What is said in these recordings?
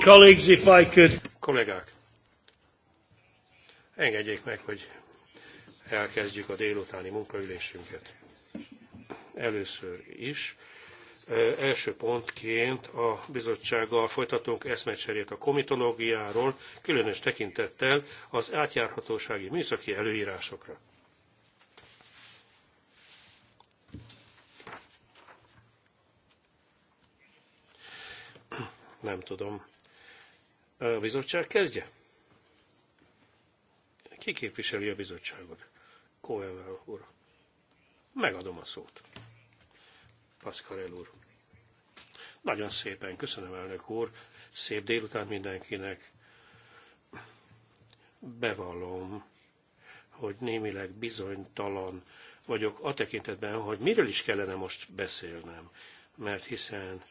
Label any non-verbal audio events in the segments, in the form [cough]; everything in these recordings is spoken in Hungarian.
Colleagues, if I could... Kollégák, engedjék meg, hogy elkezdjük a délutáni munkaülésünket. Először is. Első pontként a bizottsággal folytatunk eszmecserét a komitológiáról, különös tekintettel az átjárhatósági műszaki előírásokra. nem tudom, a bizottság kezdje? Ki képviseli a bizottságot? Kóevel úr. Megadom a szót. Pascal úr. Nagyon szépen köszönöm, elnök úr. Szép délután mindenkinek. Bevallom, hogy némileg bizonytalan vagyok a tekintetben, hogy miről is kellene most beszélnem, mert hiszen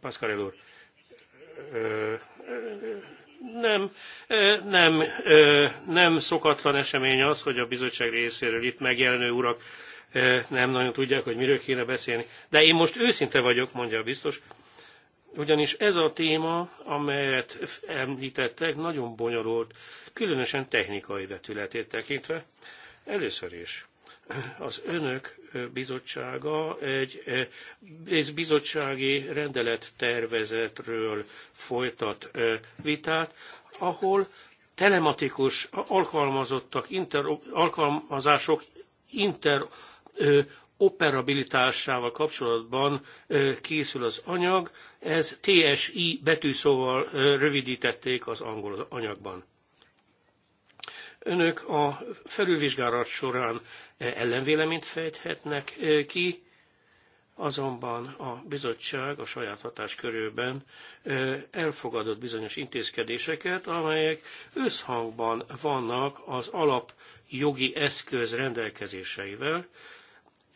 Pascal úr, nem, nem, nem szokatlan esemény az, hogy a bizottság részéről itt megjelenő urak nem nagyon tudják, hogy miről kéne beszélni. De én most őszinte vagyok, mondja a biztos, ugyanis ez a téma, amelyet említettek, nagyon bonyolult, különösen technikai vetületét tekintve. Először is az önök bizottsága egy bizottsági rendelettervezetről folytat vitát, ahol telematikus alkalmazottak, inter, alkalmazások interoperabilitásával kapcsolatban készül az anyag. Ez TSI betűszóval rövidítették az angol anyagban. Önök a felülvizsgálat során e, ellenvéleményt fejthetnek e, ki, azonban a bizottság a saját hatáskörőben e, elfogadott bizonyos intézkedéseket, amelyek összhangban vannak az alapjogi eszköz rendelkezéseivel.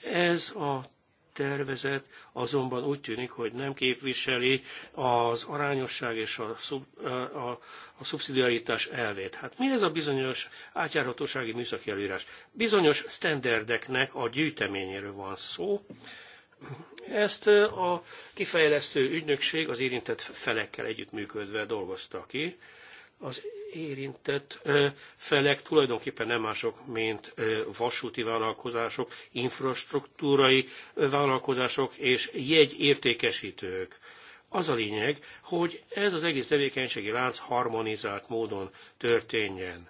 Ez a tervezet azonban úgy tűnik, hogy nem képviseli az arányosság és a, szub, a, a szubszidiaritás elvét. Hát mi ez a bizonyos átjárhatósági műszaki előírás? Bizonyos sztenderdeknek a gyűjteményéről van szó. Ezt a kifejlesztő ügynökség az érintett felekkel együttműködve dolgozta ki. Az érintett felek tulajdonképpen nem mások, mint vasúti vállalkozások, infrastruktúrai vállalkozások és jegyértékesítők. Az a lényeg, hogy ez az egész tevékenységi lánc harmonizált módon történjen.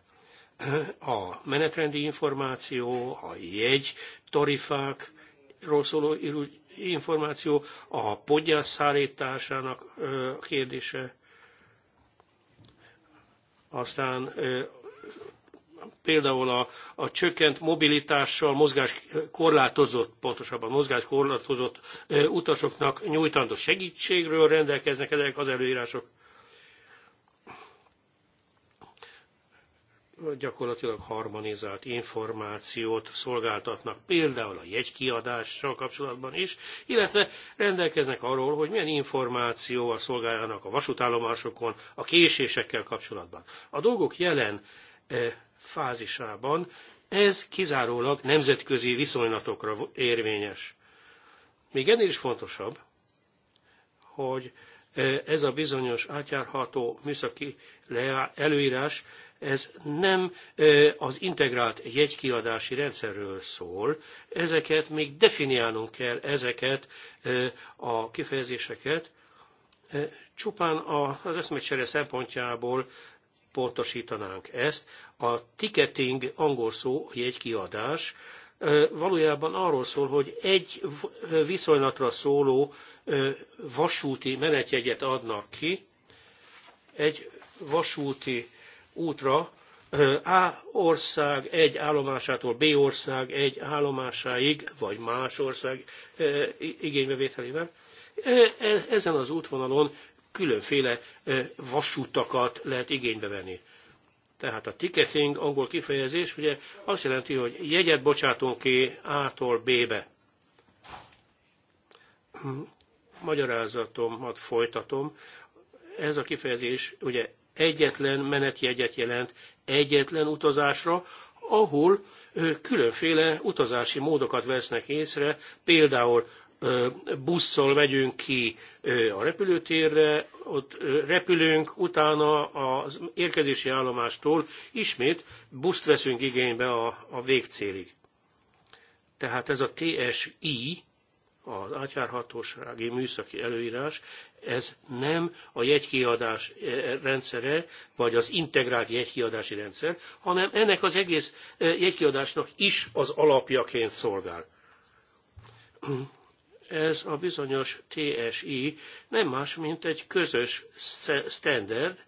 A menetrendi információ, a jegy, tarifákról szóló információ, a podgyász szállításának kérdése, aztán például a, a csökkent mobilitással mozgás korlátozott, pontosabban mozgás korlátozott utasoknak nyújtandó segítségről rendelkeznek ezek az előírások. gyakorlatilag harmonizált információt szolgáltatnak például a jegykiadással kapcsolatban is, illetve rendelkeznek arról, hogy milyen információval szolgáljanak a vasútállomásokon a késésekkel kapcsolatban. A dolgok jelen e, fázisában ez kizárólag nemzetközi viszonylatokra érvényes. Még ennél is fontosabb, hogy e, ez a bizonyos átjárható műszaki előírás ez nem az integrált jegykiadási rendszerről szól, ezeket még definiálnunk kell, ezeket a kifejezéseket, csupán az eszmecsere szempontjából pontosítanánk ezt. A ticketing angol szó, jegykiadás, valójában arról szól, hogy egy viszonylatra szóló vasúti menetjegyet adnak ki, egy vasúti útra A ország egy állomásától B ország egy állomásáig, vagy más ország igénybevételével. E-, ezen az útvonalon különféle vasutakat lehet igénybe venni. Tehát a ticketing, angol kifejezés, ugye azt jelenti, hogy jegyet bocsátunk ki A-tól B-be. Hm, Magyarázatomat folytatom. Ez a kifejezés ugye egyetlen menetjegyet jelent egyetlen utazásra, ahol különféle utazási módokat vesznek észre, például busszal megyünk ki a repülőtérre, ott repülünk, utána az érkezési állomástól ismét buszt veszünk igénybe a, a végcélig. Tehát ez a TSI, az átjárhatósági műszaki előírás, ez nem a jegykiadás eh, rendszere, vagy az integrált jegykiadási rendszer, hanem ennek az egész eh, jegykiadásnak is az alapjaként szolgál. Ez a bizonyos TSI nem más, mint egy közös standard,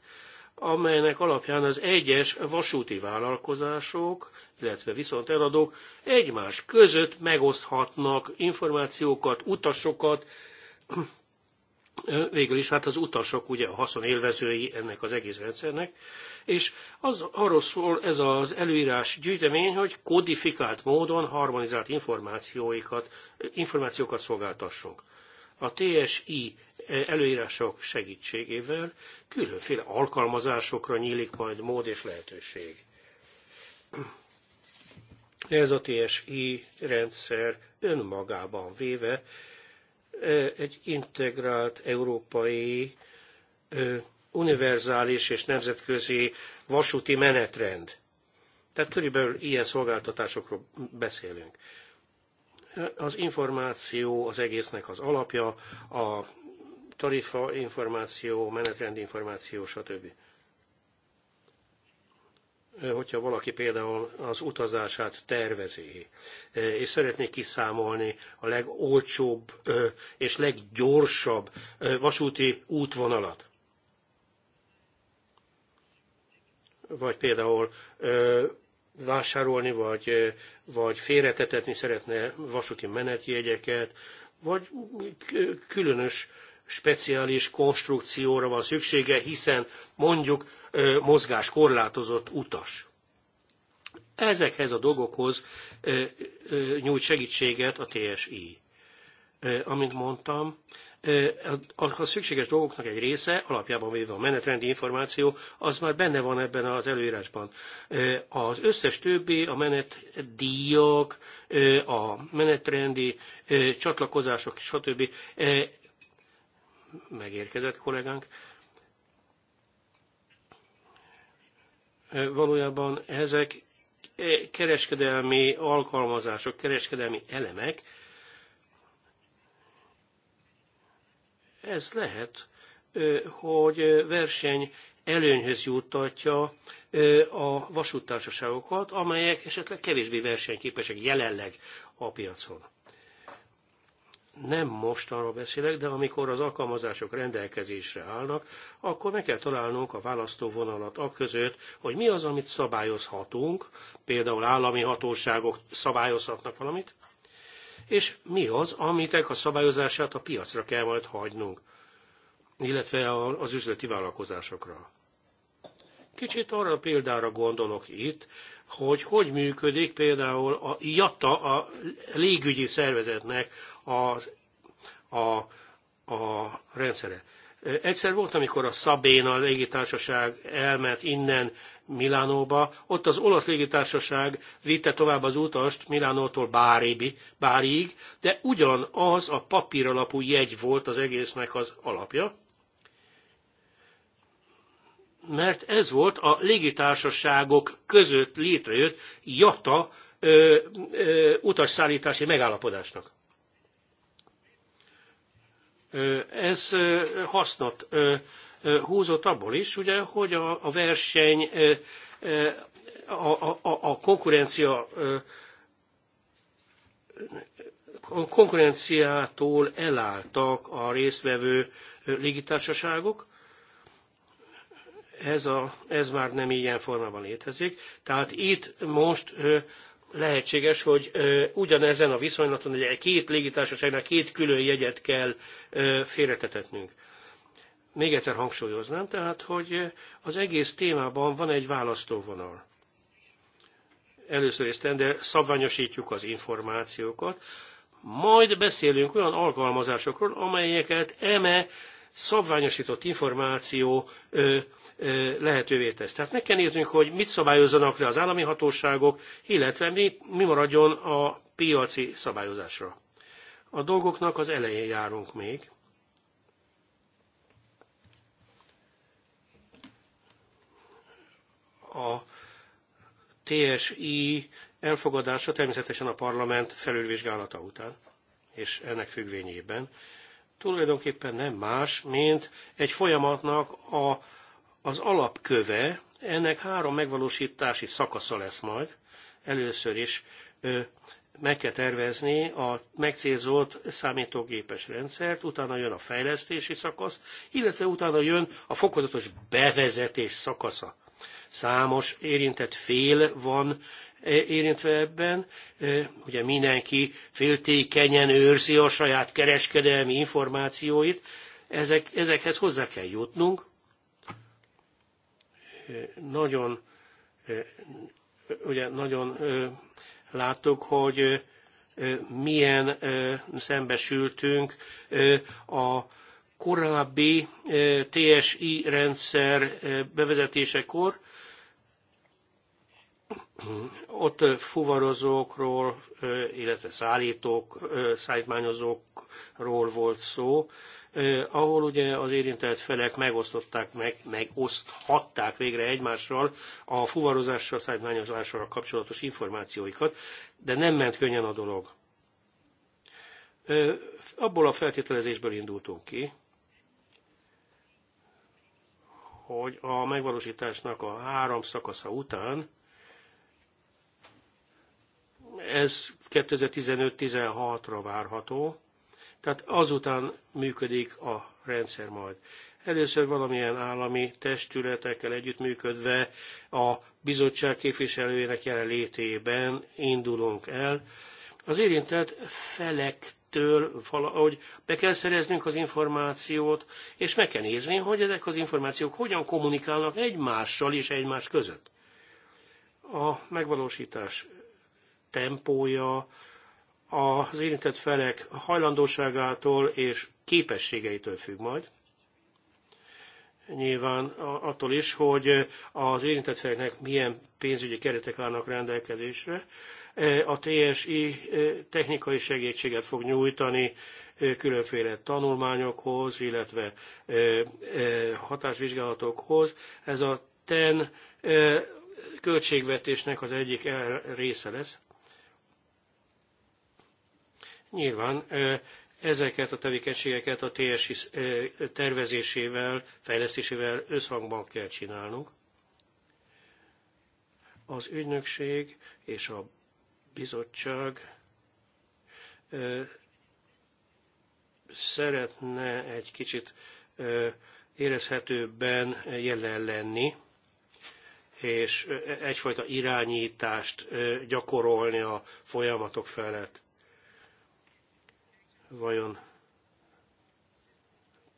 amelynek alapján az egyes vasúti vállalkozások, illetve viszonteladók egymás között megoszthatnak információkat, utasokat, végül is hát az utasok ugye a haszonélvezői ennek az egész rendszernek, és az, arról szól ez az előírás gyűjtemény, hogy kodifikált módon harmonizált információikat, információkat szolgáltassunk. A TSI előírások segítségével különféle alkalmazásokra nyílik majd mód és lehetőség. Ez a TSI rendszer önmagában véve egy integrált európai univerzális és nemzetközi vasúti menetrend. Tehát körülbelül ilyen szolgáltatásokról beszélünk. Az információ az egésznek az alapja, a tarifa információ, menetrend információ, stb hogyha valaki például az utazását tervezi, és szeretné kiszámolni a legolcsóbb és leggyorsabb vasúti útvonalat, vagy például vásárolni, vagy, vagy félretetetni szeretne vasúti menetjegyeket, vagy különös speciális konstrukcióra van szüksége, hiszen mondjuk mozgás korlátozott utas. Ezekhez a dolgokhoz nyújt segítséget a TSI. Amint mondtam, a szükséges dolgoknak egy része, alapjában véve a menetrendi információ, az már benne van ebben az előírásban. Az összes többi, a menetdíjak, a menetrendi csatlakozások, stb. Megérkezett kollégánk. valójában ezek e, kereskedelmi alkalmazások, kereskedelmi elemek, ez lehet, hogy verseny előnyhöz juttatja a vasúttársaságokat, amelyek esetleg kevésbé versenyképesek jelenleg a piacon nem mostanra beszélek, de amikor az alkalmazások rendelkezésre állnak, akkor meg kell találnunk a választóvonalat a között, hogy mi az, amit szabályozhatunk, például állami hatóságok szabályozhatnak valamit, és mi az, amitek a szabályozását a piacra kell majd hagynunk, illetve az üzleti vállalkozásokra. Kicsit arra a példára gondolok itt, hogy hogy működik például a IATA, a légügyi szervezetnek a a, a rendszere. Egyszer volt, amikor a a légitársaság elment innen Milánóba, ott az olasz légitársaság vitte tovább az utast Milánótól Báribi, Báriig, de ugyanaz a papír alapú jegy volt az egésznek az alapja, mert ez volt a légitársaságok között létrejött JATA ö, ö, utasszállítási megállapodásnak. Ez hasznot húzott abból is, ugye, hogy a, verseny, a, a, a konkurencia a konkurenciától elálltak a résztvevő légitársaságok. Ez, a, ez már nem ilyen formában létezik. Tehát itt most lehetséges, hogy ugyanezen a viszonylaton egy két légitársaságnál két külön jegyet kell félretetetnünk. Még egyszer hangsúlyoznám, tehát, hogy az egész témában van egy választóvonal. Először is de szabványosítjuk az információkat, majd beszélünk olyan alkalmazásokról, amelyeket eme szabványosított információ lehetővé tesz. Tehát meg kell néznünk, hogy mit szabályozzanak le az állami hatóságok, illetve mi, mi maradjon a piaci szabályozásra. A dolgoknak az elején járunk még. A TSI elfogadása természetesen a parlament felülvizsgálata után és ennek függvényében tulajdonképpen nem más, mint egy folyamatnak a, az alapköve, ennek három megvalósítási szakasza lesz majd. Először is ö, meg kell tervezni a megcélzott számítógépes rendszert, utána jön a fejlesztési szakasz, illetve utána jön a fokozatos bevezetés szakasza. Számos érintett fél van E, érintve ebben. E, ugye mindenki féltékenyen őrzi a saját kereskedelmi információit, ezek, ezekhez hozzá kell jutnunk. E, nagyon, ugye nagyon láttuk, hogy milyen szembesültünk a korábbi TSI rendszer bevezetésekor, ott fuvarozókról, illetve szállítók, szállítmányozókról volt szó, ahol ugye az érintett felek megosztották meg, megoszthatták végre egymással a fuvarozással, szállítmányozással kapcsolatos információikat, de nem ment könnyen a dolog. Abból a feltételezésből indultunk ki, hogy a megvalósításnak a három szakasza után ez 2015-16-ra várható, tehát azután működik a rendszer majd. Először valamilyen állami testületekkel együttműködve a bizottság képviselőjének jelenlétében indulunk el. Az érintett felektől valahogy be kell szereznünk az információt, és meg kell nézni, hogy ezek az információk hogyan kommunikálnak egymással és egymás között. A megvalósítás tempója az érintett felek hajlandóságától és képességeitől függ majd. Nyilván attól is, hogy az érintett feleknek milyen pénzügyi keretek állnak rendelkezésre. E, a TSI e, technikai segítséget fog nyújtani e, különféle tanulmányokhoz, illetve hatásvizsgálatokhoz. Ez a TEN költségvetésnek az egyik része lesz. Nyilván ezeket a tevékenységeket a TSI tervezésével, fejlesztésével összhangban kell csinálnunk. Az ügynökség és a bizottság szeretne egy kicsit érezhetőbben jelen lenni, és egyfajta irányítást gyakorolni a folyamatok felett vajon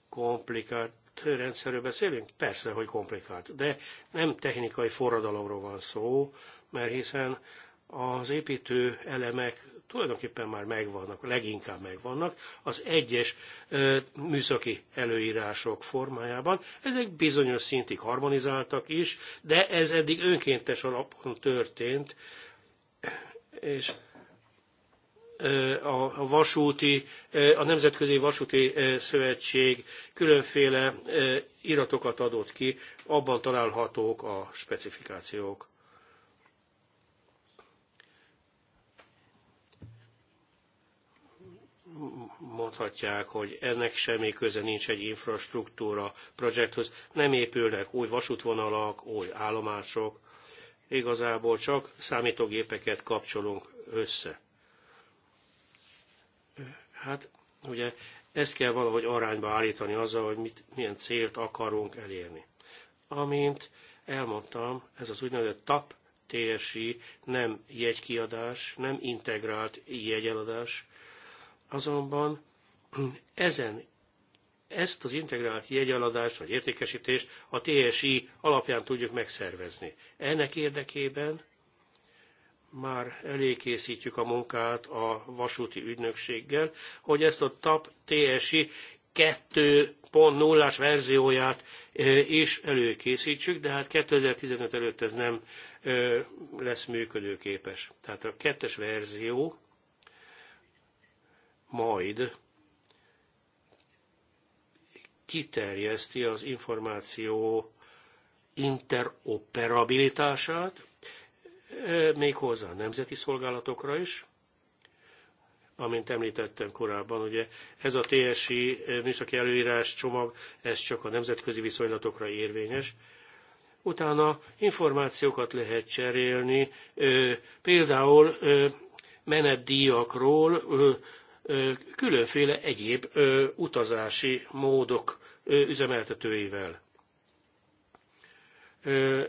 komplikált rendszerről beszélünk? Persze, hogy komplikált, de nem technikai forradalomról van szó, mert hiszen az építő elemek tulajdonképpen már megvannak, leginkább megvannak, az egyes ö, műszaki előírások formájában. Ezek bizonyos szintig harmonizáltak is, de ez eddig önkéntes alapon történt, és a vasúti, a Nemzetközi Vasúti Szövetség különféle iratokat adott ki, abban találhatók a specifikációk. mondhatják, hogy ennek semmi köze nincs egy infrastruktúra projekthoz, nem épülnek új vasútvonalak, új állomások, igazából csak számítógépeket kapcsolunk össze. Hát ugye ezt kell valahogy arányba állítani azzal, hogy mit, milyen célt akarunk elérni. Amint elmondtam, ez az úgynevezett TAP TSI nem jegykiadás, nem integrált jegyeladás, azonban ezen ezt az integrált jegyeladást vagy értékesítést a TSI alapján tudjuk megszervezni. Ennek érdekében már elékészítjük a munkát a vasúti ügynökséggel, hogy ezt a TAP TSI 2.0-as verzióját is előkészítsük, de hát 2015 előtt ez nem lesz működőképes. Tehát a kettes verzió majd kiterjeszti az információ interoperabilitását, Eh, méghozzá a nemzeti szolgálatokra is, amint említettem korábban, ugye ez a TSI eh, műszaki előírás csomag, ez csak a nemzetközi viszonylatokra érvényes. Utána információkat lehet cserélni, eh, például menetdíjakról, különféle egyéb utazási módok üzemeltetőivel.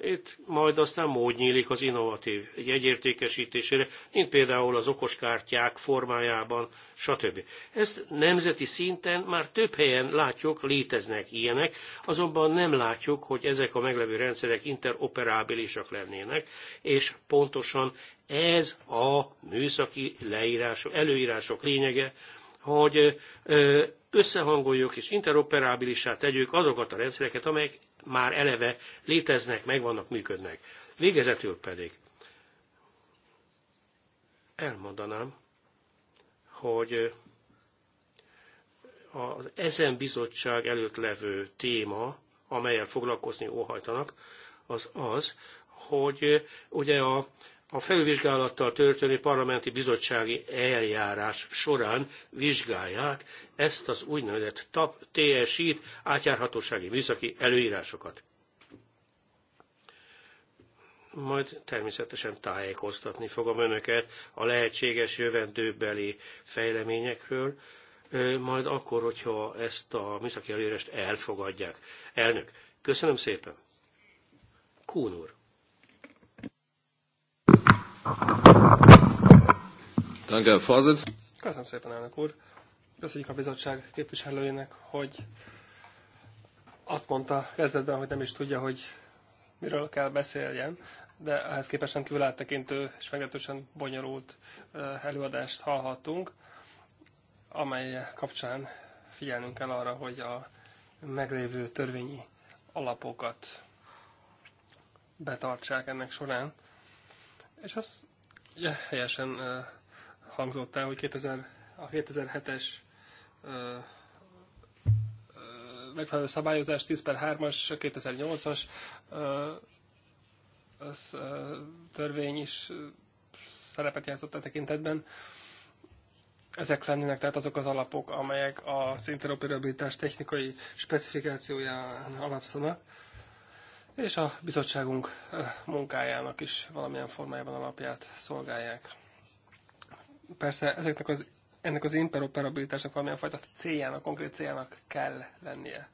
Itt majd aztán mód nyílik az innovatív jegyértékesítésére, mint például az okoskártyák formájában, stb. Ezt nemzeti szinten már több helyen látjuk, léteznek ilyenek, azonban nem látjuk, hogy ezek a meglevő rendszerek interoperábilisak lennének, és pontosan ez a műszaki leírások, előírások lényege, hogy összehangoljuk és interoperábilisát tegyük azokat a rendszereket, amelyek már eleve léteznek, megvannak, működnek. Végezetül pedig elmondanám, hogy az ezen bizottság előtt levő téma, amelyel foglalkozni óhajtanak, az az, hogy ugye a a felvizsgálattal történő parlamenti bizottsági eljárás során vizsgálják ezt az úgynevezett TAP tsi átjárhatósági műszaki előírásokat. Majd természetesen tájékoztatni fogom önöket a lehetséges jövendőbeli fejleményekről, majd akkor, hogyha ezt a műszaki előírást elfogadják. Elnök, köszönöm szépen! Kún úr! Danke, Köszönöm szépen, elnök úr. Köszönjük a bizottság képviselőjének, hogy azt mondta kezdetben, hogy nem is tudja, hogy miről kell beszéljen, de ehhez képest kívül áttekintő és meglehetősen bonyolult előadást hallhattunk, amely kapcsán figyelnünk kell arra, hogy a meglévő törvényi alapokat betartsák ennek során. És az ja, helyesen hangzott el, hogy 2000, a 2007-es megfelelő szabályozás, 10 per 3-as, 2008-as az, törvény is szerepet játszott a tekintetben. Ezek lennének tehát azok az alapok, amelyek az interoperabilitás technikai specifikációján alapszanak és a bizottságunk munkájának is valamilyen formájában alapját szolgálják. Persze ezeknek az, ennek az interoperabilitásnak valamilyen fajta céljának, konkrét céljának kell lennie.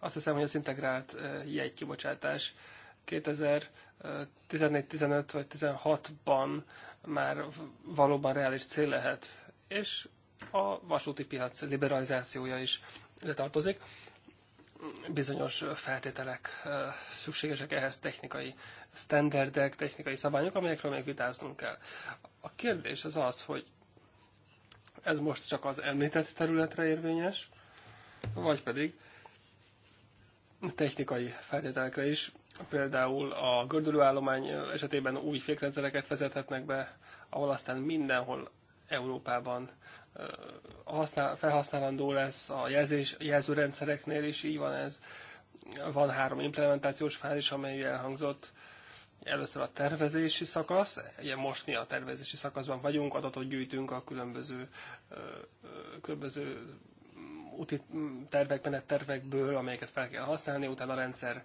Azt hiszem, hogy az integrált jegykibocsátás 2014, 15 vagy 16-ban már valóban reális cél lehet, és a vasúti piac liberalizációja is ide tartozik bizonyos feltételek szükségesek ehhez technikai standardek, technikai szabályok, amelyekről még vitáznunk kell. A kérdés az az, hogy ez most csak az említett területre érvényes, vagy pedig technikai feltételekre is. Például a gördülőállomány esetében új fékrendszereket vezethetnek be, ahol aztán mindenhol Európában használ, felhasználandó lesz a jelzés, jelzőrendszereknél is, így van ez. Van három implementációs fázis, amely elhangzott. Először a tervezési szakasz, ugye most mi a tervezési szakaszban vagyunk, adatot gyűjtünk a különböző, különböző úti tervek, menettervekből, amelyeket fel kell használni, utána a rendszer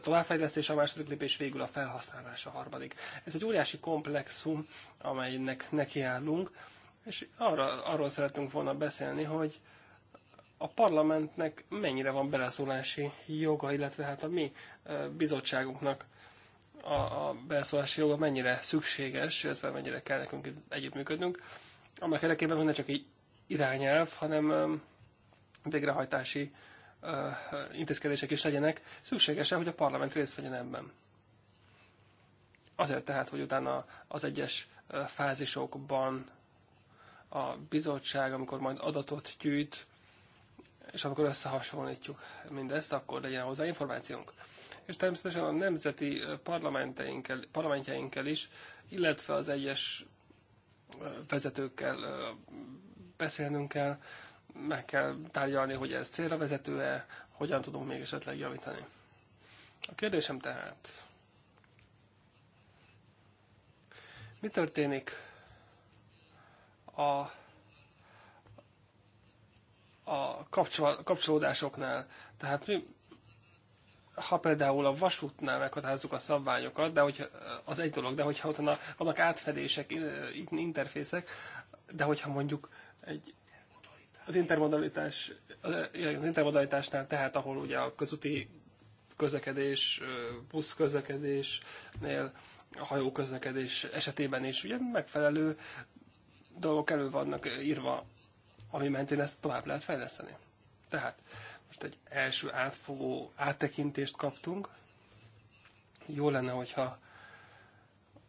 továbbfejlesztése, a második lépés végül a felhasználás a harmadik. Ez egy óriási komplexum, amelynek nekiállunk és arra, arról szeretünk volna beszélni, hogy a parlamentnek mennyire van beleszólási joga, illetve hát a mi bizottságunknak a, a beleszólási joga mennyire szükséges, illetve mennyire kell nekünk együttműködnünk, annak érdekében, hogy ne csak egy irányelv, hanem végrehajtási intézkedések is legyenek, szükséges hogy a parlament részt vegyen ebben. Azért tehát, hogy utána az egyes fázisokban a bizottság, amikor majd adatot gyűjt, és amikor összehasonlítjuk mindezt, akkor legyen hozzá információnk. És természetesen a nemzeti parlamenteinkkel, parlamentjeinkkel is, illetve az egyes vezetőkkel beszélnünk kell, meg kell tárgyalni, hogy ez célra vezető-e, hogyan tudunk még esetleg javítani. A kérdésem tehát, mi történik a, a kapcsolódásoknál. Tehát mi, ha például a vasútnál meghatározzuk a szabványokat, de hogy az egy dolog, de hogyha ott vannak átfedések, interfészek, de hogyha mondjuk egy, az, intermodalitás, az intermodalitásnál, tehát ahol ugye a közúti közlekedés, busz közlekedésnél, a hajó közlekedés esetében is ugye megfelelő dolgok elő vannak írva, ami mentén ezt tovább lehet fejleszteni. Tehát most egy első átfogó áttekintést kaptunk. Jó lenne, hogyha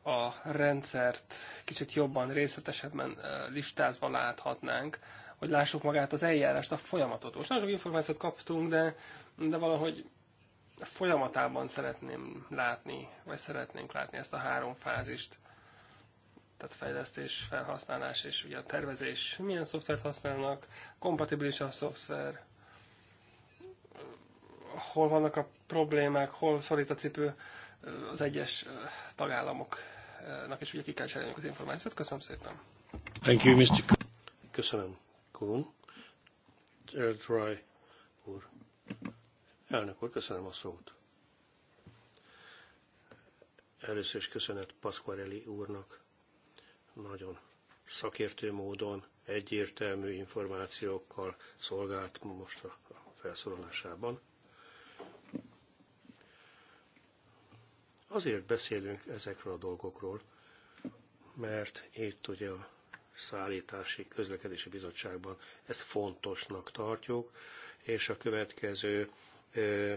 a rendszert kicsit jobban, részletesebben listázva láthatnánk, hogy lássuk magát az eljárást, a folyamatot. Most nagyon sok információt kaptunk, de, de valahogy folyamatában szeretném látni, vagy szeretnénk látni ezt a három fázist tehát fejlesztés, felhasználás és ugye a tervezés, milyen szoftvert használnak, kompatibilis a szoftver, hol vannak a problémák, hol szorít a cipő az egyes tagállamoknak, és ugye ki kell cserélni az információt. Köszönöm szépen. Thank you, Mr. Köszönöm, Kuhn. Dry úr. Elnök úr, köszönöm a szót. Először is köszönet Pasquarelli úrnak nagyon szakértő módon, egyértelmű információkkal szolgált most a felszólalásában. Azért beszélünk ezekről a dolgokról, mert itt ugye a szállítási közlekedési bizottságban ezt fontosnak tartjuk, és a következő ö,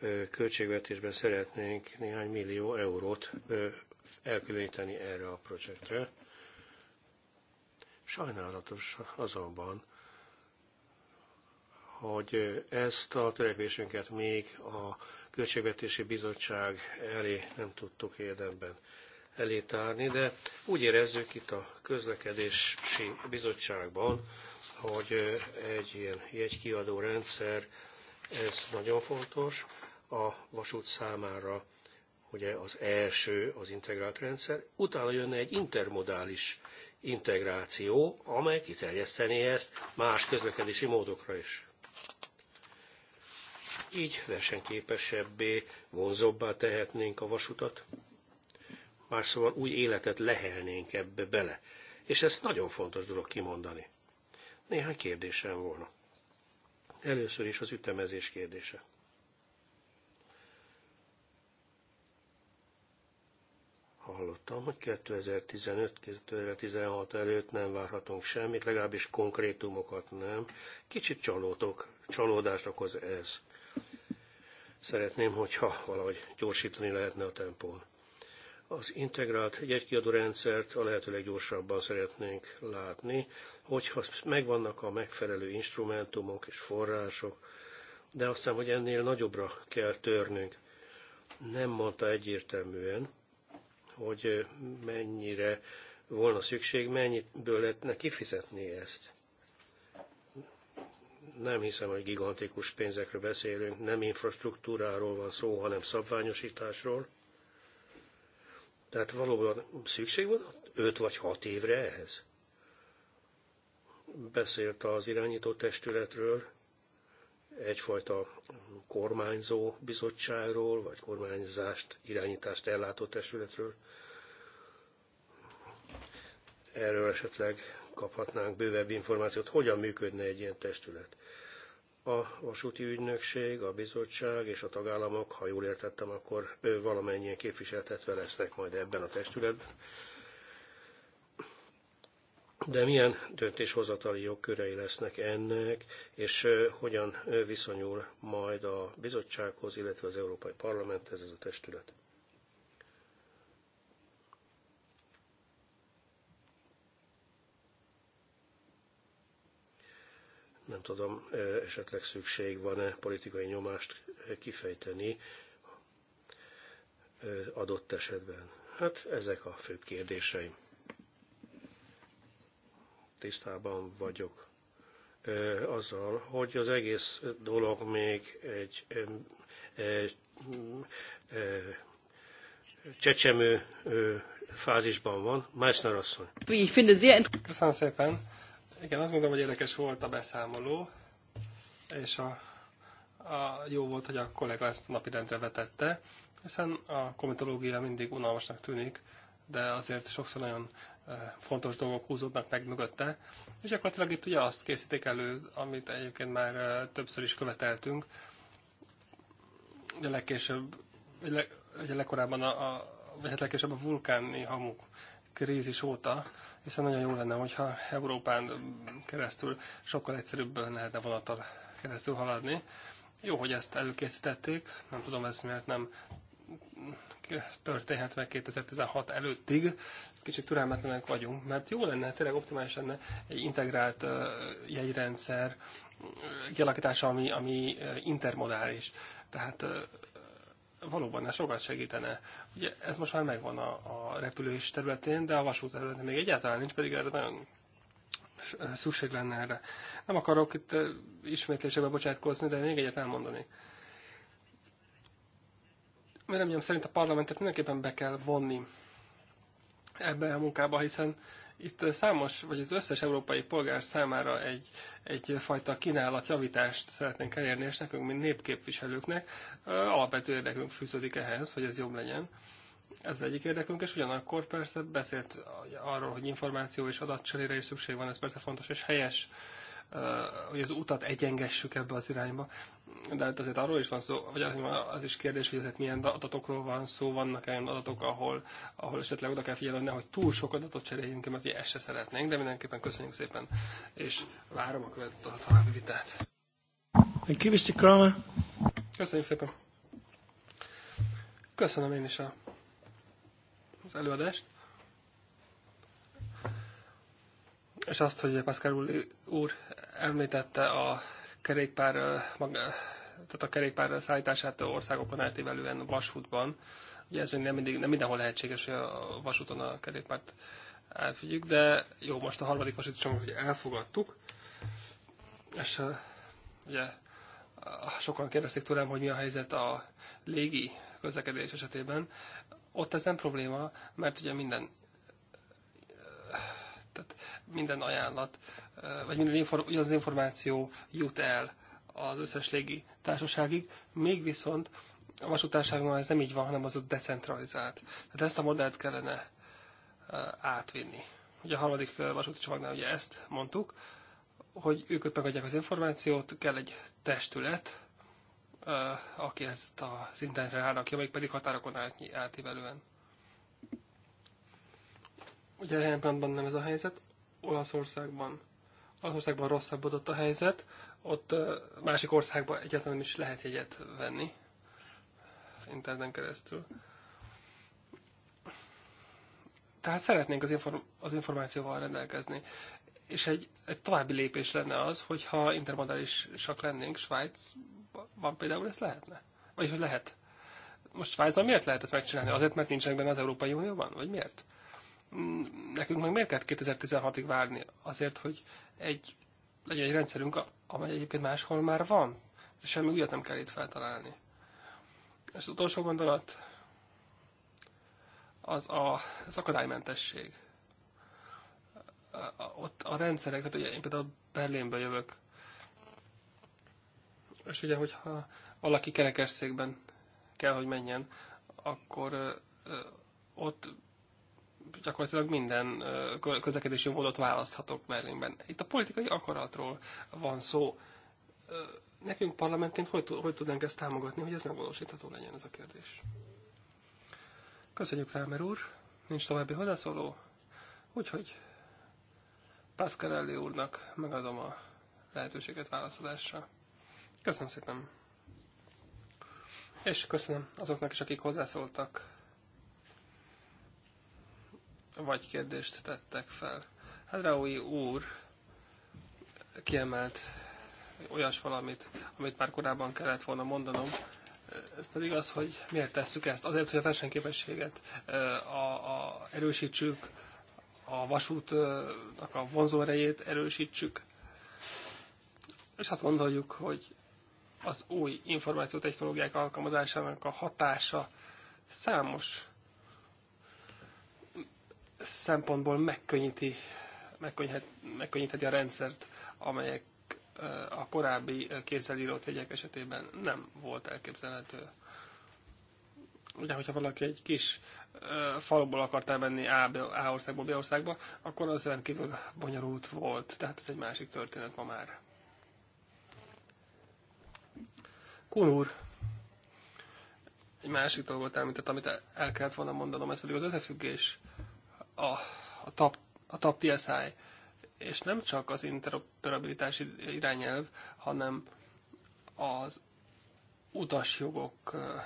ö, költségvetésben szeretnénk néhány millió eurót ö, elkülöníteni erre a projektre. Sajnálatos azonban, hogy ezt a törekvésünket még a Költségvetési Bizottság elé nem tudtuk érdemben elétárni, de úgy érezzük itt a közlekedési bizottságban, hogy egy ilyen jegykiadó rendszer, ez nagyon fontos a vasút számára, ugye az első az integrált rendszer, utána jönne egy intermodális integráció, amely kiterjesztené ezt más közlekedési módokra is. Így versenyképesebbé, vonzóbbá tehetnénk a vasutat. Más szóval új életet lehelnénk ebbe bele. És ezt nagyon fontos dolog kimondani. Néhány kérdésem volna. Először is az ütemezés kérdése. hallottam, hogy 2015-2016 előtt nem várhatunk semmit, legalábbis konkrétumokat nem. Kicsit csalódok, csalódást okoz ez. Szeretném, hogyha valahogy gyorsítani lehetne a tempón. Az integrált jegykiadó rendszert a lehető leggyorsabban szeretnénk látni, hogyha megvannak a megfelelő instrumentumok és források, de aztán, hogy ennél nagyobbra kell törnünk. Nem mondta egyértelműen, hogy mennyire volna szükség, mennyiből lehetne kifizetni ezt. Nem hiszem, hogy gigantikus pénzekről beszélünk, nem infrastruktúráról van szó, hanem szabványosításról. Tehát valóban szükség van 5 vagy 6 évre ehhez. Beszélt az irányító testületről, egyfajta kormányzó bizottságról, vagy kormányzást, irányítást ellátó testületről. Erről esetleg kaphatnánk bővebb információt, hogyan működne egy ilyen testület. A vasúti ügynökség, a bizottság és a tagállamok, ha jól értettem, akkor valamennyien képviseltetve lesznek majd ebben a testületben de milyen döntéshozatali jogkörei lesznek ennek, és hogyan viszonyul majd a bizottsághoz, illetve az Európai Parlamenthez ez a testület? Nem tudom, esetleg szükség van-e politikai nyomást kifejteni adott esetben. Hát ezek a fő kérdéseim tisztában vagyok azzal, hogy az egész dolog még egy csecsemő fázisban van. Meissner asszony. Köszönöm szépen. Igen, azt gondolom, hogy érdekes volt a beszámoló, és a, a jó volt, hogy a kollega ezt napirendre vetette, hiszen a komitológia mindig unalmasnak tűnik, de azért sokszor nagyon fontos dolgok húzódnak meg mögötte, és gyakorlatilag itt ugye azt készítik elő, amit egyébként már többször is követeltünk, ugye legkésőbb, ugye legkorábban a, a vagy hát legkésőbb a vulkáni hamuk krízis óta, hiszen nagyon jó lenne, hogyha Európán keresztül sokkal egyszerűbb lehetne vonattal keresztül haladni. Jó, hogy ezt előkészítették, nem tudom ezt miért nem történhet meg 2016 előttig. Kicsit türelmetlenek vagyunk, mert jó lenne, tényleg optimális lenne egy integrált jegyrendszer kialakítása, ami, ami intermodális. Tehát valóban ez sokat segítene. Ugye ez most már megvan a, a repülés területén, de a vasút területén még egyáltalán nincs, pedig erre nagyon szükség lenne erre. Nem akarok itt ismétlésekbe bocsátkozni, de még egyet elmondani. Véleményem szerint a parlamentet mindenképpen be kell vonni ebbe a munkába, hiszen itt számos, vagy az összes európai polgár számára egy, egyfajta kínálatjavítást szeretnénk elérni, és nekünk, mint népképviselőknek alapvető érdekünk fűződik ehhez, hogy ez jobb legyen. Ez egyik érdekünk, és ugyanakkor persze beszélt arról, hogy információ és adatcserére is szükség van, ez persze fontos és helyes hogy az utat egyengessük ebbe az irányba. De hát azért arról is van szó, vagy az is kérdés, hogy ezek milyen adatokról van szó, vannak olyan adatok, ahol, ahol esetleg oda kell figyelni, hogy nehogy túl sok adatot cseréljünk, mert ugye ezt se szeretnénk, de mindenképpen köszönjük szépen, és várom a következő további vitát. Thank you, Mr. Kramer. Köszönjük szépen. Köszönöm én is a, az előadást. és azt, hogy Pascal úr, úr említette a kerékpár, maga, tehát a kerékpár szállítását országokon átívelően vasútban. Ugye ez még nem, mindig, nem mindenhol lehetséges, hogy a vasúton a kerékpárt átfigyük, de jó, most a harmadik vasúti csomagot elfogadtuk, és ugye sokan kérdezték tőlem, hogy mi a helyzet a légi közlekedés esetében. Ott ez nem probléma, mert ugye minden tehát minden ajánlat, vagy minden az információ jut el az összes légi társaságig, még viszont a vasútárságnál ez nem így van, hanem az ott decentralizált. Tehát ezt a modellt kellene átvinni. Ugye a harmadik vasúti csomagnál ugye ezt mondtuk, hogy ők ott megadják az információt, kell egy testület, aki ezt az internetre állnak amelyik pedig határokon átívelően Ugye jelen pillanatban nem ez a helyzet, Olaszországban. Olaszországban rosszabbodott a helyzet, ott másik országban egyáltalán is lehet jegyet venni interneten keresztül. Tehát szeretnénk az, inform- az információval rendelkezni. És egy, egy további lépés lenne az, hogyha intermodálisak lennénk, Svájcban például ez lehetne. Vagyis hogy lehet. Most Svájcban miért lehet ezt megcsinálni? Azért, mert nincsenek benne az Európai Unióban? Vagy miért? nekünk meg miért kellett 2016-ig várni? Azért, hogy egy, legyen egy rendszerünk, amely egyébként máshol már van. Semmi hát újat nem kell itt feltalálni. És az utolsó gondolat az a az akadálymentesség. Ott a rendszerek, tehát ugye én például Berlinbe jövök, és ugye, hogyha valaki kerekesszékben kell, hogy menjen, akkor ott gyakorlatilag minden közlekedési módot választhatok Berlinben. Itt a politikai akaratról van szó. Nekünk parlamentként hogy, hogy tudnánk ezt támogatni, hogy ez megvalósítható legyen ez a kérdés? Köszönjük Rámer úr, nincs további hozzászóló, úgyhogy Pascarelli úrnak megadom a lehetőséget válaszolásra. Köszönöm szépen! És köszönöm azoknak is, akik hozzászóltak vagy kérdést tettek fel. Hát Raui úr kiemelt olyas valamit, amit már korábban kellett volna mondanom, ez pedig az, hogy miért tesszük ezt. Azért, hogy a versenyképességet a, a erősítsük, a vasútnak a vonzóerejét erősítsük, és azt gondoljuk, hogy az új információtechnológiák alkalmazásának a hatása számos szempontból megkönnyíti, megkönnyhet, megkönnyítheti a rendszert, amelyek a korábbi kézzelírott jegyek esetében nem volt elképzelhető. Ugye, hogyha valaki egy kis faluból akart elmenni A, B, A országból B országba, akkor az rendkívül bonyolult volt. Tehát ez egy másik történet ma már. Kun úr, egy másik dolgot említett, amit el kellett volna mondanom, ez pedig az összefüggés a, a, TAP, a TAP TSI, és nem csak az interoperabilitás irányelv, hanem az utasjogokra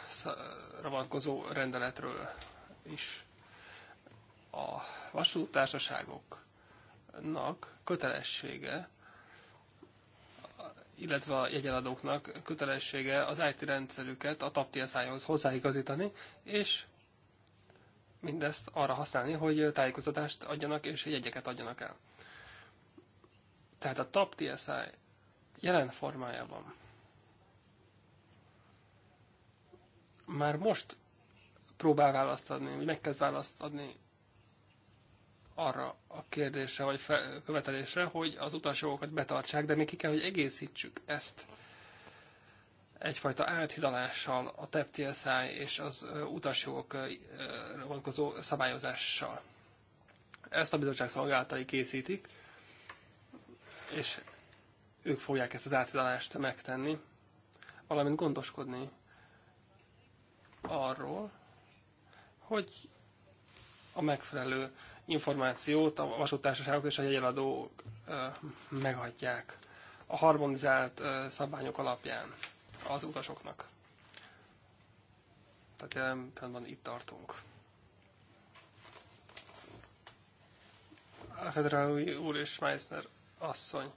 vonatkozó rendeletről is. A vasútársaságoknak kötelessége, illetve a jegyeladóknak kötelessége az IT rendszerüket a TAP TSI-hoz hozzáigazítani, és mindezt arra használni, hogy tájékoztatást adjanak és jegyeket adjanak el. Tehát a TAP TSI jelen formájában már most próbál választ adni, vagy megkezd választ adni arra a kérdésre, vagy fel, követelésre, hogy az utasjogokat betartsák, de még ki kell, hogy egészítsük ezt egyfajta áthidalással a TEP és az utasjogok vonatkozó szabályozással. Ezt a bizottság szolgálatai készítik, és ők fogják ezt az áthidalást megtenni, valamint gondoskodni arról, hogy a megfelelő információt a vasútársaságok és a jegyeladók megadják a harmonizált szabályok alapján az utasoknak. Tehát jelen pillanatban itt tartunk. Hedraui úr és Meissner asszony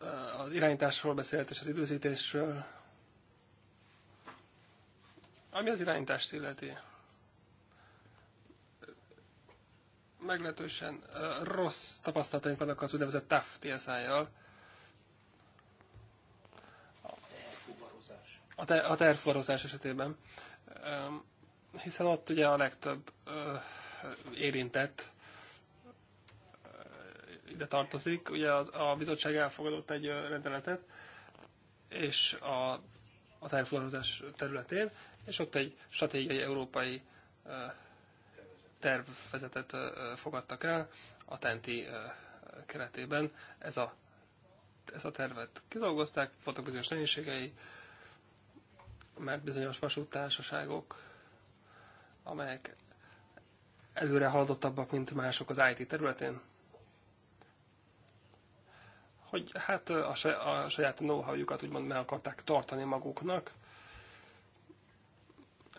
eh, az irányításról beszélt és az időzítésről. Ami az irányítást illeti, meglehetősen eh, rossz tapasztalataink vannak az úgynevezett TAF tsi a, ter, a esetében, hiszen ott ugye a legtöbb érintett ide tartozik. Ugye a, a bizottság elfogadott egy rendeletet, és a, a tervforrozás területén, és ott egy stratégiai európai tervezetet fogadtak el a TENTI keretében. Ez a, ez a tervet kidolgozták, voltak bizonyos nehézségei, mert bizonyos vasúttársaságok, amelyek előre haladottabbak, mint mások az IT területén, hogy hát a, a saját know jukat úgymond meg akarták tartani maguknak.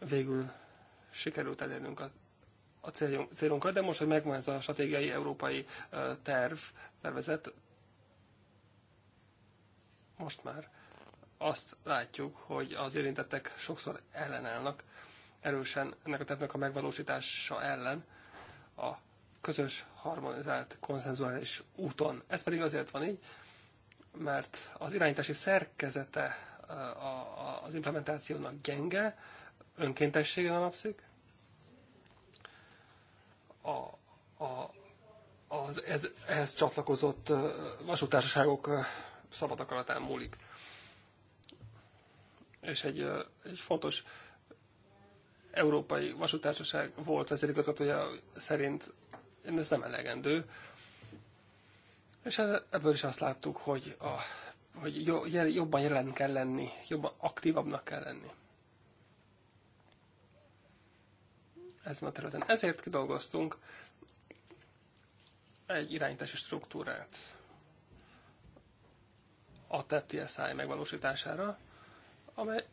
Végül sikerült elérnünk a, a célunk, célunkat, de most, hogy megvan ez a stratégiai európai terv, tervezet, most már azt látjuk, hogy az érintettek sokszor ellenállnak erősen ennek a tervnek a megvalósítása ellen a közös, harmonizált, konszenzuális úton. Ez pedig azért van így, mert az irányítási szerkezete az implementációnak gyenge, önkéntességen alapszik, a, a, az ez, ehhez csatlakozott vasútársaságok szabad akaratán múlik és egy, egy fontos európai vasútársaság volt vezérigazgatója szerint ez nem elegendő. És ebből is azt láttuk, hogy, a, hogy jobban jelen kell lenni, jobban aktívabbnak kell lenni. Ezen a területen. Ezért kidolgoztunk egy irányítási struktúrát a TEPTSI megvalósítására, amely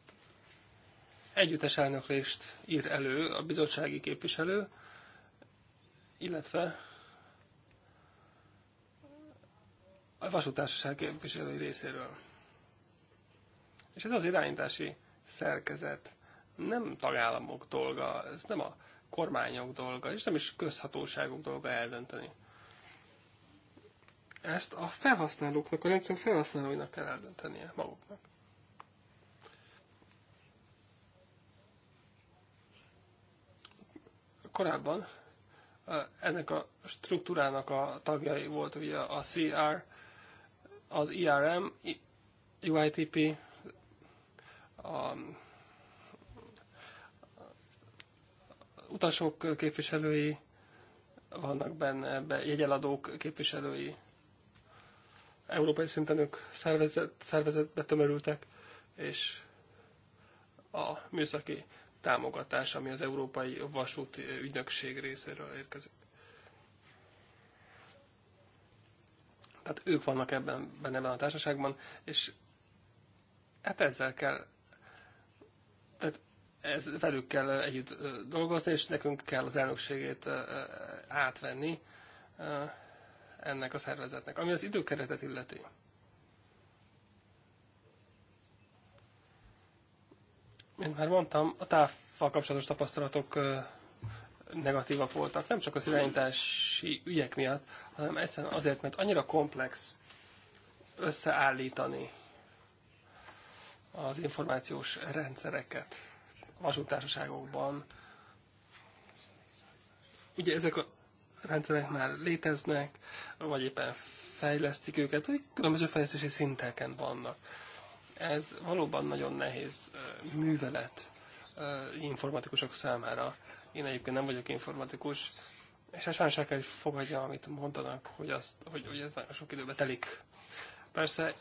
együttes elnöklést ír elő a bizottsági képviselő, illetve a vasútársaság képviselői részéről. És ez az irányítási szerkezet nem tagállamok dolga, ez nem a kormányok dolga, és nem is közhatóságok dolga eldönteni. Ezt a felhasználóknak, a rendszer felhasználóinak kell eldöntenie maguknak. korábban ennek a struktúrának a tagjai volt ugye a CR, az IRM, e UITP, a utasok képviselői vannak benne, ebbe jegyeladók képviselői, európai szinten ők szervezet, szervezetbe tömörültek, és a műszaki támogatás, ami az Európai Vasút Ügynökség részéről érkezik. Tehát ők vannak ebben, benne ebben a társaságban, és hát ezzel kell, tehát ez, velük kell együtt dolgozni, és nekünk kell az elnökségét átvenni ennek a szervezetnek. Ami az időkeretet illeti. mint már mondtam, a távfal kapcsolatos tapasztalatok negatívak voltak, nem csak az irányítási ügyek miatt, hanem egyszerűen azért, mert annyira komplex összeállítani az információs rendszereket a vasútársaságokban. Ugye ezek a rendszerek már léteznek, vagy éppen fejlesztik őket, hogy különböző fejlesztési szinteken vannak. Ez valóban nagyon nehéz művelet informatikusok számára. Én egyébként nem vagyok informatikus, és sajnos el kell, hogy amit mondanak, hogy, azt, hogy, hogy ez nagyon sok időbe telik. Persze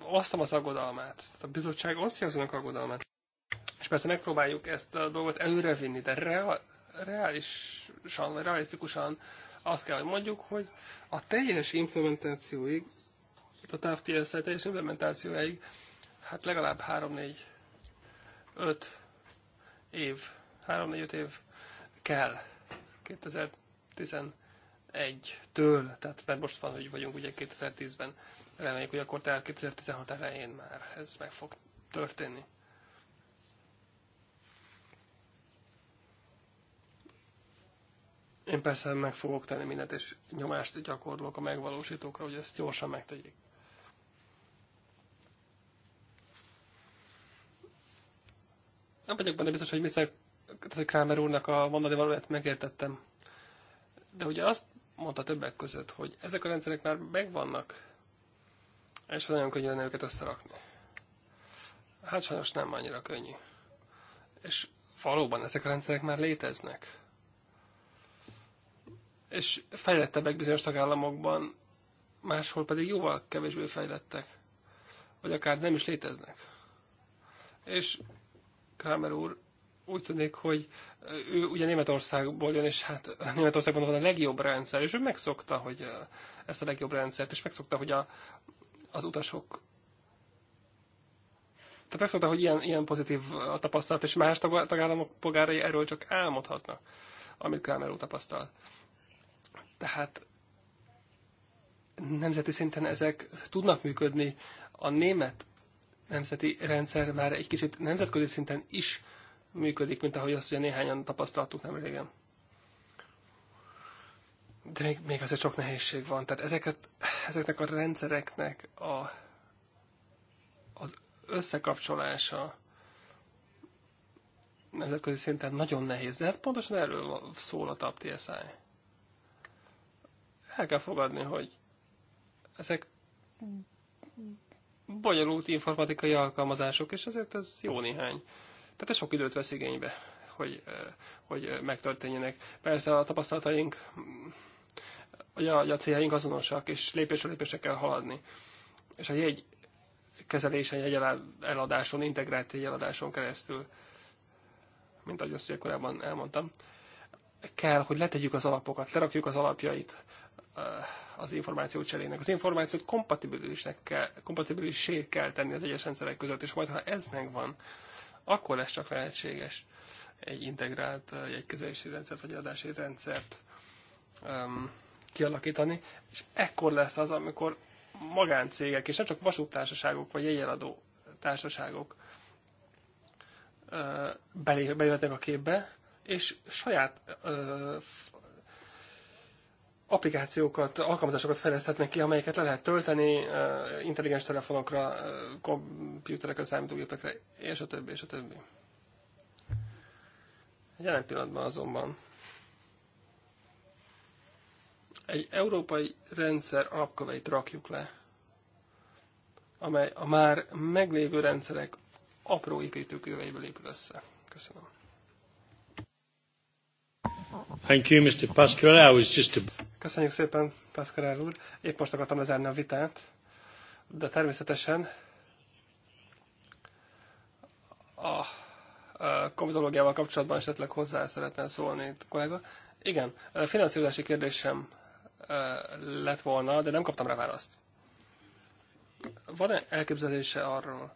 osztom az aggodalmát, a bizottság osztja az önök aggodalmát. És persze megpróbáljuk ezt a dolgot előrevinni, de real, reálisan, realisztikusan azt kell, hogy mondjuk, hogy a teljes implementációig, a TAFTS teljes implementációig hát legalább 3-4-5 év, 3-4-5 év kell 2011-től, tehát mert most van, hogy vagyunk ugye 2010-ben, reméljük, hogy akkor tehát 2016 elején már ez meg fog történni. Én persze meg fogok tenni mindent, és nyomást gyakorlok a megvalósítókra, hogy ezt gyorsan megtegyék. Nem vagyok benne biztos, hogy Mr. Kramer úrnak a mondani valóját megértettem. De ugye azt mondta többek között, hogy ezek a rendszerek már megvannak, és nagyon könnyű lenne őket összerakni. Hát sajnos nem annyira könnyű. És valóban ezek a rendszerek már léteznek. És fejlettebbek bizonyos tagállamokban, máshol pedig jóval kevésbé fejlettek, vagy akár nem is léteznek. És Kramer úr, úgy tűnik, hogy ő ugye Németországból jön, és hát Németországban van a legjobb rendszer, és ő megszokta, hogy ezt a legjobb rendszert, és megszokta, hogy a, az utasok tehát megszokta, hogy ilyen, ilyen pozitív a tapasztalat, és más tagállamok polgárai erről csak álmodhatnak, amit Kramer úr tapasztal. Tehát nemzeti szinten ezek tudnak működni. A német nemzeti rendszer már egy kicsit nemzetközi szinten is működik, mint ahogy azt ugye néhányan tapasztaltuk nem régen. De még, még azért sok nehézség van. Tehát ezeket, ezeknek a rendszereknek a, az összekapcsolása nemzetközi szinten nagyon nehéz. De hát pontosan erről szól a TAP TSI. El kell fogadni, hogy ezek bonyolult informatikai alkalmazások, és ezért ez jó néhány. Tehát ez sok időt vesz igénybe, hogy, eh, hogy megtörténjenek. Persze a tapasztalataink, a, a céljaink azonosak, és lépésről lépésre kell haladni. És a jegy kezelésen, egy eladáson, integrált eladáson keresztül, mint ahogy azt ugye korábban elmondtam, kell, hogy letegyük az alapokat, lerakjuk az alapjait eh, az információ cserének. Az információt kompatibilisnek kell, kompatibilissé kell tenni az egyes rendszerek között, és majd ha ez megvan, akkor lesz csak lehetséges egy integrált jegykezelési rendszert vagy adási rendszert um, kialakítani, és ekkor lesz az, amikor magáncégek, és nem csak vasúttársaságok vagy jegyeladó társaságok uh, bejöhetnek a képbe, és saját ö, applikációkat, alkalmazásokat fejleszthetnek ki, amelyeket le lehet tölteni intelligens telefonokra, komputerekre, számítógépekre, és a többi, és a többi. Jelen pillanatban azonban egy európai rendszer alapköveit rakjuk le, amely a már meglévő rendszerek apró építőköveiből épül össze. Köszönöm. Thank you, Mr. Pasquale. I was just a... Köszönjük szépen, Pasquale úr. Épp most akartam lezárni a vitát, de természetesen a komitológiával kapcsolatban esetleg hozzá szeretne szólni, kollega. Igen, finanszírozási kérdésem lett volna, de nem kaptam rá választ. Van-e elképzelése arról,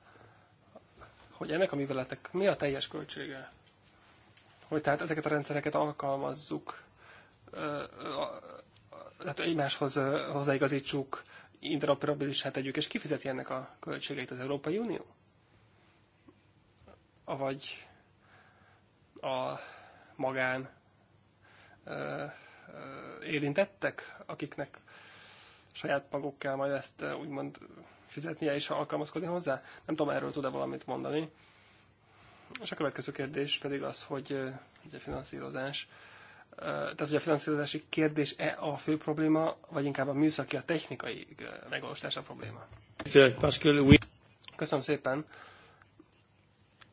hogy ennek a műveletek mi a teljes költsége? hogy tehát ezeket a rendszereket alkalmazzuk, tehát egymáshoz hozzáigazítsuk, interoperabilisát tegyük, és kifizeti ennek a költségeit az Európai Unió? vagy a magán érintettek, akiknek saját maguk kell majd ezt úgymond fizetnie és alkalmazkodni hozzá? Nem tudom, erről tud-e valamit mondani. És a következő kérdés pedig az, hogy a finanszírozás, tehát hogy a finanszírozási kérdés-e a fő probléma, vagy inkább a műszaki, a technikai megvalósítása a probléma? Köszönöm szépen.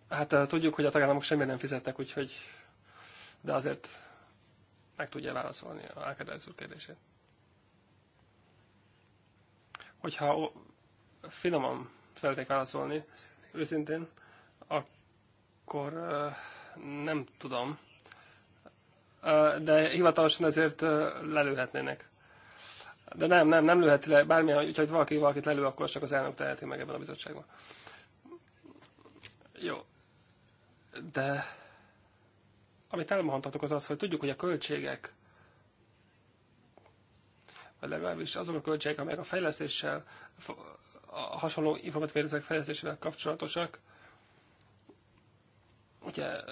Hát tudjuk, hogy a tagállamok semmire nem fizettek, úgyhogy de azért meg tudja válaszolni a Alkadáz kérdését. Hogyha finoman szeretnék válaszolni, őszintén, akkor nem tudom. De hivatalosan ezért lelőhetnének. De nem, nem, nem lőheti le. Bármilyen, hogyha valaki valakit lelő, akkor csak az elnök teheti meg ebben a bizottságban. Jó. De amit elmondhatok az az, hogy tudjuk, hogy a költségek vagy legalábbis azok a költségek, amelyek a fejlesztéssel, a hasonló informatikai rendszerek fejlesztésével kapcsolatosak, ugye eh,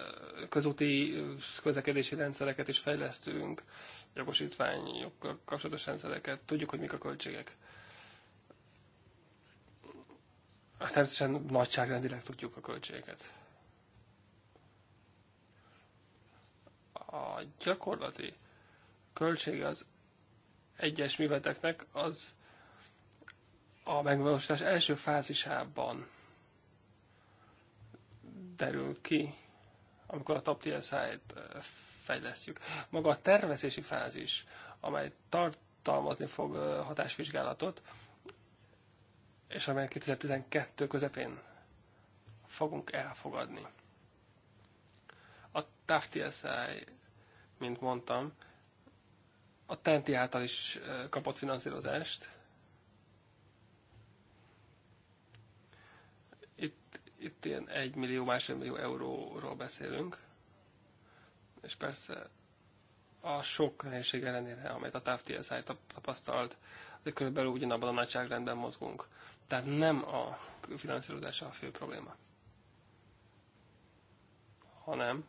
közúti eh, közlekedési rendszereket is fejlesztünk, jogosítványokkal kapcsolatos rendszereket, tudjuk, hogy mik a költségek. Természetesen nagyságrendileg tudjuk a költségeket. A gyakorlati költség az egyes műveteknek az a megvalósítás első fázisában derül ki amikor a top TSI-t fejlesztjük. Maga a tervezési fázis, amely tartalmazni fog hatásvizsgálatot, és amelyet 2012 közepén fogunk elfogadni. A TAF TSI, mint mondtam, a TENTI által is kapott finanszírozást, itt ilyen 1 millió, másfél millió euróról beszélünk, és persze a sok nehézség ellenére, amelyet a TSI tapasztalt, de körülbelül ugyanabban a nagyságrendben mozgunk. Tehát nem a finanszírozása a fő probléma, hanem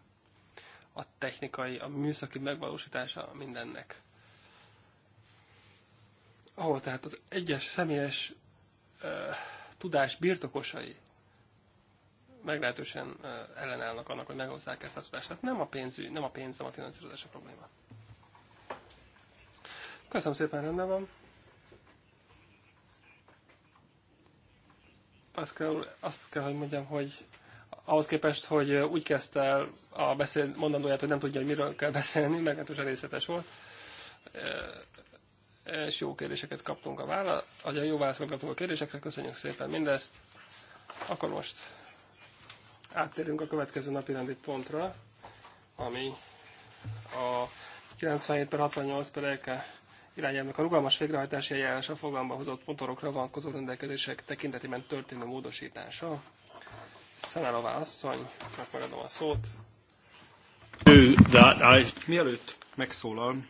a technikai, a műszaki megvalósítása mindennek. Ahol tehát az egyes személyes uh, tudás birtokosai meglehetősen ellenállnak annak, hogy meghozzák ezt a tudást. Tehát nem a pénz, nem a pénz, nem a finanszírozás a probléma. Köszönöm szépen, rendben van. kell, azt kell, hogy mondjam, hogy ahhoz képest, hogy úgy kezdte el a beszél, mondandóját, hogy nem tudja, hogy miről kell beszélni, meglehetősen részletes volt. És jó kérdéseket kaptunk a vála, a jó válaszokat kaptunk a kérdésekre, köszönjük szépen mindezt. Akkor most áttérünk a következő napi rendi pontra, ami a 97 per 68 per LK irányelvnek a rugalmas végrehajtási a fogalma hozott motorokra vonatkozó rendelkezések tekintetében történő módosítása. Szemelová asszony, megmaradom a szót. Mielőtt megszólal,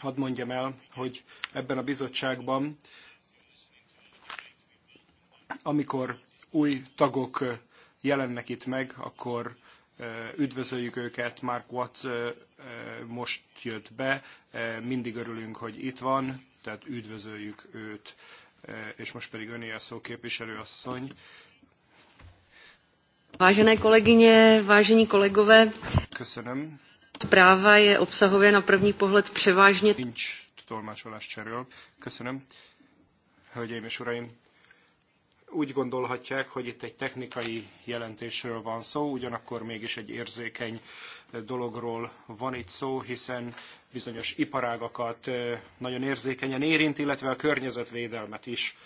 hadd mondjam el, hogy ebben a bizottságban, amikor új tagok jelennek itt meg, akkor üdvözöljük őket. Mark Watts most jött be, mindig örülünk, hogy itt van, tehát üdvözöljük őt. És most pedig öné a szó képviselőasszony. Vážené kolegyně, vážení kolegové, Köszönöm. Zpráva je obsahově na první pohled převážně... Nincs tolmácsolás cserél. Köszönöm. Hölgyeim és uraim, úgy gondolhatják, hogy itt egy technikai jelentésről van szó, ugyanakkor mégis egy érzékeny dologról van itt szó, hiszen bizonyos iparágakat nagyon érzékenyen érint, illetve a környezetvédelmet is.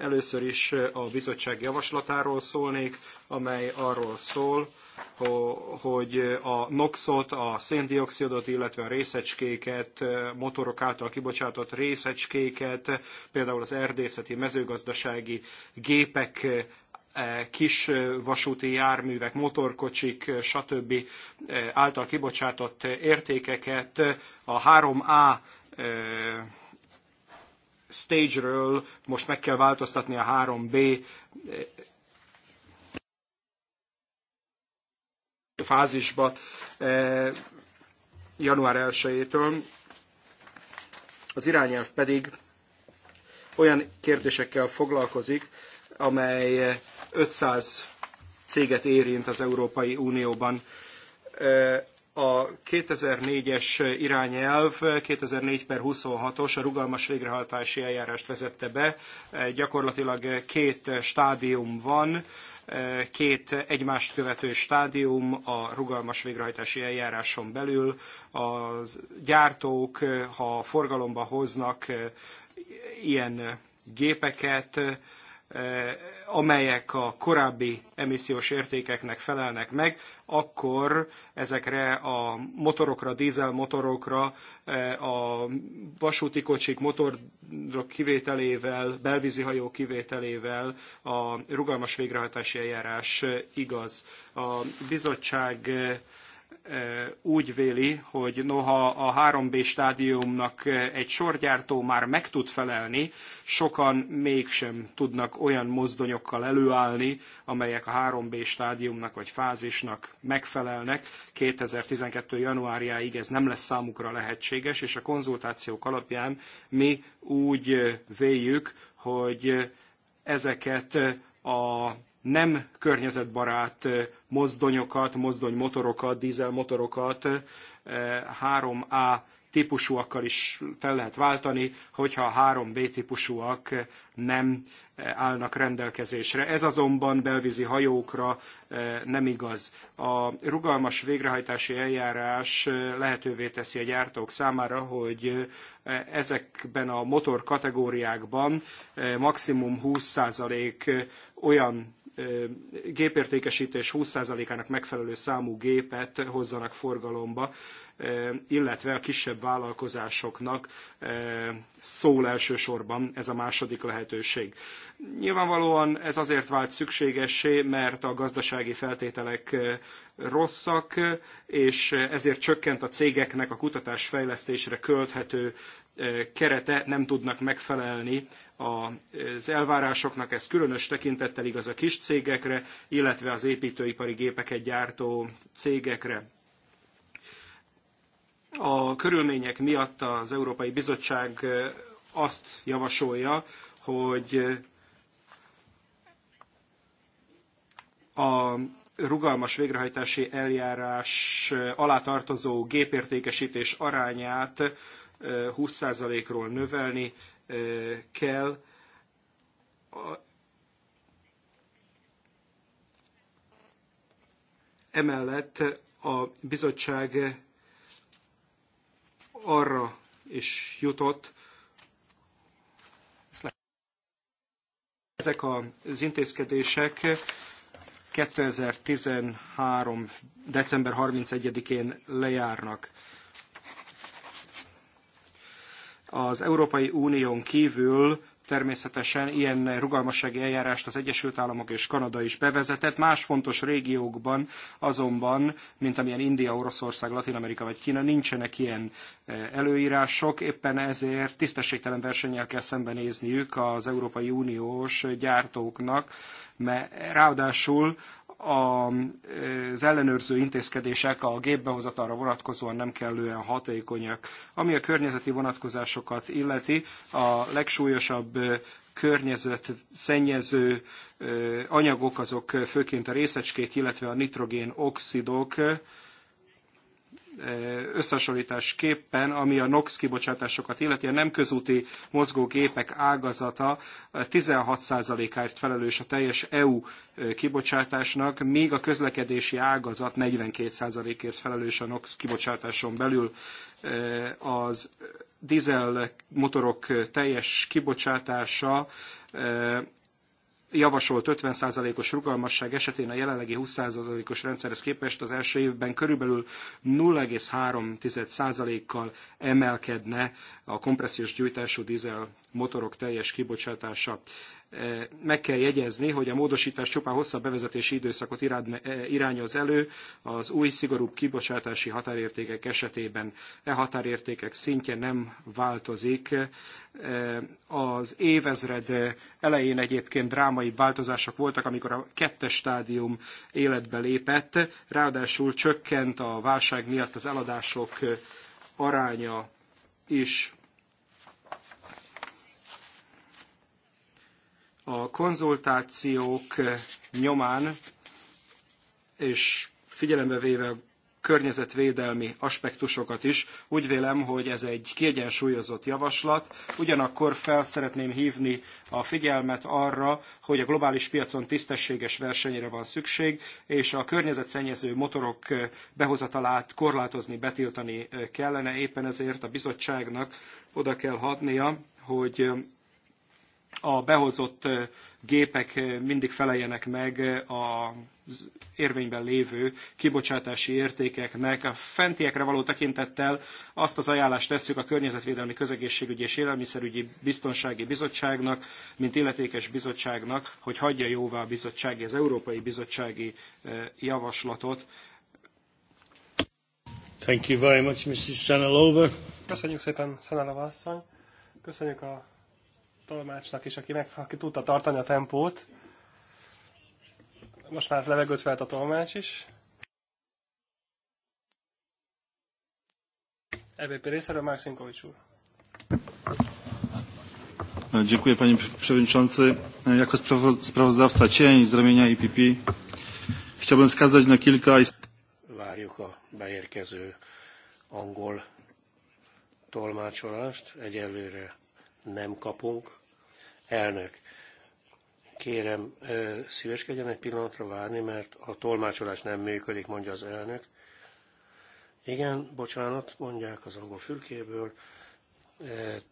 Először is a bizottság javaslatáról szólnék, amely arról szól, hogy a NOx-ot, a széndiokszidot, illetve a részecskéket, motorok által kibocsátott részecskéket, például az erdészeti, mezőgazdasági gépek e, kis vasúti járművek, motorkocsik, stb. által kibocsátott értékeket a 3A stage-ről most meg kell változtatni a 3B eh, fázisba eh, január 1-től. Az irányelv pedig olyan kérdésekkel foglalkozik, amely 500 céget érint az Európai Unióban. Eh, a 2004-es irányelv 2004 per 26-os a rugalmas végrehajtási eljárást vezette be. E, gyakorlatilag két stádium van, e, két egymást követő stádium a rugalmas végrehajtási eljáráson belül. A gyártók, ha forgalomba hoznak e, ilyen gépeket, amelyek a korábbi emissziós értékeknek felelnek meg, akkor ezekre a motorokra, dízelmotorokra, e, a vasúti kocsik motorok kivételével, belvízi hajók kivételével a rugalmas végrehajtási eljárás igaz. A bizottság e, úgy véli, hogy noha a 3B stádiumnak egy sorgyártó már meg tud felelni, sokan mégsem tudnak olyan mozdonyokkal előállni, amelyek a 3B stádiumnak vagy fázisnak megfelelnek. 2012. januárjáig ez nem lesz számukra lehetséges, és a konzultációk alapján mi úgy véljük, hogy ezeket a nem környezetbarát mozdonyokat, mozdonymotorokat, dízelmotorokat 3A típusúakkal is fel lehet váltani, hogyha a 3B típusúak nem állnak rendelkezésre. Ez azonban belvízi hajókra nem igaz. A rugalmas végrehajtási eljárás lehetővé teszi a gyártók számára, hogy ezekben a motor kategóriákban maximum 20% olyan gépértékesítés 20%-ának megfelelő számú gépet hozzanak forgalomba, illetve a kisebb vállalkozásoknak szól elsősorban ez a második lehetőség. Nyilvánvalóan ez azért vált szükségessé, mert a gazdasági feltételek rosszak, és ezért csökkent a cégeknek a kutatás fejlesztésre költhető kerete, nem tudnak megfelelni az elvárásoknak, ez különös tekintettel igaz a kis cégekre, illetve az építőipari gépeket gyártó cégekre. A körülmények miatt az Európai Bizottság azt javasolja, hogy a rugalmas végrehajtási eljárás alá tartozó gépértékesítés arányát 20%-ról növelni kell. Emellett a bizottság arra is jutott, ezek az intézkedések 2013. december 31-én lejárnak. Az Európai Unión kívül természetesen ilyen rugalmassági eljárást az Egyesült Államok és Kanada is bevezetett. Más fontos régiókban azonban, mint amilyen India, Oroszország, Latin Amerika vagy Kína, nincsenek ilyen e, előírások, éppen ezért tisztességtelen versennyel kell szembenézniük az Európai Uniós gyártóknak, mert ráadásul az ellenőrző intézkedések a gépbehozatalra vonatkozóan nem kellően hatékonyak. Ami a környezeti vonatkozásokat illeti, a legsúlyosabb környezet szennyező anyagok azok főként a részecskék, illetve a nitrogén oxidok, összehasonlításképpen, ami a NOx kibocsátásokat illeti, a nem közúti mozgógépek ágazata 16 eh, áért felelős a teljes EU eh, kibocsátásnak, míg a közlekedési ágazat 42%-ért felelős a NOx kibocsátáson belül eh, az dízel motorok teljes kibocsátása javasolt 50%-os rugalmasság esetén a jelenlegi 20%-os rendszerhez képest az első évben körülbelül 0,3%-kal emelkedne a kompressziós gyújtású dízel motorok teljes kibocsátása meg kell jegyezni, hogy a módosítás csupán hosszabb bevezetési időszakot irányoz elő az új szigorúbb kibocsátási határértékek esetében. E határértékek szintje nem változik. Az évezred elején egyébként drámai változások voltak, amikor a kettes stádium életbe lépett, ráadásul csökkent a válság miatt az eladások aránya is a konzultációk nyomán és figyelembe véve a környezetvédelmi aspektusokat is, úgy vélem, hogy ez egy kiegyensúlyozott javaslat. Ugyanakkor fel szeretném hívni a figyelmet arra, hogy a globális piacon tisztességes versenyre van szükség, és a környezetszennyező motorok behozatalát korlátozni, betiltani kellene. Éppen ezért a bizottságnak oda kell hatnia, hogy a behozott gépek mindig feleljenek meg a érvényben lévő kibocsátási értékeknek. A fentiekre való tekintettel azt az ajánlást tesszük a Környezetvédelmi Közegészségügyi és Élelmiszerügyi Biztonsági Bizottságnak, mint illetékes bizottságnak, hogy hagyja jóvá a bizottsági, az Európai Bizottsági javaslatot. Thank you very much, Mrs. Sanalova. Köszönjük szépen, Sanalova asszony. Köszönjük a tolmácsnak is, aki, meg, aki tudta tartani a tempót. Most már levegőt felt a tolmács is. EBP részéről Szinkovics úr. Dziękuję panie przewodniczący. Jako sprawozdawca cień z ramienia IPP e chciałbym wskazać na kilka... Várjuk a beérkező angol tolmácsolást. Egyelőre nem kapunk. Elnök, kérem, szíveskedjen egy pillanatra várni, mert a tolmácsolás nem működik, mondja az elnök. Igen, bocsánat, mondják az angol fülkéből.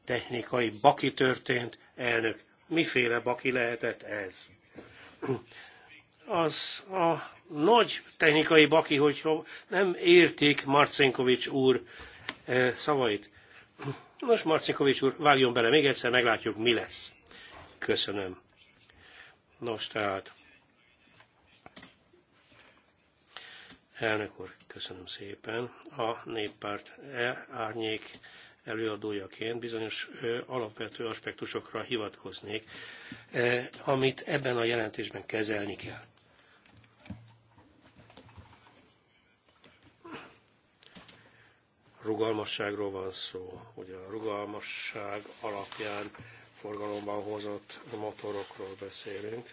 Technikai baki történt, elnök. Miféle baki lehetett ez? [clears throat] Az a nagy technikai baki, hogyha nem értik Marcinkovics úr szavait. Nos, Marcinkovics úr, vágjon bele még egyszer, meglátjuk, mi lesz. Köszönöm. Nos, tehát Elnök úr, köszönöm szépen. A néppárt e árnyék előadójaként bizonyos alapvető aspektusokra hivatkoznék, amit ebben a jelentésben kezelni kell. Rugalmasságról van szó, hogy a rugalmasság alapján forgalomban hozott motorokról beszélünk.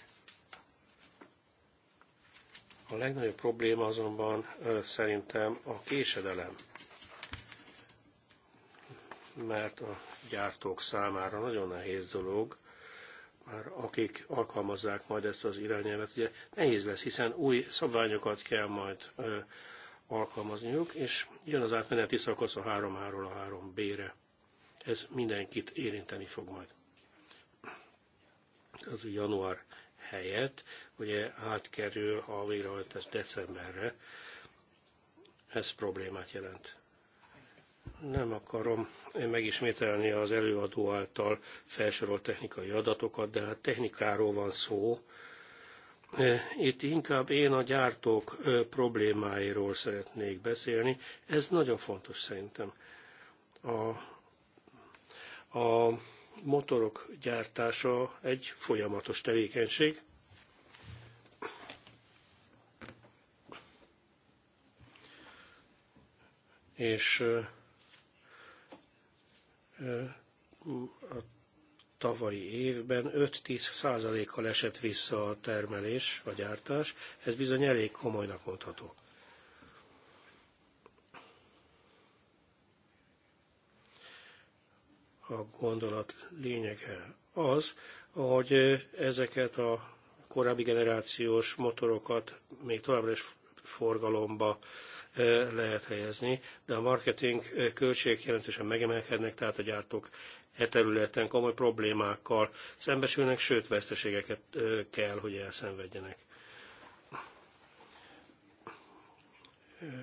A legnagyobb probléma azonban szerintem a késedelem, mert a gyártók számára nagyon nehéz dolog, már akik alkalmazzák majd ezt az irányelvet, ugye nehéz lesz, hiszen új szabványokat kell majd ö, alkalmazniuk, és jön az átmeneti szakasz a 3 a 3B-re. Ez mindenkit érinteni fog majd az január helyett, ugye átkerül a végrehajtás decemberre. Ez problémát jelent. Nem akarom én megismételni az előadó által felsorolt technikai adatokat, de hát technikáról van szó. E, itt inkább én a gyártók e, problémáiról szeretnék beszélni. Ez nagyon fontos szerintem. A, a motorok gyártása egy folyamatos tevékenység. És a tavalyi évben 5-10 százalékkal esett vissza a termelés, a gyártás. Ez bizony elég komolynak mondható. a gondolat lényege az, hogy ezeket a korábbi generációs motorokat még továbbra is forgalomba e, lehet helyezni, de a marketing e, költségek jelentősen megemelkednek, tehát a gyártók e területen komoly problémákkal szembesülnek, sőt veszteségeket e, kell, hogy elszenvedjenek.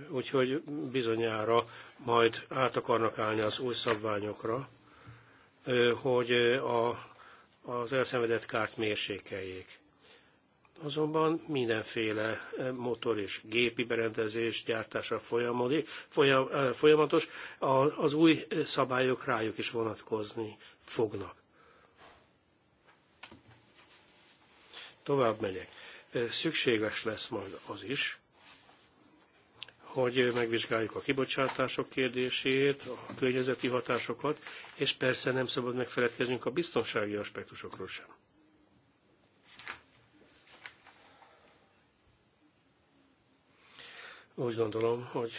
Úgyhogy bizonyára majd át akarnak állni az új szabványokra, hogy a, az elszenvedett kárt mérsékeljék. Azonban mindenféle motor és gépi berendezés gyártása folyam, folyamatos, az új szabályok rájuk is vonatkozni fognak. Tovább megyek. Szükséges lesz majd az is, hogy megvizsgáljuk a kibocsátások kérdését, a környezeti hatásokat, és persze nem szabad megfeledkeznünk a biztonsági aspektusokról sem. Úgy gondolom, hogy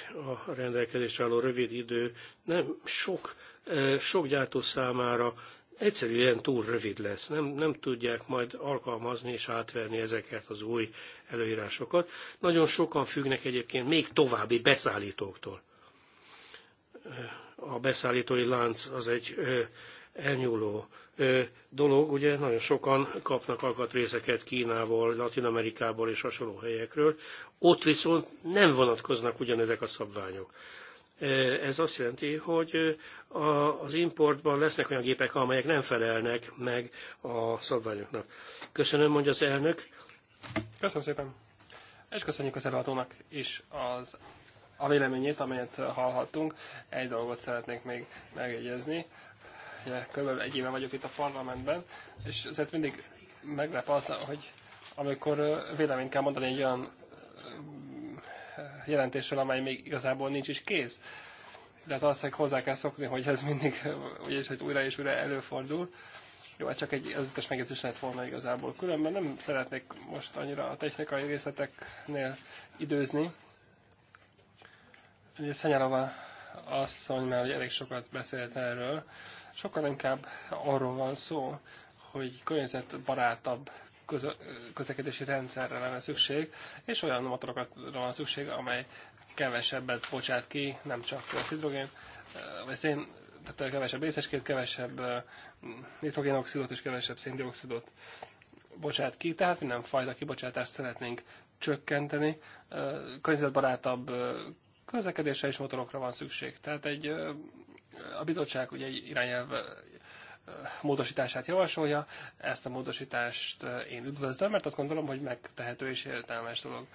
a rendelkezésre álló rövid idő nem sok, eh, sok gyártó számára egyszerűen túl rövid lesz. Nem, nem tudják majd alkalmazni és átverni ezeket az új előírásokat. Nagyon sokan függnek egyébként még további beszállítóktól. A beszállítói lánc az egy elnyúló dolog, ugye nagyon sokan kapnak alkatrészeket Kínából, Latin Amerikából és hasonló helyekről, ott viszont nem vonatkoznak ugyanezek a szabványok. Ez azt jelenti, hogy az importban lesznek olyan gépek, amelyek nem felelnek meg a szabványoknak. Köszönöm, mondja az elnök. Köszönöm szépen. És köszönjük az előadónak is az a véleményét, amelyet hallhattunk. Egy dolgot szeretnék még megjegyezni. Ugye, körülbelül egy éve vagyok itt a parlamentben, és ezért mindig meglep az, hogy amikor véleményt kell mondani egy olyan jelentésről, amely még igazából nincs is kész. De hát azt hozzá kell szokni, hogy ez mindig [laughs] úgyis, hogy újra és újra előfordul. Jó, hát csak egy az utas megjegyzés lett volna igazából. Különben nem szeretnék most annyira a technikai részleteknél időzni. Ugye Szenyarova asszony már elég sokat beszélt erről. Sokkal inkább arról van szó, hogy környezetbarátabb közlekedési rendszerre lenne szükség, és olyan motorokra van szükség, amely kevesebbet bocsát ki, nem csak a hidrogén, eh, vagy szén, tehát kevesebb részeskét, kevesebb eh, nitrogénoxidot és kevesebb széndiokszidot bocsát ki, tehát mindenfajta kibocsátást szeretnénk csökkenteni. Eh, környezetbarátabb közlekedésre és motorokra van szükség. Tehát egy, a bizottság ugye egy irányelv módosítását javasolja. Ezt a módosítást eh, én üdvözlöm, mert azt gondolom, hogy megtehető és értelmes dolog.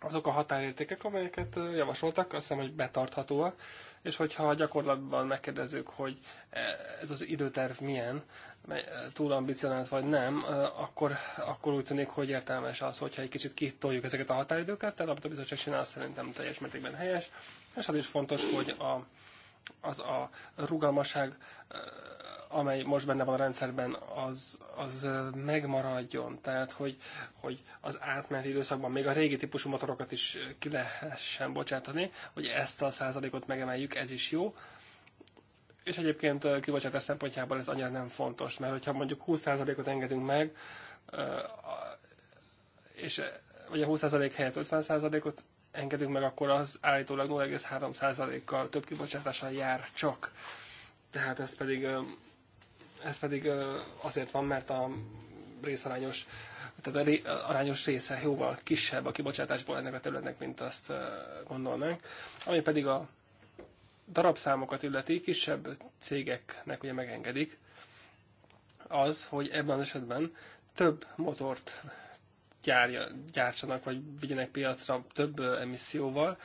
Azok a határértékek, amelyeket eh, javasoltak, azt hiszem, hogy betarthatóak, és hogyha a gyakorlatban megkérdezzük, hogy eh, ez az időterv milyen, túl ambicionált vagy nem, akkor, akkor úgy tűnik, hogy értelmes az, hogyha egy kicsit kitoljuk ezeket a határidőket, tehát a bizottság csinál, szerintem teljes mértékben helyes, és az is fontos, hogy a, az a rugalmasság amely most benne van a rendszerben, az, az megmaradjon. Tehát, hogy, hogy az átmeneti időszakban még a régi típusú motorokat is ki lehessen bocsátani, hogy ezt a százalékot megemeljük, ez is jó. És egyébként kibocsátás szempontjából ez annyira nem fontos, mert hogyha mondjuk 20%-ot engedünk meg, és vagy a 20% helyett 50%-ot engedünk meg, akkor az állítólag 0,3%-kal több kibocsátással jár csak. Tehát ez pedig ez pedig azért van, mert a részarányos tehát a arányos része jóval kisebb a kibocsátásból ennek a területnek, mint azt gondolnánk. Ami pedig a darabszámokat illeti, kisebb cégeknek ugye megengedik az, hogy ebben az esetben több motort gyárja, gyártsanak, vagy vigyenek piacra több emisszióval.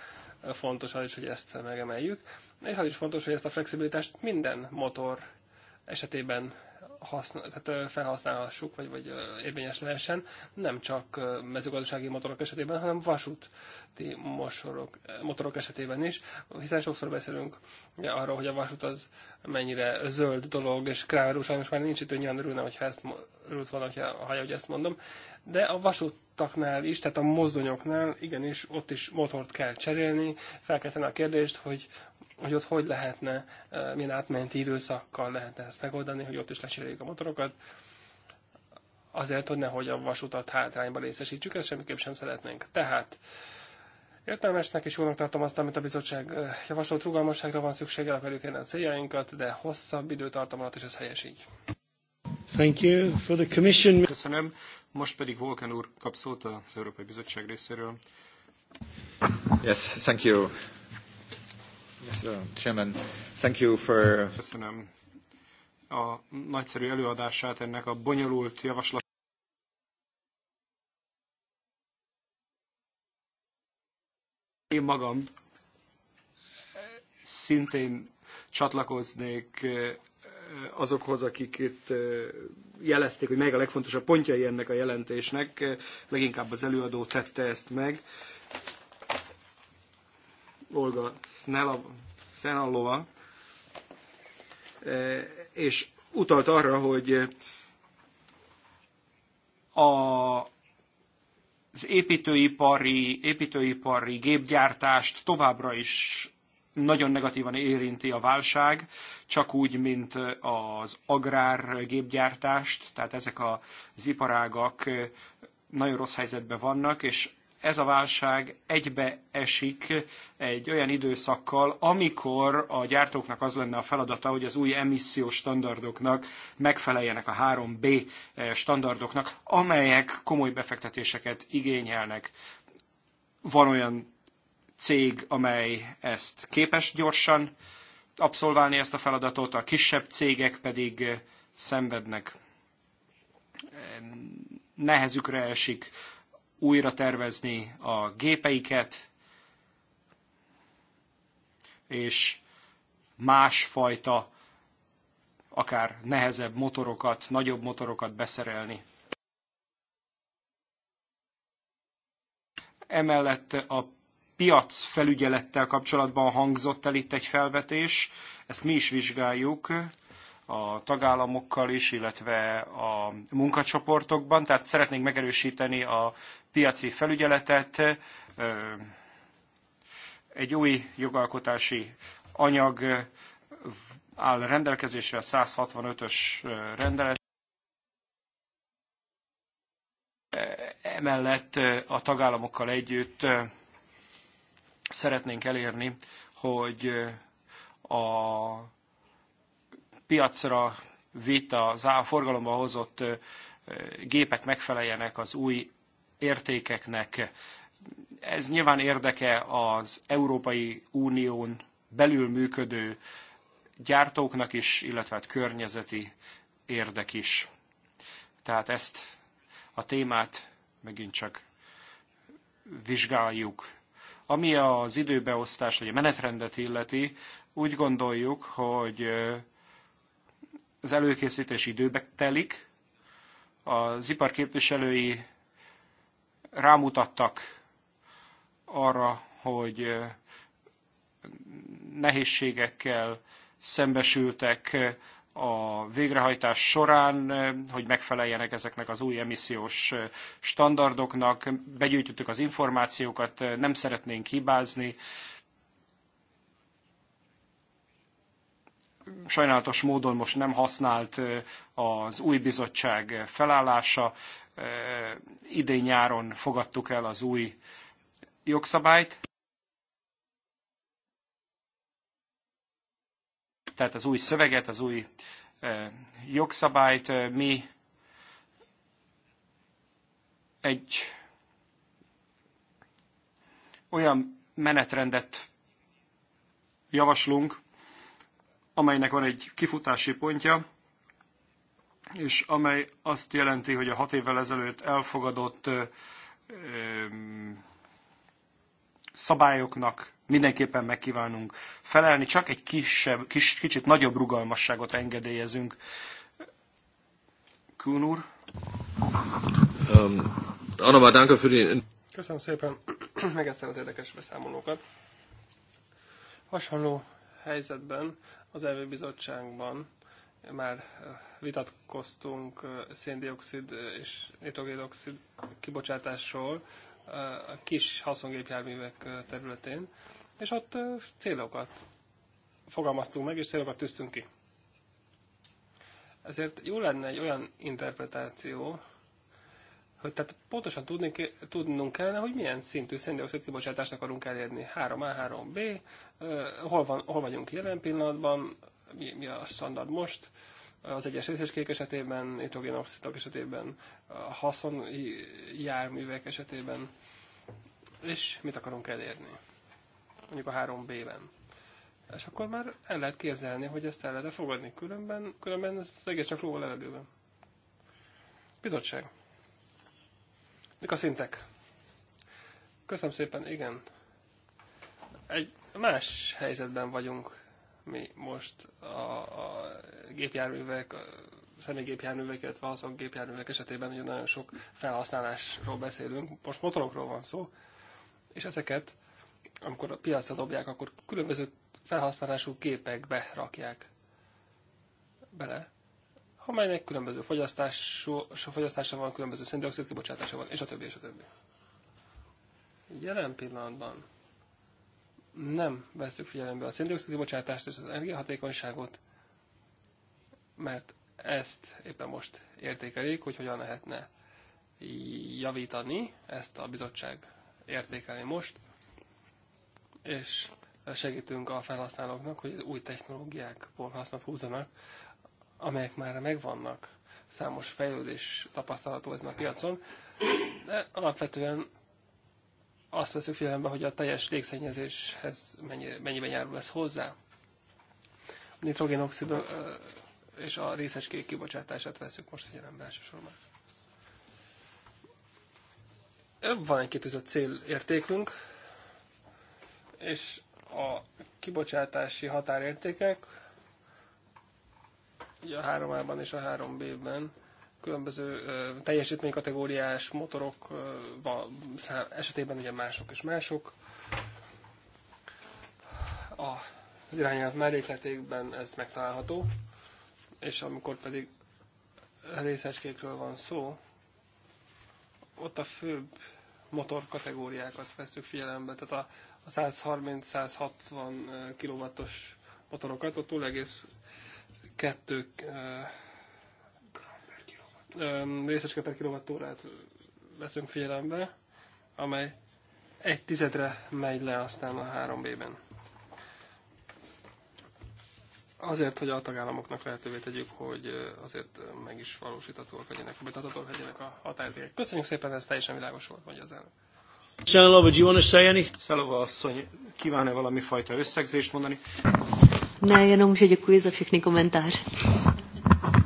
Fontos az is, hogy ezt megemeljük. És az is fontos, hogy ezt a flexibilitást minden motor esetében használ, tehát felhasználhassuk, vagy, vagy érvényes lehessen, nem csak mezőgazdasági motorok esetében, hanem vasúti mosorok, motorok esetében is, hiszen sokszor beszélünk arról, hogy a vasút az mennyire zöld dolog, és Kráver úr sajnos már nincs itt, hogy nyilván örülne, hogyha ezt örült volna, hogyha, hallja, hogy ezt mondom, de a vasútaknál is, tehát a mozdonyoknál, igenis, ott is motort kell cserélni, fel kell tenni a kérdést, hogy hogy ott hogy lehetne, milyen átmeneti időszakkal lehetne ezt megoldani, hogy ott is lecseréljük a motorokat, azért, hogy nehogy a vasutat hátrányba részesítsük, ezt semmiképp sem szeretnénk. Tehát értelmesnek és jónak tartom azt, amit a bizottság javasolt rugalmasságra van szüksége, el akarjuk érni a céljainkat, de hosszabb időtartam alatt is ez helyes így. Thank you for the commission. Köszönöm. Most pedig Volkan úr kap szót az Európai Bizottság részéről. Yes, thank you. Uh, Köszönöm a nagyszerű előadását ennek a bonyolult javaslat. Én magam eh, szintén csatlakoznék eh, azokhoz, akik itt eh, jelezték, hogy meg a legfontosabb pontjai ennek a jelentésnek, leginkább az előadó tette ezt meg. Olga Szenalova, e, és utalt arra, hogy a, az építőipari, építőipari gépgyártást továbbra is nagyon negatívan érinti a válság, csak úgy, mint az agrárgépgyártást, tehát ezek az iparágak nagyon rossz helyzetben vannak, és ez a válság egybeesik egy olyan időszakkal, amikor a gyártóknak az lenne a feladata, hogy az új emissziós standardoknak megfeleljenek a 3B eh, standardoknak, amelyek komoly befektetéseket igényelnek. Van olyan cég, amely ezt képes gyorsan abszolválni ezt a feladatot, a kisebb cégek pedig eh, szenvednek eh, nehezükre esik újra tervezni a gépeiket, és másfajta, akár nehezebb motorokat, nagyobb motorokat beszerelni. Emellett a piac felügyelettel kapcsolatban hangzott el itt egy felvetés, ezt mi is vizsgáljuk a tagállamokkal is, illetve a munkacsoportokban. Tehát szeretnénk megerősíteni a piaci felügyeletet. Egy új jogalkotási anyag áll rendelkezésre 165-ös rendelet. Emellett a tagállamokkal együtt szeretnénk elérni, hogy a piacra vitt, az a forgalomba hozott gépek megfeleljenek az új értékeknek. Ez nyilván érdeke az Európai Unión belül működő gyártóknak is, illetve hát környezeti érdek is. Tehát ezt a témát megint csak vizsgáljuk. Ami az időbeosztás vagy a menetrendet illeti, úgy gondoljuk, hogy az előkészítés időbe telik, az iparképviselői rámutattak arra, hogy nehézségekkel szembesültek a végrehajtás során, hogy megfeleljenek ezeknek az új emissziós standardoknak. Begyűjtöttük az információkat, nem szeretnénk hibázni, sajnálatos módon most nem használt az új bizottság felállása. Idén nyáron fogadtuk el az új jogszabályt. Tehát az új szöveget, az új jogszabályt mi egy olyan menetrendet javaslunk, amelynek van egy kifutási pontja, és amely azt jelenti, hogy a hat évvel ezelőtt elfogadott szabályoknak mindenképpen megkívánunk felelni, csak egy kisebb, kis, kicsit nagyobb rugalmasságot engedélyezünk. Kuhn úr? Um, Köszönöm szépen [clears throat] meg egyszer az érdekes beszámolókat. Hasonló helyzetben az EV bizottságban már eh, vitatkoztunk eh, széndiokszid és nitrogénoxid kibocsátásról eh, a kis haszongépjárművek területén, és ott célokat fogalmaztunk meg, és célokat tűztünk ki. Ezért jó lenne egy olyan interpretáció, hogy tehát pontosan tudni, tudnunk kellene, hogy milyen szintű széndiokszid kibocsátást akarunk elérni. 3A, 3B, hol, van, hol vagyunk jelen pillanatban, mi, mi a standard most, az egyes részeskék esetében, nitrogénoxidok esetében, a haszon járművek esetében, és mit akarunk elérni, mondjuk a 3B-ben. És akkor már el lehet képzelni, hogy ezt el lehet fogadni, különben, különben ez egész csak ló a levegőben. Bizottság. Mik a szintek? Köszönöm szépen, igen. Egy más helyzetben vagyunk mi most a, a gépjárművek, a személygépjárművek, illetve gépjárművek esetében ugye nagyon sok felhasználásról beszélünk. Most motorokról van szó, és ezeket, amikor a piacra dobják, akkor különböző felhasználású gépekbe rakják bele amelynek különböző fogyasztása, fogyasztása van, különböző széndiokszid kibocsátása van, és a többi, és a többi. Jelen pillanatban nem veszük figyelembe a széndiokszid kibocsátást és az energiahatékonyságot, mert ezt éppen most értékelik, hogy hogyan lehetne javítani, ezt a bizottság értékelni most, és segítünk a felhasználóknak, hogy új technológiákból hasznot húzzanak amelyek már megvannak, számos fejlődés tapasztalható ezen a piacon, de alapvetően azt veszük figyelembe, hogy a teljes légszennyezéshez mennyi, mennyiben járul ez hozzá. A nitrogénoxid és a részecskék kibocsátását veszük most figyelembe elsősorban. Van egy kitűzött célértékünk, és a kibocsátási határértékek Ugye a 3A-ban és a 3B-ben különböző teljesítménykategóriás motorok esetében ugye mások és mások. Az irányelv mellékletékben ez megtalálható, és amikor pedig részecskékről van szó, ott a főbb motorkategóriákat veszük figyelembe, tehát a 130-160 kW-os motorokat, ott túl egész kettő részecske per kilovattórát veszünk figyelembe, amely egy tizedre megy le aztán a 3B-ben. Azért, hogy a tagállamoknak lehetővé tegyük, hogy azért meg is valósíthatóak legyenek, betartatóak legyenek a határértékek. Köszönjük szépen, ez teljesen világos volt, mondja az elnök. Szelova, do you want to say any? Szelova asszony, kíván-e valami fajta összegzést mondani? Ne, jenom, že děkuji za všechny komentáře.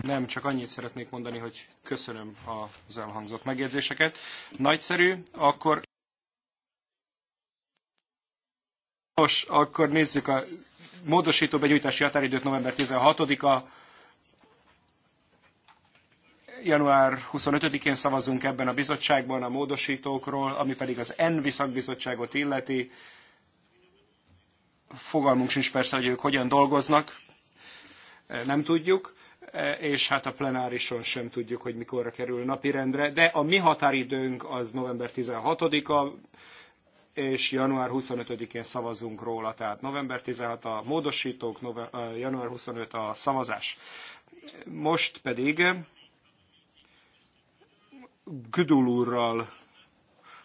Nem, csak annyit szeretnék mondani, hogy köszönöm az elhangzott megjegyzéseket. Nagyszerű, akkor... Nos, akkor nézzük a módosító begyújtási határidőt november 16-a. Január 25-én szavazunk ebben a bizottságban a módosítókról, ami pedig az N-viszakbizottságot illeti. Fogalmunk sincs persze, hogy ők hogyan dolgoznak, e, nem tudjuk, e, és hát a plenárison sem tudjuk, hogy mikorra kerül napirendre, de a mi határidőnk az november 16-a, és január 25-én szavazunk róla, tehát november 16 a módosítók, november, január 25 a szavazás. Most pedig Güdul úrral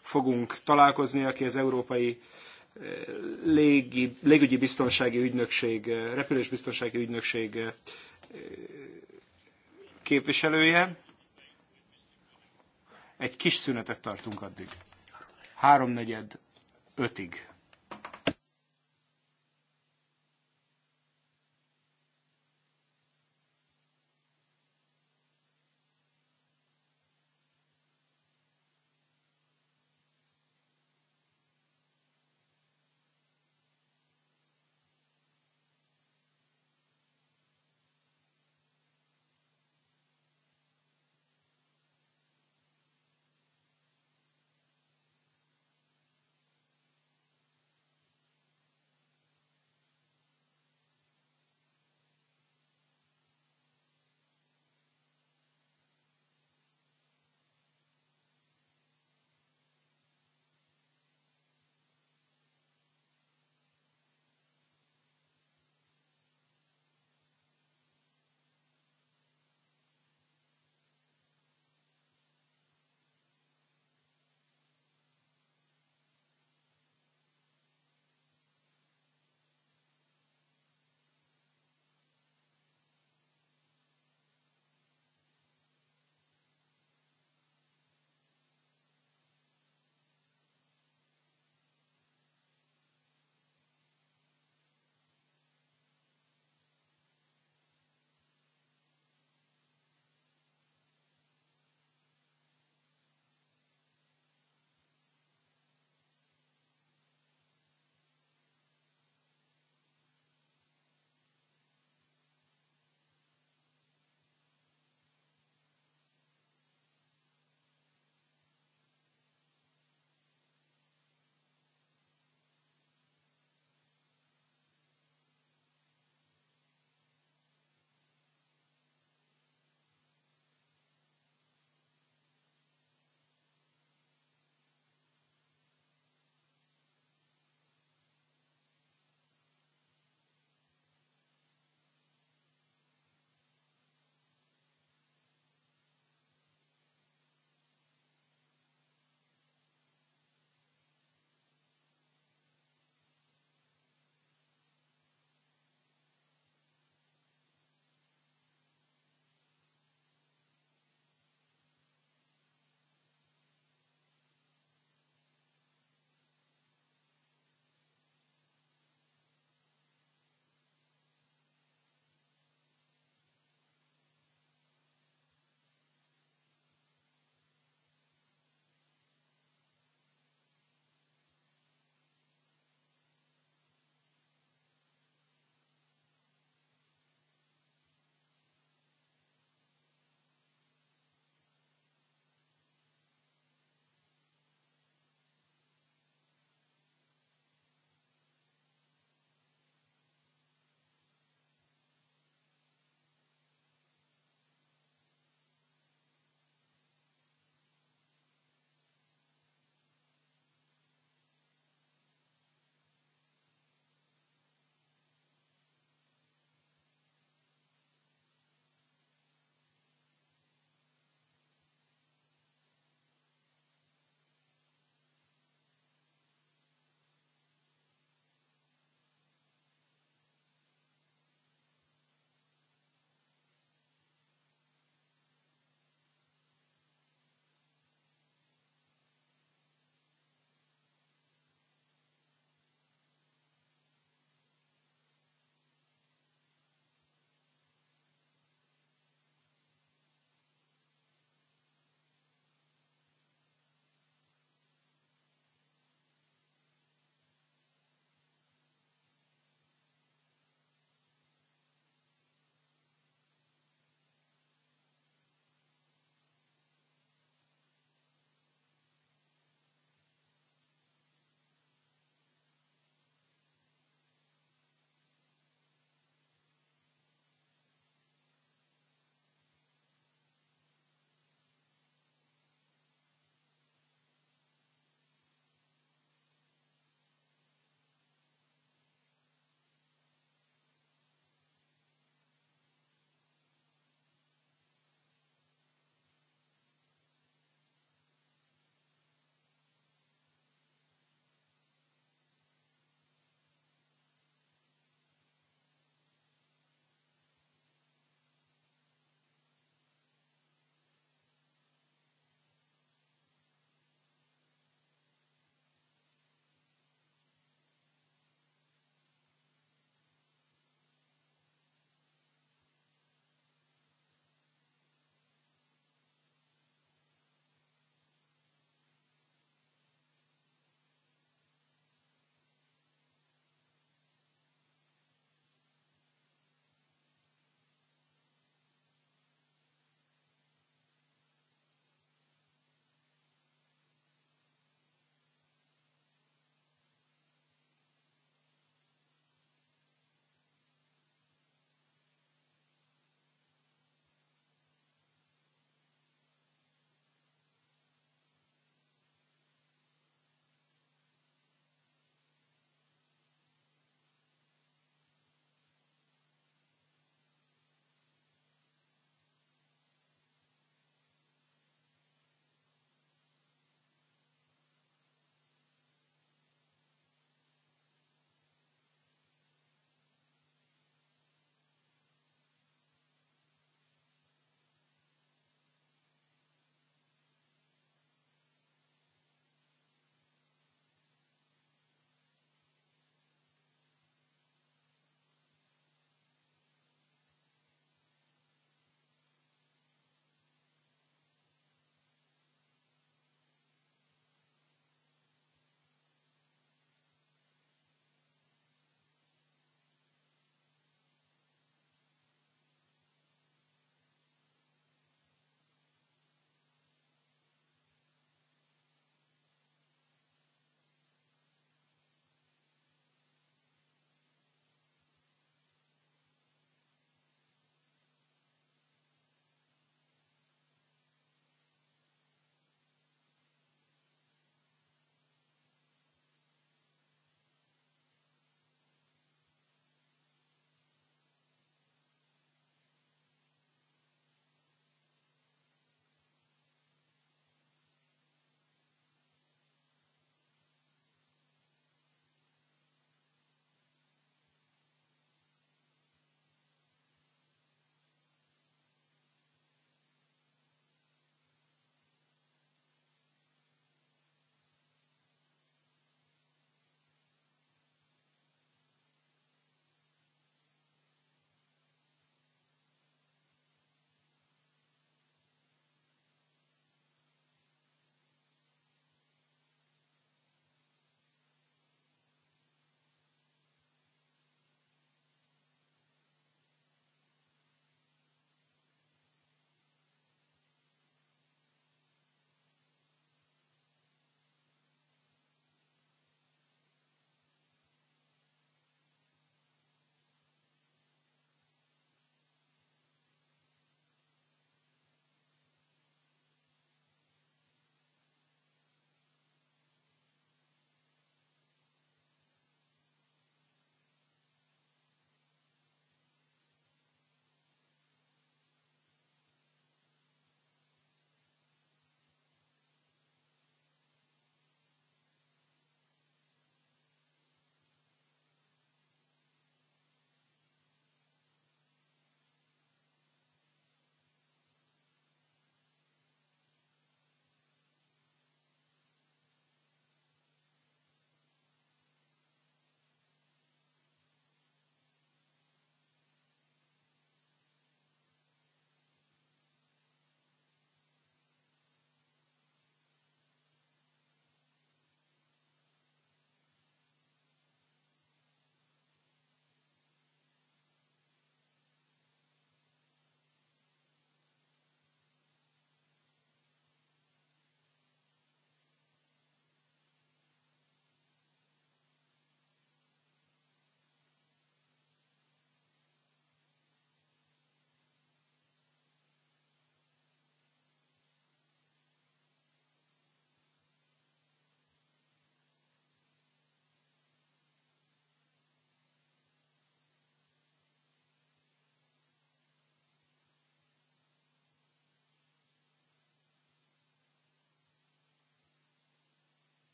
fogunk találkozni, aki az Európai légi, légügyi biztonsági ügynökség, eh, repülésbiztonsági ügynökség eh, képviselője. Egy kis szünetet tartunk addig. Háromnegyed ötig.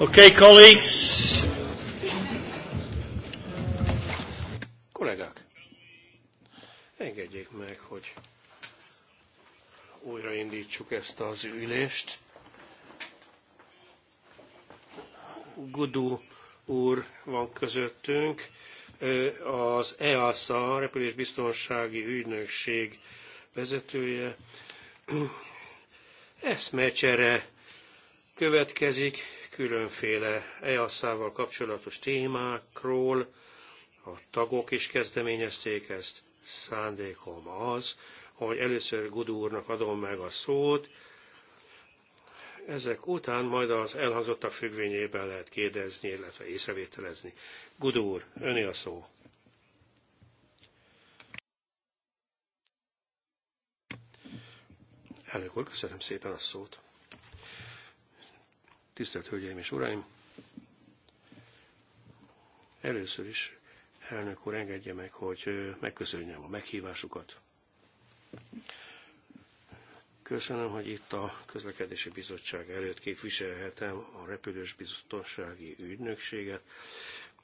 Okay, colleagues. Kollégák, engedjék meg, hogy újraindítsuk ezt az ülést. Gudu úr van közöttünk, az EASA, repülésbiztonsági ügynökség vezetője. Eszmecsere következik különféle EASZ-ával kapcsolatos témákról, a tagok is kezdeményezték ezt, szándékom az, hogy először Gudú úrnak adom meg a szót, ezek után majd az elhangzottak függvényében lehet kérdezni, illetve észrevételezni. Gudú úr, öné a szó. Elnök úr, köszönöm szépen a szót. Tisztelt Hölgyeim és Uraim! Először is, elnök úr, engedje meg, hogy megköszönjem a meghívásukat. Köszönöm, hogy itt a közlekedési bizottság előtt képviselhetem a repülős biztonsági ügynökséget.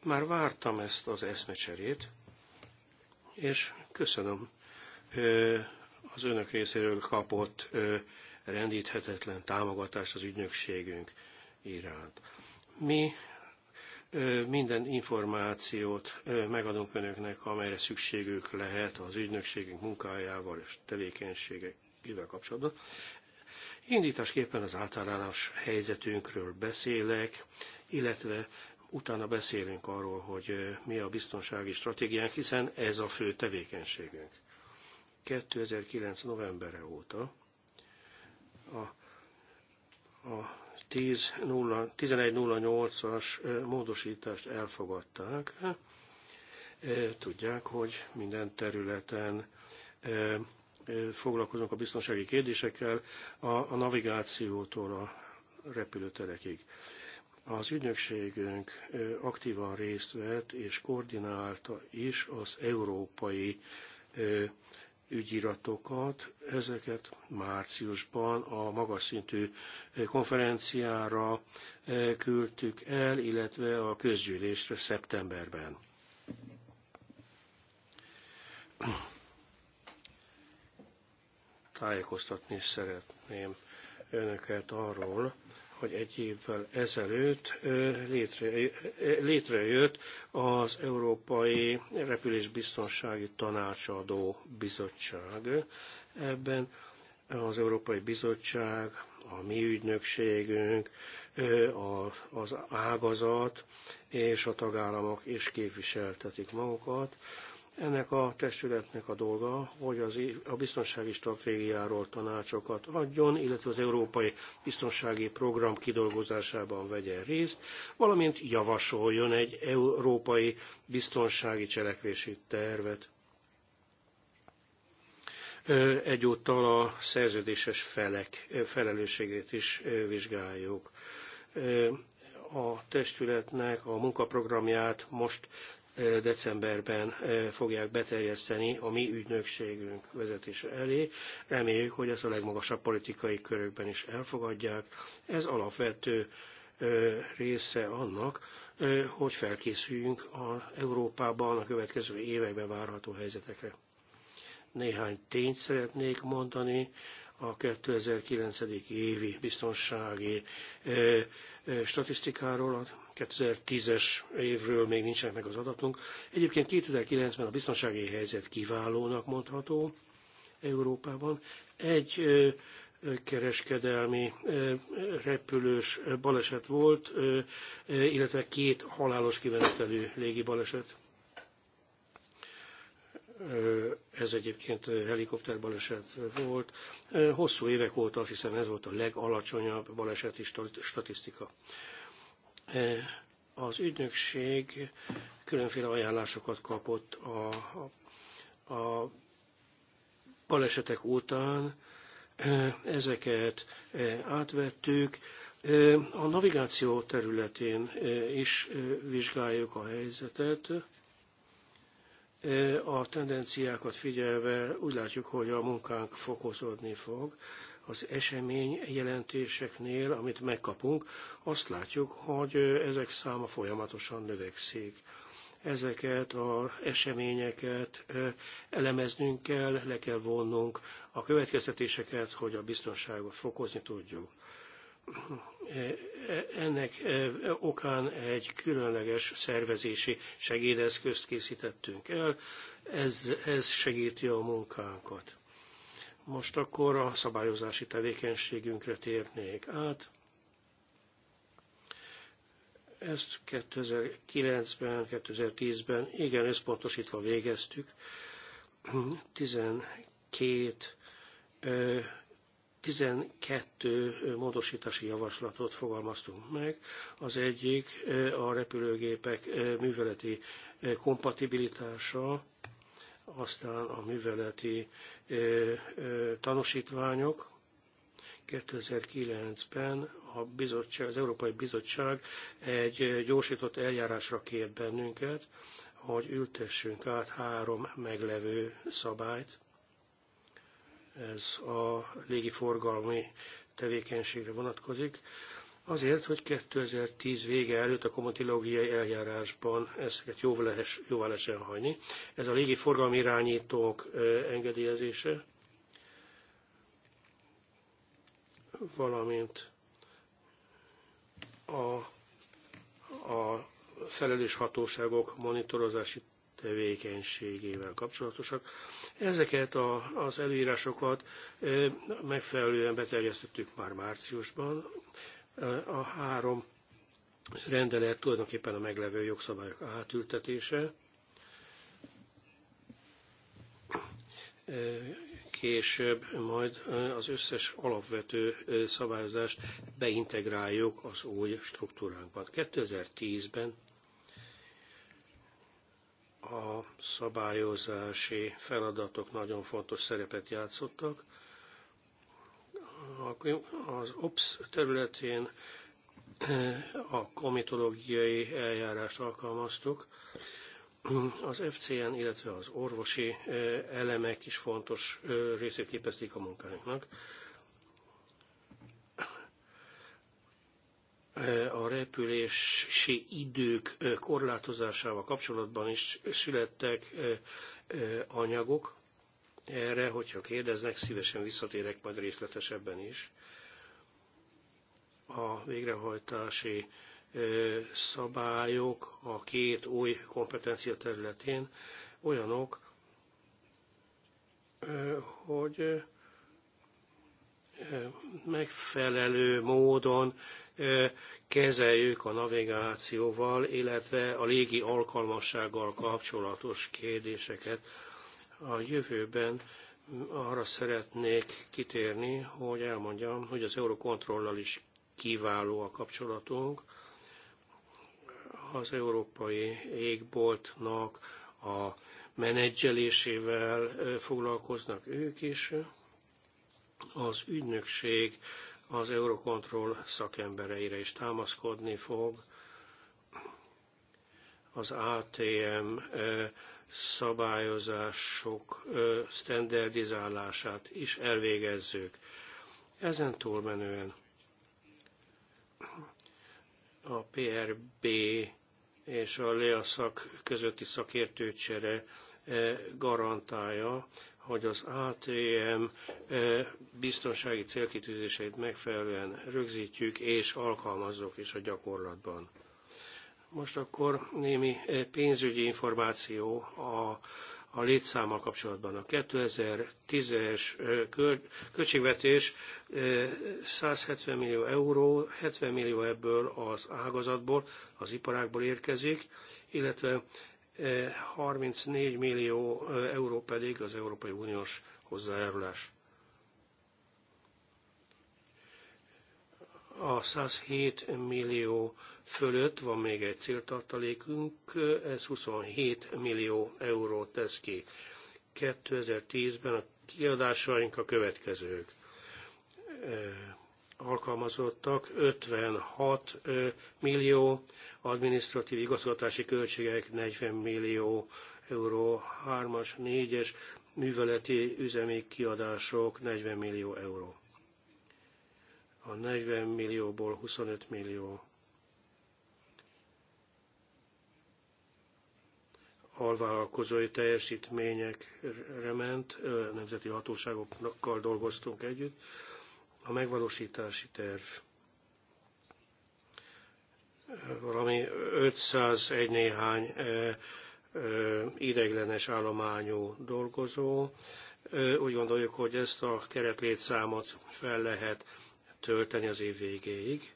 Már vártam ezt az eszmecserét, és köszönöm az önök részéről kapott rendíthetetlen támogatást az ügynökségünk iránt. Mi minden információt megadunk önöknek, amelyre szükségük lehet az ügynökségünk munkájával és tevékenységeivel kapcsolatban. Indításképpen az általános helyzetünkről beszélek, illetve utána beszélünk arról, hogy mi a biztonsági stratégiánk, hiszen ez a fő tevékenységünk. 2009. novembere óta a, a 1108-as módosítást elfogadták. Tudják, hogy minden területen foglalkozunk a biztonsági kérdésekkel a, navigációtól a repülőterekig. Az ügynökségünk aktívan részt vett és koordinálta is az európai ügyiratokat, ezeket márciusban a magas szintű eh, konferenciára eh, küldtük el, illetve a közgyűlésre szeptemberben. Tájékoztatni szeretném önöket arról, hogy egy évvel ezelőtt létre, létrejött az Európai Repülésbiztonsági Tanácsadó Bizottság. Ebben az Európai Bizottság, a mi ügynökségünk, az ágazat és a tagállamok is képviseltetik magukat. Ennek a testületnek a dolga, hogy az, a biztonsági stratégiáról tanácsokat adjon, illetve az Európai Biztonsági Program kidolgozásában vegyen részt, valamint javasoljon egy európai biztonsági cselekvési tervet. Egyúttal a szerződéses felek felelősségét is vizsgáljuk a testületnek a munkaprogramját most decemberben fogják beterjeszteni a mi ügynökségünk vezetése elé. Reméljük, hogy ezt a legmagasabb politikai körökben is elfogadják. Ez alapvető része annak, hogy felkészüljünk a Európában a következő években várható helyzetekre. Néhány tényt szeretnék mondani a 2009. évi biztonsági statisztikáról, 2010-es évről még nincsenek meg az adatunk. Egyébként 2009-ben a biztonsági helyzet kiválónak mondható Európában. Egy kereskedelmi repülős baleset volt, illetve két halálos kimenetelű légi baleset. Ez egyébként helikopter baleset volt. Hosszú évek óta, hiszen ez volt a legalacsonyabb baleseti statisztika. E, az ügynökség különféle ajánlásokat kapott a, a, a balesetek után, e, ezeket e, átvettük. A navigáció területén is vizsgáljuk a helyzetet. A tendenciákat figyelve úgy látjuk, hogy a munkánk fokozódni fog az esemény jelentéseknél, amit megkapunk, azt látjuk, hogy ezek száma folyamatosan növekszik. Ezeket az eseményeket elemeznünk kell, le kell vonnunk a következtetéseket, hogy a biztonságot fokozni tudjuk. E, e, ennek e, okán egy különleges szervezési segédeszközt készítettünk el, ez, ez segíti a munkánkat most akkor a szabályozási tevékenységünkre térnék át. Ezt 2009-ben, 2010-ben igen összpontosítva végeztük. 12 12 módosítási javaslatot fogalmaztunk meg. Az egyik a repülőgépek műveleti kompatibilitása, aztán a műveleti tanúsítványok. 2009-ben a bizottság, az Európai Bizottság egy gyorsított eljárásra kért bennünket, hogy ültessünk át három meglevő szabályt. Ez a légiforgalmi tevékenységre vonatkozik. Azért, hogy 2010 vége előtt a komatilógiai eljárásban ezeket jóvá lehessen hagyni. Ez a légi forgalmi irányítók engedélyezése, valamint a, a felelős hatóságok monitorozási tevékenységével kapcsolatosak. Ezeket a, az előírásokat megfelelően beterjesztettük már márciusban, a három rendelet tulajdonképpen a meglevő jogszabályok átültetése. Később majd az összes alapvető szabályozást beintegráljuk az új struktúránkban. 2010-ben a szabályozási feladatok nagyon fontos szerepet játszottak az OPS területén eh, a komitológiai eljárást alkalmaztuk. Az FCN, illetve az orvosi eh, elemek is fontos eh, részét képezték a munkánknak. a repülési idők korlátozásával kapcsolatban is születtek anyagok erre, hogyha kérdeznek, szívesen visszatérek majd részletesebben is. A végrehajtási szabályok a két új kompetencia területén olyanok, hogy megfelelő módon kezeljük a navigációval, illetve a légi alkalmassággal kapcsolatos kérdéseket a jövőben arra szeretnék kitérni, hogy elmondjam, hogy az Eurokontrollal is kiváló a kapcsolatunk. Az európai égboltnak a menedzselésével foglalkoznak ők is. Az ügynökség az Eurokontroll szakembereire is támaszkodni fog. Az ATM szabályozások standardizálását is elvégezzük. Ezen túlmenően a PRB és a LEA szak közötti szakértőcsere garantálja, hogy az ATM biztonsági célkitűzéseit megfelelően rögzítjük és alkalmazzuk is a gyakorlatban. Most akkor némi eh, pénzügyi információ a, a létszámmal kapcsolatban. A 2010-es eh, költségvetés 170 eh, millió euró, 70 millió ebből az ágazatból, az iparákból érkezik, illetve 34 millió euró pedig az Európai Uniós hozzájárulás. A 107 millió fölött van még egy céltartalékunk, ez 27 millió euró tesz ki. 2010-ben a kiadásaink a következők. Alkalmazottak 56 millió, adminisztratív igazgatási költségek 40 millió euró, 3-as, 4-es műveleti üzemi kiadások 40 millió euró. A 40 millióból 25 millió alvállalkozói teljesítményekre ment, nemzeti hatóságokkal dolgoztunk együtt. A megvalósítási terv valami 501 néhány ideiglenes állományú dolgozó. Úgy gondoljuk, hogy ezt a keretlétszámot fel lehet tölteni az év végéig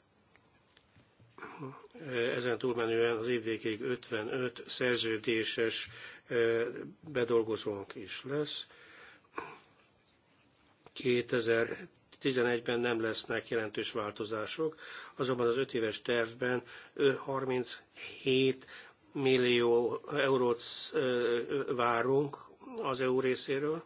ezen túlmenően az év végéig 55 szerződéses e, bedolgozónk is lesz. 2011-ben nem lesznek jelentős változások, azonban az 5 éves tervben 37 millió eurót e, várunk az EU részéről.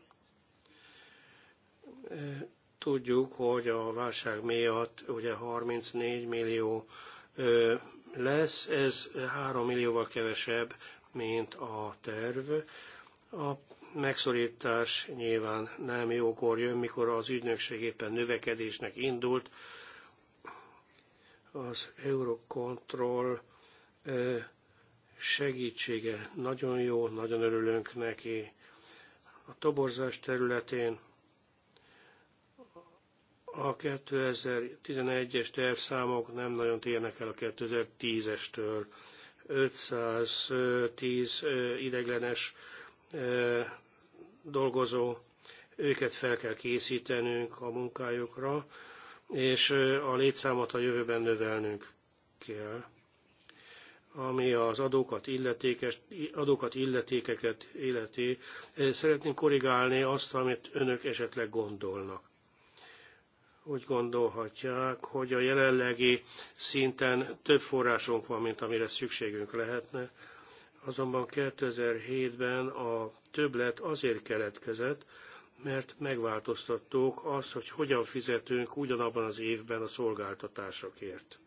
E, tudjuk, hogy a válság miatt ugye 34 millió lesz, ez 3 millióval kevesebb, mint a terv. A megszorítás nyilván nem jókor jön, mikor az ügynökség éppen növekedésnek indult. Az Eurocontrol segítsége nagyon jó, nagyon örülünk neki. A toborzás területén a 2011-es tervszámok nem nagyon térnek el a 2010-estől. 510 ideglenes dolgozó, őket fel kell készítenünk a munkájukra, és a létszámot a jövőben növelnünk kell. Ami az adókat, illetékes, adókat illetékeket illeti, szeretném korrigálni azt, amit önök esetleg gondolnak úgy gondolhatják, hogy a jelenlegi szinten több forrásunk van, mint amire szükségünk lehetne. Azonban 2007-ben a többlet azért keletkezett, mert megváltoztattuk azt, hogy hogyan fizetünk ugyanabban az évben a szolgáltatásokért.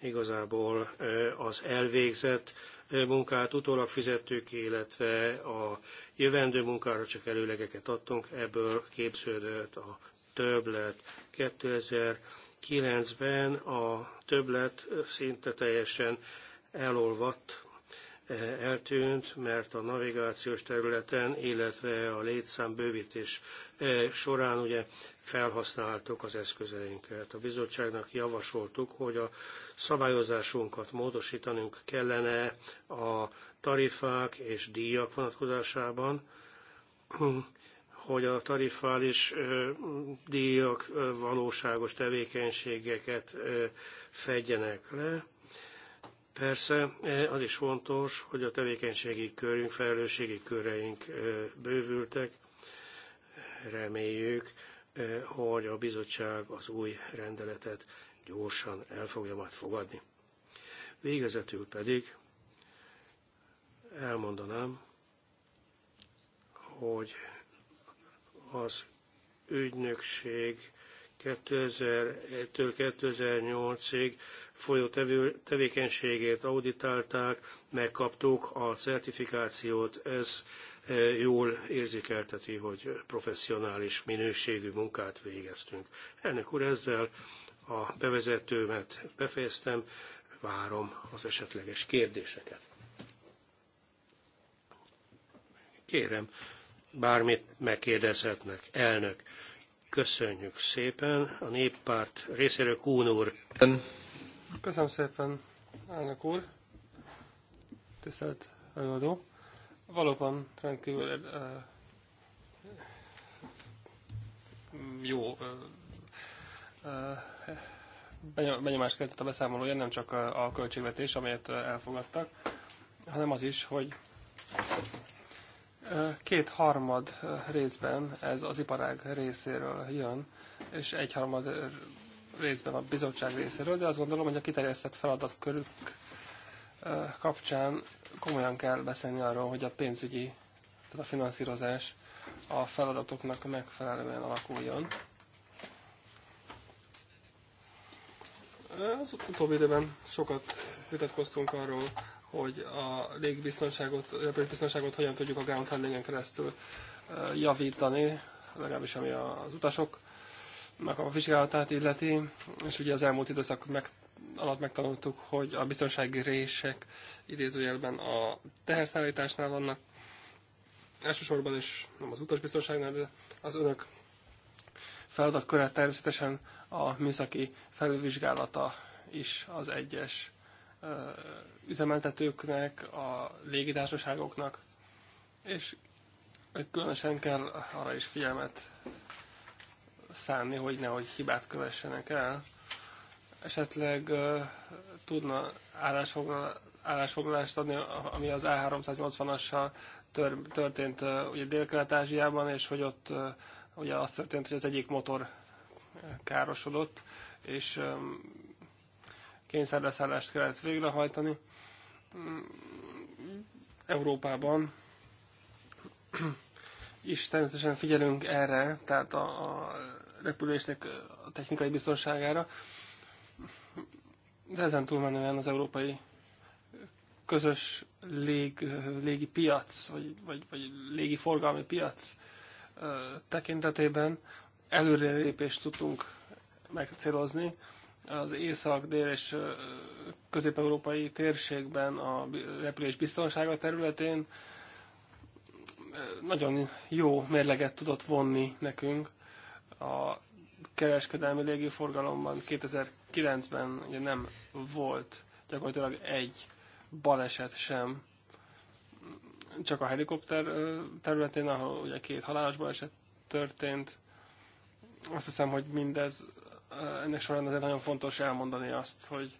Igazából az elvégzett munkát utólag fizettük, illetve a Jövendő munkára csak előlegeket adtunk, ebből képződött a többlet. 2009-ben a többlet szinte teljesen elolvadt, eh, eltűnt, mert a navigációs területen, illetve a létszám bővítés eh, során ugye felhasználtuk az eszközeinket. A bizottságnak javasoltuk, hogy a szabályozásunkat módosítanunk kellene a tarifák és díjak vonatkozásában, hogy a tarifális díjak valóságos tevékenységeket fedjenek le. Persze az is fontos, hogy a tevékenységi körünk, felelősségi köreink bővültek. Reméljük, hogy a bizottság az új rendeletet gyorsan el fogja majd fogadni. Végezetül pedig elmondanám, hogy az ügynökség 2000-től 2008-ig folyó tevékenységét auditálták, megkaptuk a certifikációt, ez e, jól érzékelteti, hogy professzionális minőségű munkát végeztünk. Ennek úr, ezzel a bevezetőmet befejeztem, várom az esetleges kérdéseket. Kérem, bármit megkérdezhetnek. Elnök, köszönjük szépen. A néppárt részéről Kún úr. Köszönöm szépen, elnök úr. Tisztelt előadó. Valóban rendkívül jó benyomást keltett a beszámolója, nem csak a költségvetés, amelyet elfogadtak, hanem az is, hogy két harmad részben ez az iparág részéről jön, és egy harmad részben a bizottság részéről, de azt gondolom, hogy a kiterjesztett feladatkörük kapcsán komolyan kell beszélni arról, hogy a pénzügyi, tehát a finanszírozás a feladatoknak megfelelően alakuljon. Az utóbbi időben sokat vitatkoztunk arról, hogy a légbiztonságot, biztonságot hogyan tudjuk a ground handlingen keresztül javítani, legalábbis ami az utasoknak a vizsgálatát illeti, és ugye az elmúlt időszak meg, alatt megtanultuk, hogy a biztonsági rések idézőjelben a teherszállításnál vannak, elsősorban is nem az utasbiztonságnál, de az önök feladatkörre természetesen a műszaki felülvizsgálata is az egyes üzemeltetőknek, a légitársaságoknak, és különösen kell arra is figyelmet szánni, hogy nehogy hibát kövessenek el. Esetleg tudna állásfoglal, állásfoglalást adni, ami az A380-assal tör, történt uh, ugye Dél-Kelet-Ázsiában, és hogy ott uh, ugye az történt, hogy az egyik motor károsodott, és kényszerleszállást kellett végrehajtani. Európában is természetesen figyelünk erre, tehát a, a repülésnek a technikai biztonságára, de ezen túlmenően az európai közös lég, légi piac, vagy, vagy, vagy légi forgalmi piac tekintetében előrelépést tudtunk megcélozni. Az észak-dél és közép-európai térségben a repülés biztonsága területén nagyon jó mérleget tudott vonni nekünk. A kereskedelmi légiforgalomban 2009-ben ugye nem volt gyakorlatilag egy baleset sem, csak a helikopter területén, ahol ugye két halálos baleset történt, azt hiszem, hogy mindez eh, ennek során azért nagyon fontos elmondani azt, hogy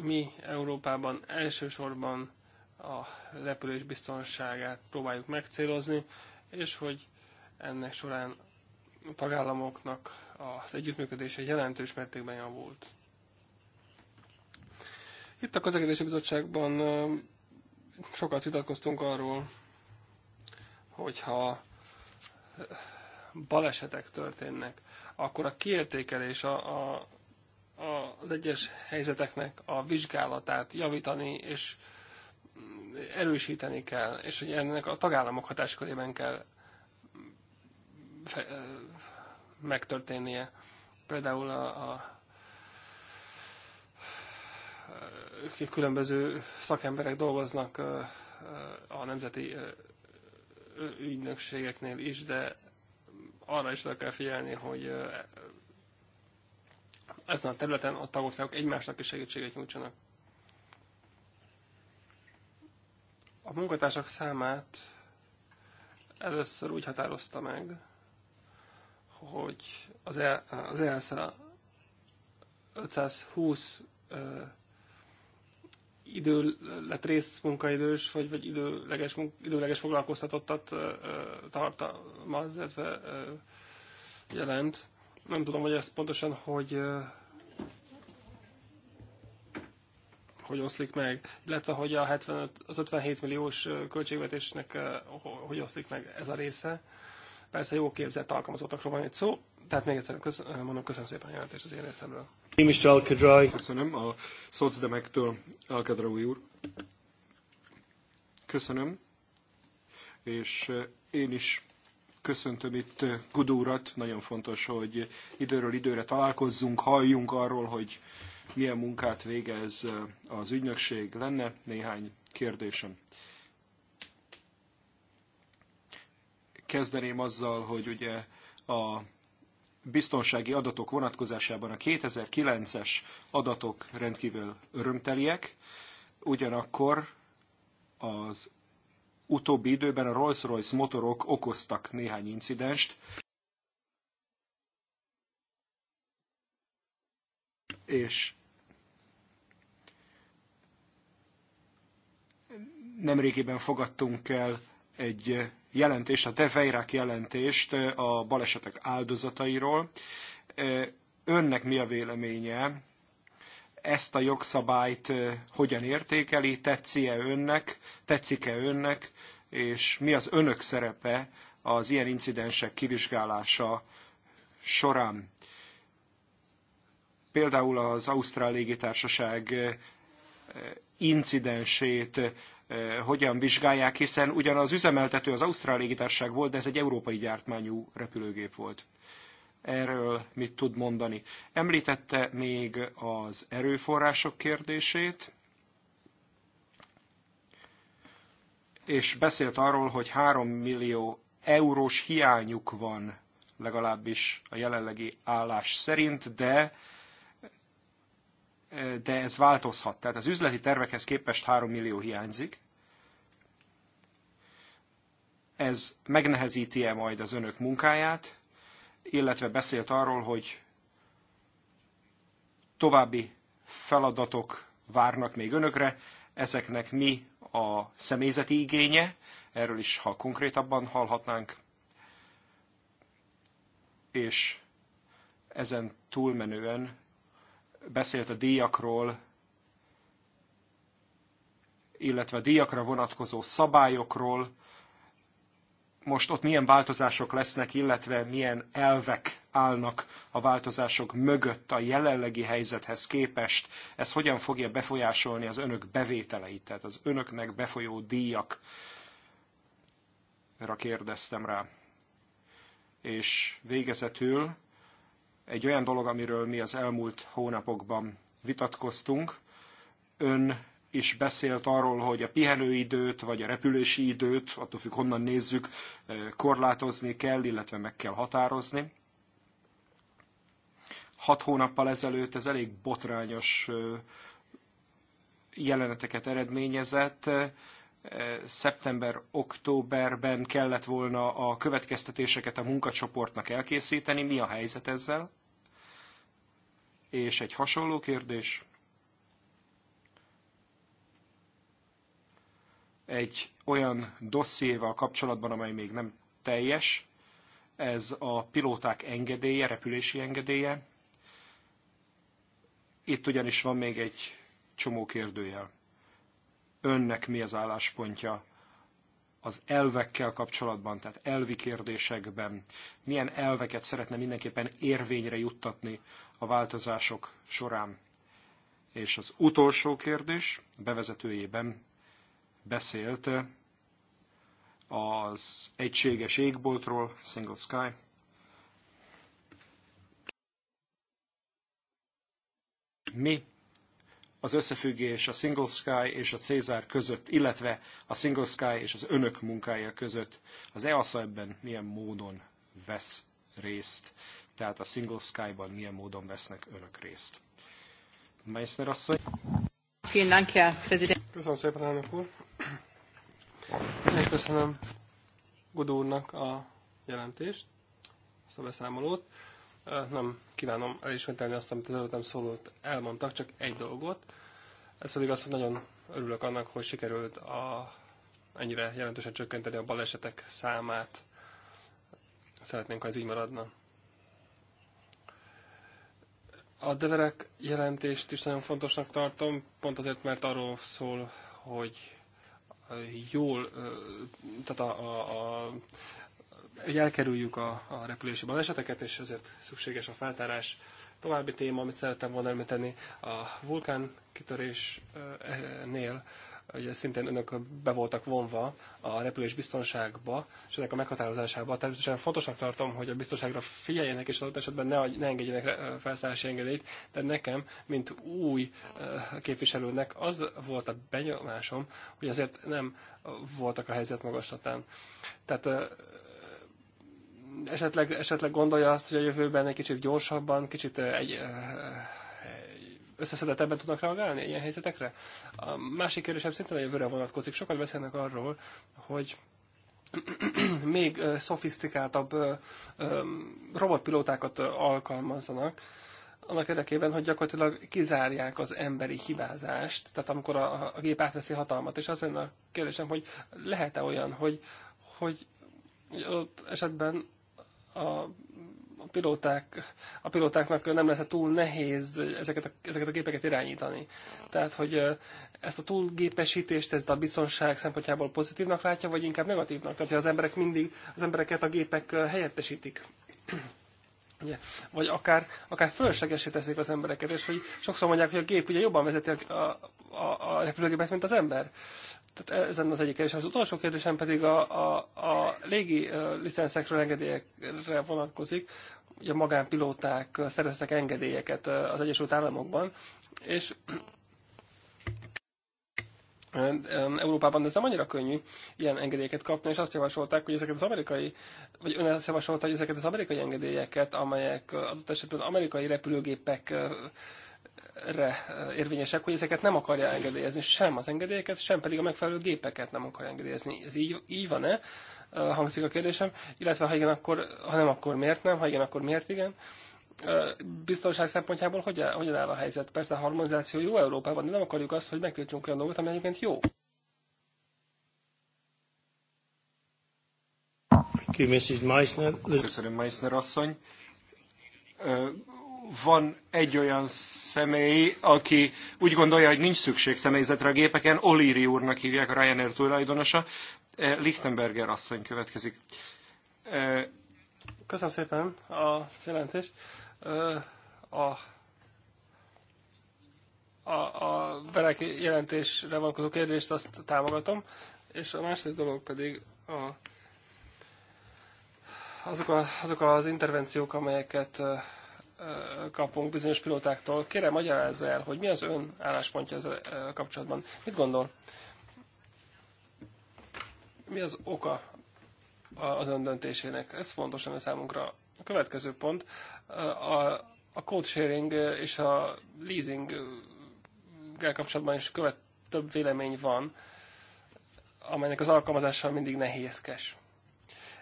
mi Európában elsősorban a repülés biztonságát próbáljuk megcélozni, és hogy ennek során a tagállamoknak az együttműködése jelentős mértékben javult. Itt a közlekedési bizottságban eh, sokat vitatkoztunk arról, hogyha eh, balesetek történnek, akkor a kiértékelés a, a, a, az egyes helyzeteknek a vizsgálatát javítani és erősíteni kell, és hogy ennek a tagállamok hatáskörében kell fe, megtörténnie. Például a, a különböző szakemberek dolgoznak a nemzeti ügynökségeknél is, de arra is oda kell figyelni, hogy ezen a területen a tagországok egymásnak is segítséget nyújtsanak. A munkatársak számát először úgy határozta meg, hogy az, ELSZ e 520 idő, lett munkaidős, vagy, vagy időleges, időleges foglalkoztatottat tartalmaz, illetve jelent. Nem tudom, hogy ez pontosan, hogy hogy oszlik meg, illetve hogy a 75, az 57 milliós költségvetésnek hogy oszlik meg ez a része. Persze jó képzett alkalmazottakról van egy szó, tehát még egyszer köszön, mondom, köszönöm szépen a jelentést az én részemről. Köszönöm a szocdemektől, Alkadraj úr. Köszönöm. És eh, én is köszöntöm itt eh, Gudúrat. Nagyon fontos, hogy időről időre találkozzunk, halljunk arról, hogy milyen munkát végez eh, az ügynökség. Lenne néhány kérdésem. Kezdeném azzal, hogy ugye a biztonsági adatok vonatkozásában a 2009-es adatok rendkívül örömteliek, ugyanakkor az utóbbi időben a Rolls-Royce motorok okoztak néhány incidenst, és nemrégiben fogadtunk el egy jelentést, a De Veirak jelentést a balesetek áldozatairól. Önnek mi a véleménye? Ezt a jogszabályt hogyan értékeli? Tetszik-e önnek? Tetszik-e önnek? És mi az önök szerepe az ilyen incidensek kivizsgálása során? Például az Ausztrál Légitársaság incidensét Eh, hogyan vizsgálják, hiszen ugyan az üzemeltető az Ausztrál légitárság volt, de ez egy európai gyártmányú repülőgép volt. Erről mit tud mondani? Említette még az erőforrások kérdését, és beszélt arról, hogy 3 millió eurós hiányuk van legalábbis a jelenlegi állás szerint, de de ez változhat. Tehát az üzleti tervekhez képest 3 millió hiányzik. Ez megnehezíti-e majd az önök munkáját, illetve beszélt arról, hogy további feladatok várnak még önökre, ezeknek mi a személyzeti igénye, erről is, ha konkrétabban hallhatnánk, és ezen túlmenően beszélt a díjakról, illetve a díjakra vonatkozó szabályokról, most ott milyen változások lesznek, illetve milyen elvek állnak a változások mögött a jelenlegi helyzethez képest, ez hogyan fogja befolyásolni az önök bevételeit, tehát az önöknek befolyó díjakra kérdeztem rá. És végezetül egy olyan dolog, amiről mi az elmúlt hónapokban vitatkoztunk. Ön is beszélt arról, hogy a pihenőidőt vagy a repülési időt, attól függ honnan nézzük, eh, korlátozni kell, illetve meg kell határozni. Hat hónappal ezelőtt ez elég botrányos eh, jeleneteket eredményezett szeptember-októberben kellett volna a következtetéseket a munkacsoportnak elkészíteni. Mi a helyzet ezzel? És egy hasonló kérdés. Egy olyan dossziéval kapcsolatban, amely még nem teljes, ez a pilóták engedélye, repülési engedélye. Itt ugyanis van még egy csomó kérdőjel önnek mi az álláspontja az elvekkel kapcsolatban, tehát elvi kérdésekben, milyen elveket szeretne mindenképpen érvényre juttatni a változások során. És az utolsó kérdés bevezetőjében beszélt az egységes égboltról, Single Sky. Mi az összefüggés a Single Sky és a Cézár között, illetve a Single Sky és az önök munkája között. Az EASA ebben milyen módon vesz részt, tehát a Single Sky-ban milyen módon vesznek önök részt. Meissner asszony. Köszönöm szépen, elnök úr. köszönöm Gudó úrnak a jelentést, ezt a beszámolót. Nem kívánom elismételni azt, amit az előttem szólót elmondtak, csak egy dolgot. Ez pedig az, hogy nagyon örülök annak, hogy sikerült a, ennyire jelentősen csökkenteni a balesetek számát. Szeretnénk, ha ez így maradna. A Deverek jelentést is nagyon fontosnak tartom, pont azért, mert arról szól, hogy jól, tehát a, a, a hogy elkerüljük a, a repülési baleseteket, és ezért szükséges a feltárás. További téma, amit szerettem volna említeni, a vulkán kitörésnél ugye szintén önök be voltak vonva a repülés biztonságba, és ennek a meghatározásába. Természetesen fontosnak tartom, hogy a biztonságra figyeljenek, és adott esetben ne, ne engedjenek felszállási engedélyt, de nekem, mint új képviselőnek az volt a benyomásom, hogy azért nem voltak a helyzet magaslatán. Tehát esetleg, esetleg gondolja azt, hogy a jövőben egy kicsit gyorsabban, kicsit egy, összeszedettebben tudnak reagálni ilyen helyzetekre? A másik kérdésem szintén a jövőre vonatkozik. Sokat beszélnek arról, hogy [clears throat] még szofisztikáltabb robotpilótákat alkalmazzanak, annak érdekében, hogy gyakorlatilag kizárják az emberi hibázást, tehát amikor a, a gép átveszi hatalmat. És az lenne a kérdésem, hogy lehet-e olyan, hogy, hogy ott esetben a, a, pilóták, a pilótáknak nem lesz túl nehéz ezeket a, ezeket a gépeket irányítani. Tehát, hogy ezt a túlgépesítést, ezt a biztonság szempontjából pozitívnak látja, vagy inkább negatívnak? Tehát, hogy az emberek mindig, az embereket a gépek helyettesítik. [clears throat] Ugye? Vagy akár, akár fölöslegesé teszik az embereket, és hogy sokszor mondják, hogy a gép ugye jobban vezeti a, a, a repülőgépet, mint az ember. Tehát ezen az egyik kérdés. Az utolsó kérdésem pedig a, a, a légi licenszekről engedélyekre vonatkozik. Ugye magánpilóták szereztek engedélyeket az Egyesült Államokban, és Európában ez nem annyira könnyű ilyen engedélyeket kapni, és azt javasolták, hogy ezeket az amerikai, vagy ön azt javasolta, hogy ezeket az amerikai engedélyeket, amelyek adott esetben amerikai repülőgépek Eh, érvényesek, hogy ezeket nem akarja engedélyezni, sem az engedélyeket, sem pedig a megfelelő gépeket nem akarja engedélyezni. Ez így, így van-e? Eh, hangzik a kérdésem. Illetve ha igen, akkor, ha nem, akkor miért nem? Ha igen, akkor miért igen? Eh, biztonság szempontjából hogy, hogyan áll a helyzet? Persze a harmonizáció jó Európában, de nem akarjuk azt, hogy megtiltsunk olyan dolgot, ami egyébként jó. Köszönöm, Meissner asszony van egy olyan személy, aki úgy gondolja, hogy nincs szükség személyzetre a gépeken, Oliri úrnak hívják a Ryanair tulajdonosa. Eh, Lichtenberger asszony következik. Eh, Köszönöm szépen a jelentést. Eh, a, a, a velek jelentésre vonatkozó kérdést azt támogatom, és a második dolog pedig a, azok, a, azok az intervenciók, amelyeket kapunk bizonyos pilótáktól. Kérem, magyarázza el, hogy mi az ön álláspontja ezzel eh, kapcsolatban. Mit gondol? Mi az oka az ön döntésének? Ez fontos lenne számunkra. A következő pont eh, a, a code sharing eh, és a leasing kapcsolatban is követ több vélemény van, amelynek az alkalmazása mindig nehézkes.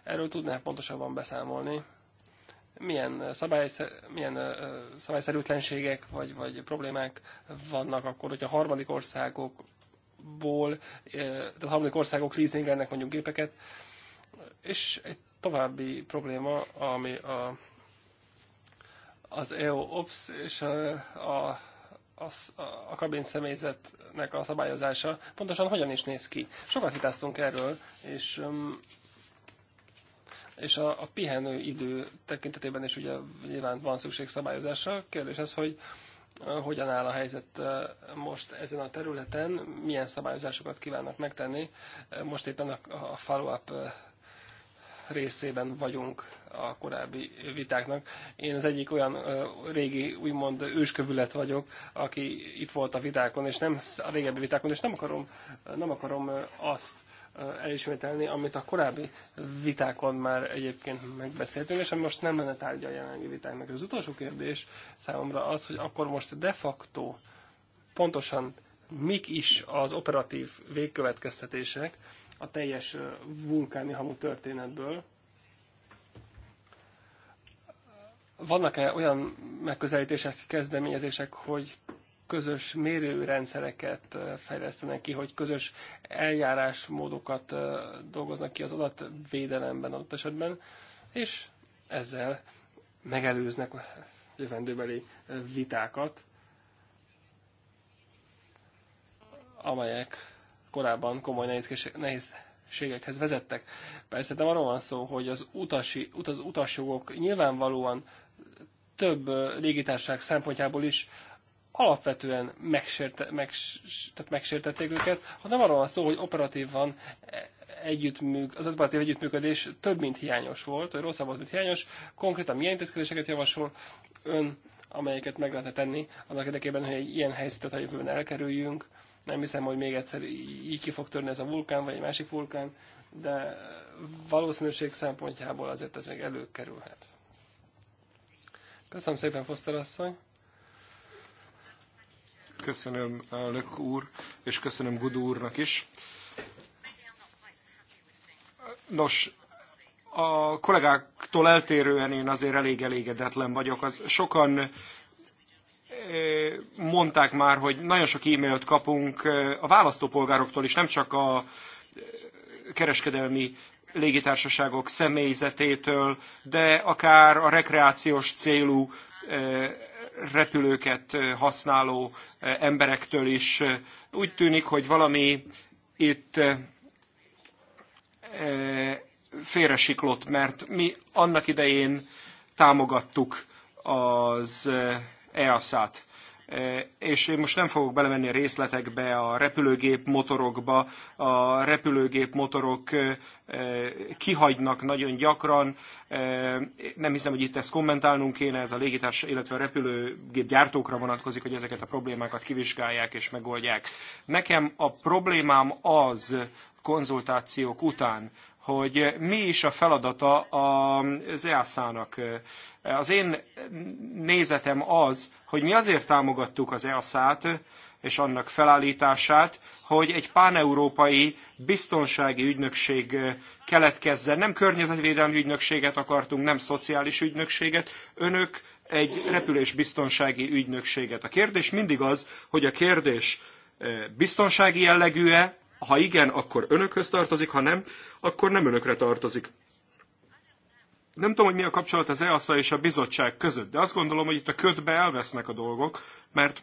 Erről tudnál pontosabban beszámolni? milyen, eh, szabály, milyen eh, eh, szabályszerűtlenségek vagy, vagy problémák vannak akkor, hogyha harmadik országokból, tehát harmadik országok leasingelnek mondjuk gépeket. És egy további probléma, ami a, az EU OPS és a, a a, a kabin személyzetnek a szabályozása pontosan hogyan is néz ki. Sokat vitáztunk erről, és mm, és a, a pihenő idő tekintetében is ugye nyilván van szükség szabályozásra. Kérdés ez, hogy hogyan áll a helyzet most ezen a területen, milyen szabályozásokat kívánnak megtenni. Most éppen a, a follow-up részében vagyunk a korábbi vitáknak. Én az egyik olyan régi, úgymond őskövület vagyok, aki itt volt a vitákon, és nem a régebbi vitákon, és nem akarom, nem akarom azt elismételni, amit a korábbi vitákon már egyébként megbeszéltünk, és ami most nem lenne tárgya a jelenlegi vitáknak. Az utolsó kérdés számomra az, hogy akkor most de facto pontosan mik is az operatív végkövetkeztetések a teljes vulkáni hamu történetből, vannak-e olyan megközelítések, kezdeményezések, hogy közös mérőrendszereket fejlesztenek ki, hogy közös eljárásmódokat dolgoznak ki az adatvédelemben adott esetben, és ezzel megelőznek a jövendőbeli vitákat, amelyek korábban komoly nehézségekhez vezettek. Persze nem arról van szó, hogy az, utasi, az utasjogok nyilvánvalóan több légitárság szempontjából is alapvetően megsérte, megs, tehát megsértették őket, hanem arról van szó, hogy operatívan e- együttműk, az operatív együttműködés több, mint hiányos volt, vagy rosszabb volt, mint hiányos. Konkrétan milyen intézkedéseket javasol ön, amelyeket meg lehetne tenni annak érdekében, hogy egy ilyen helyzetet a jövőben elkerüljünk. Nem hiszem, hogy még egyszer így ki fog törni ez a vulkán, vagy egy másik vulkán, de valószínűség szempontjából azért ez még előkerülhet. Köszönöm szépen, Foster asszony! Köszönöm elnök úr, és köszönöm Gudu úrnak is. Nos, a kollégáktól eltérően én azért elég elégedetlen vagyok. Az sokan eh, mondták már, hogy nagyon sok e-mailt kapunk eh, a választópolgároktól is, nem csak a eh, kereskedelmi légitársaságok személyzetétől, de akár a rekreációs célú repülőket használó emberektől is. Úgy tűnik, hogy valami itt félresiklott, mert mi annak idején támogattuk az EASA-t. Eh, és én most nem fogok belemenni a részletekbe, a repülőgép motorokba. A repülőgép motorok eh, eh, kihagynak nagyon gyakran. Nem hiszem, hogy itt ezt kommentálnunk kéne, ez a légitárs illetve a repülőgép gyártókra vonatkozik, hogy ezeket a problémákat kivizsgálják és megoldják. Nekem a problémám az konzultációk után, hogy mi is a feladata az EASZ-nak. Az én nézetem az, hogy mi azért támogattuk az EASZ-t, és annak felállítását, hogy egy páneurópai biztonsági ügynökség keletkezzen. Nem környezetvédelmi ügynökséget akartunk, nem szociális ügynökséget. Önök egy repülésbiztonsági ügynökséget. A kérdés mindig az, hogy a kérdés eh, biztonsági jellegű-e, ha igen, akkor önökhöz tartozik, ha nem, akkor nem önökre tartozik. Nem tudom, hogy mi a kapcsolat az EASA és a bizottság között, de azt gondolom, hogy itt a ködbe elvesznek a dolgok, mert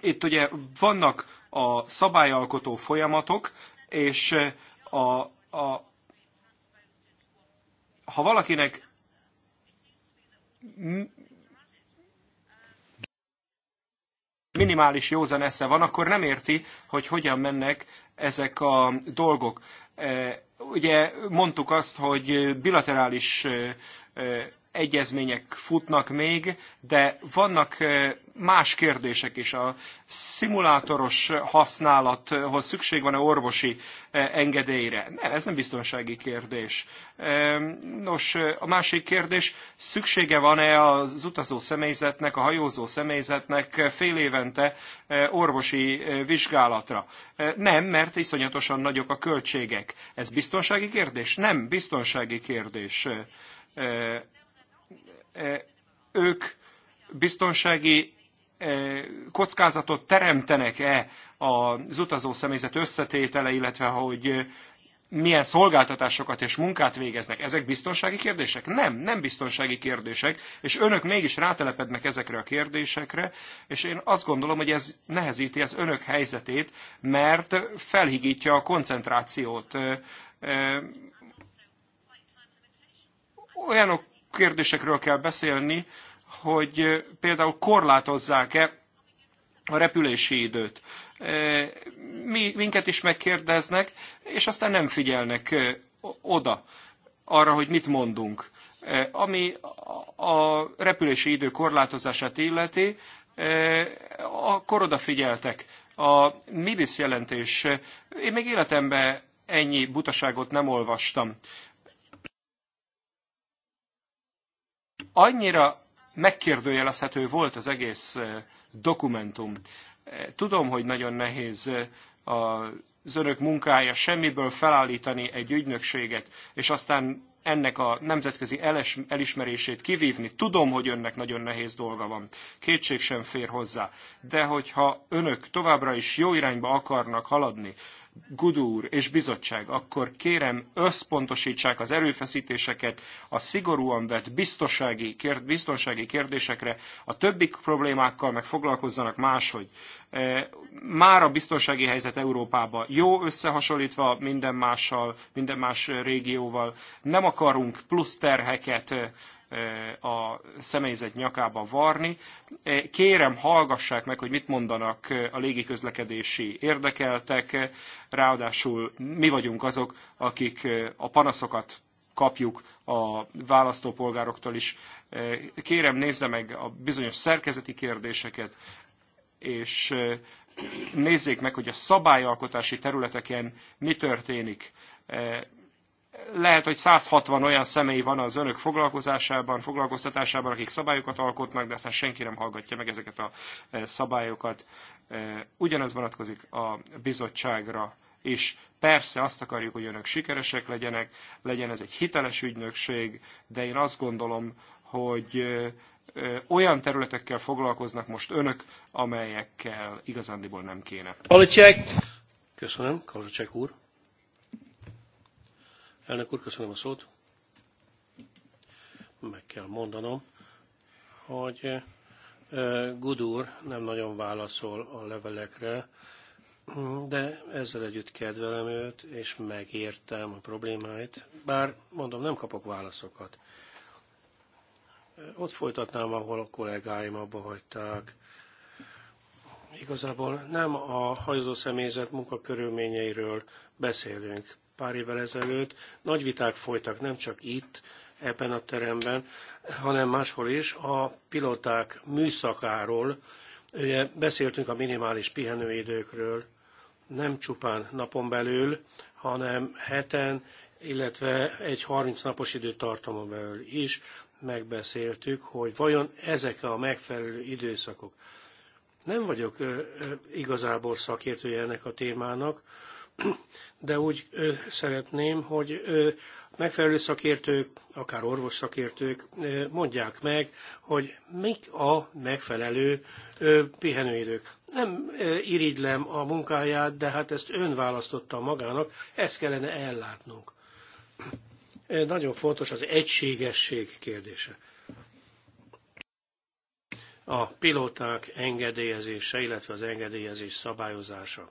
itt ugye vannak a szabályalkotó folyamatok, és a, a, ha valakinek minimális józan esze van, akkor nem érti, hogy hogyan mennek ezek a dolgok. E, ugye mondtuk azt, hogy bilaterális e, e, egyezmények futnak még, de vannak más kérdések is. A szimulátoros használathoz szükség van a orvosi engedélyre? Nem, ez nem biztonsági kérdés. Nos, a másik kérdés, szüksége van-e az utazó személyzetnek, a hajózó személyzetnek fél évente orvosi vizsgálatra? Nem, mert iszonyatosan nagyok a költségek. Ez biztonsági kérdés? Nem, biztonsági kérdés E, ők biztonsági e, kockázatot teremtenek-e az utazó személyzet összetétele, illetve hogy milyen szolgáltatásokat és munkát végeznek. Ezek biztonsági kérdések? Nem, nem biztonsági kérdések, és önök mégis rátelepednek ezekre a kérdésekre, és én azt gondolom, hogy ez nehezíti az önök helyzetét, mert felhigítja a koncentrációt. E, olyanok kérdésekről kell beszélni, hogy például korlátozzák-e a repülési időt. Mi, minket is megkérdeznek, és aztán nem figyelnek oda arra, hogy mit mondunk. Ami a repülési idő korlátozását illeti, akkor odafigyeltek. A MIBIS jelentés, én még életemben ennyi butaságot nem olvastam. Annyira megkérdőjelezhető volt az egész dokumentum. Tudom, hogy nagyon nehéz az önök munkája semmiből felállítani egy ügynökséget, és aztán ennek a nemzetközi elismerését kivívni. Tudom, hogy önnek nagyon nehéz dolga van. Kétség sem fér hozzá. De hogyha önök továbbra is jó irányba akarnak haladni, Gudúr és bizottság, akkor kérem összpontosítsák az erőfeszítéseket a szigorúan vett biztonsági, kérd, biztonsági kérdésekre, a többi problémákkal meg foglalkozzanak máshogy. E, már a biztonsági helyzet Európában jó összehasonlítva minden mással, minden más régióval. Nem akarunk plusz terheket a személyzet nyakába varni. Kérem, hallgassák meg, hogy mit mondanak a légiközlekedési érdekeltek, ráadásul mi vagyunk azok, akik a panaszokat kapjuk a választópolgároktól is. Kérem, nézze meg a bizonyos szerkezeti kérdéseket, és nézzék meg, hogy a szabályalkotási területeken mi történik lehet, hogy 160 olyan személy van az önök foglalkozásában, foglalkoztatásában, akik szabályokat alkotnak, de aztán senki nem hallgatja meg ezeket a e, szabályokat. E, ugyanez vonatkozik a bizottságra és persze azt akarjuk, hogy önök sikeresek legyenek, legyen ez egy hiteles ügynökség, de én azt gondolom, hogy e, olyan területekkel foglalkoznak most önök, amelyekkel igazándiból nem kéne. Kalicsek! Köszönöm, Kalicsek úr. Elnök úr, köszönöm a szót. Meg kell mondanom, hogy eh, Gudur nem nagyon válaszol a levelekre, de ezzel együtt kedvelem őt, és megértem a problémáit, bár mondom, nem kapok válaszokat. Ott folytatnám, ahol a kollégáim abba hagyták. Igazából nem a hajózó személyzet munkakörülményeiről beszélünk pár évvel ezelőtt nagy viták folytak, nem csak itt, ebben a teremben, hanem máshol is a piloták műszakáról. Ugye beszéltünk a minimális pihenőidőkről, nem csupán napon belül, hanem heten, illetve egy 30 napos időtartamon belül is megbeszéltük, hogy vajon ezek a megfelelő időszakok. Nem vagyok igazából szakértője ennek a témának, de úgy szeretném, hogy megfelelő szakértők, akár orvos szakértők mondják meg, hogy mik a megfelelő pihenőidők. Nem irigylem a munkáját, de hát ezt ön választotta magának, ezt kellene ellátnunk. Nagyon fontos az egységesség kérdése. A pilóták engedélyezése, illetve az engedélyezés szabályozása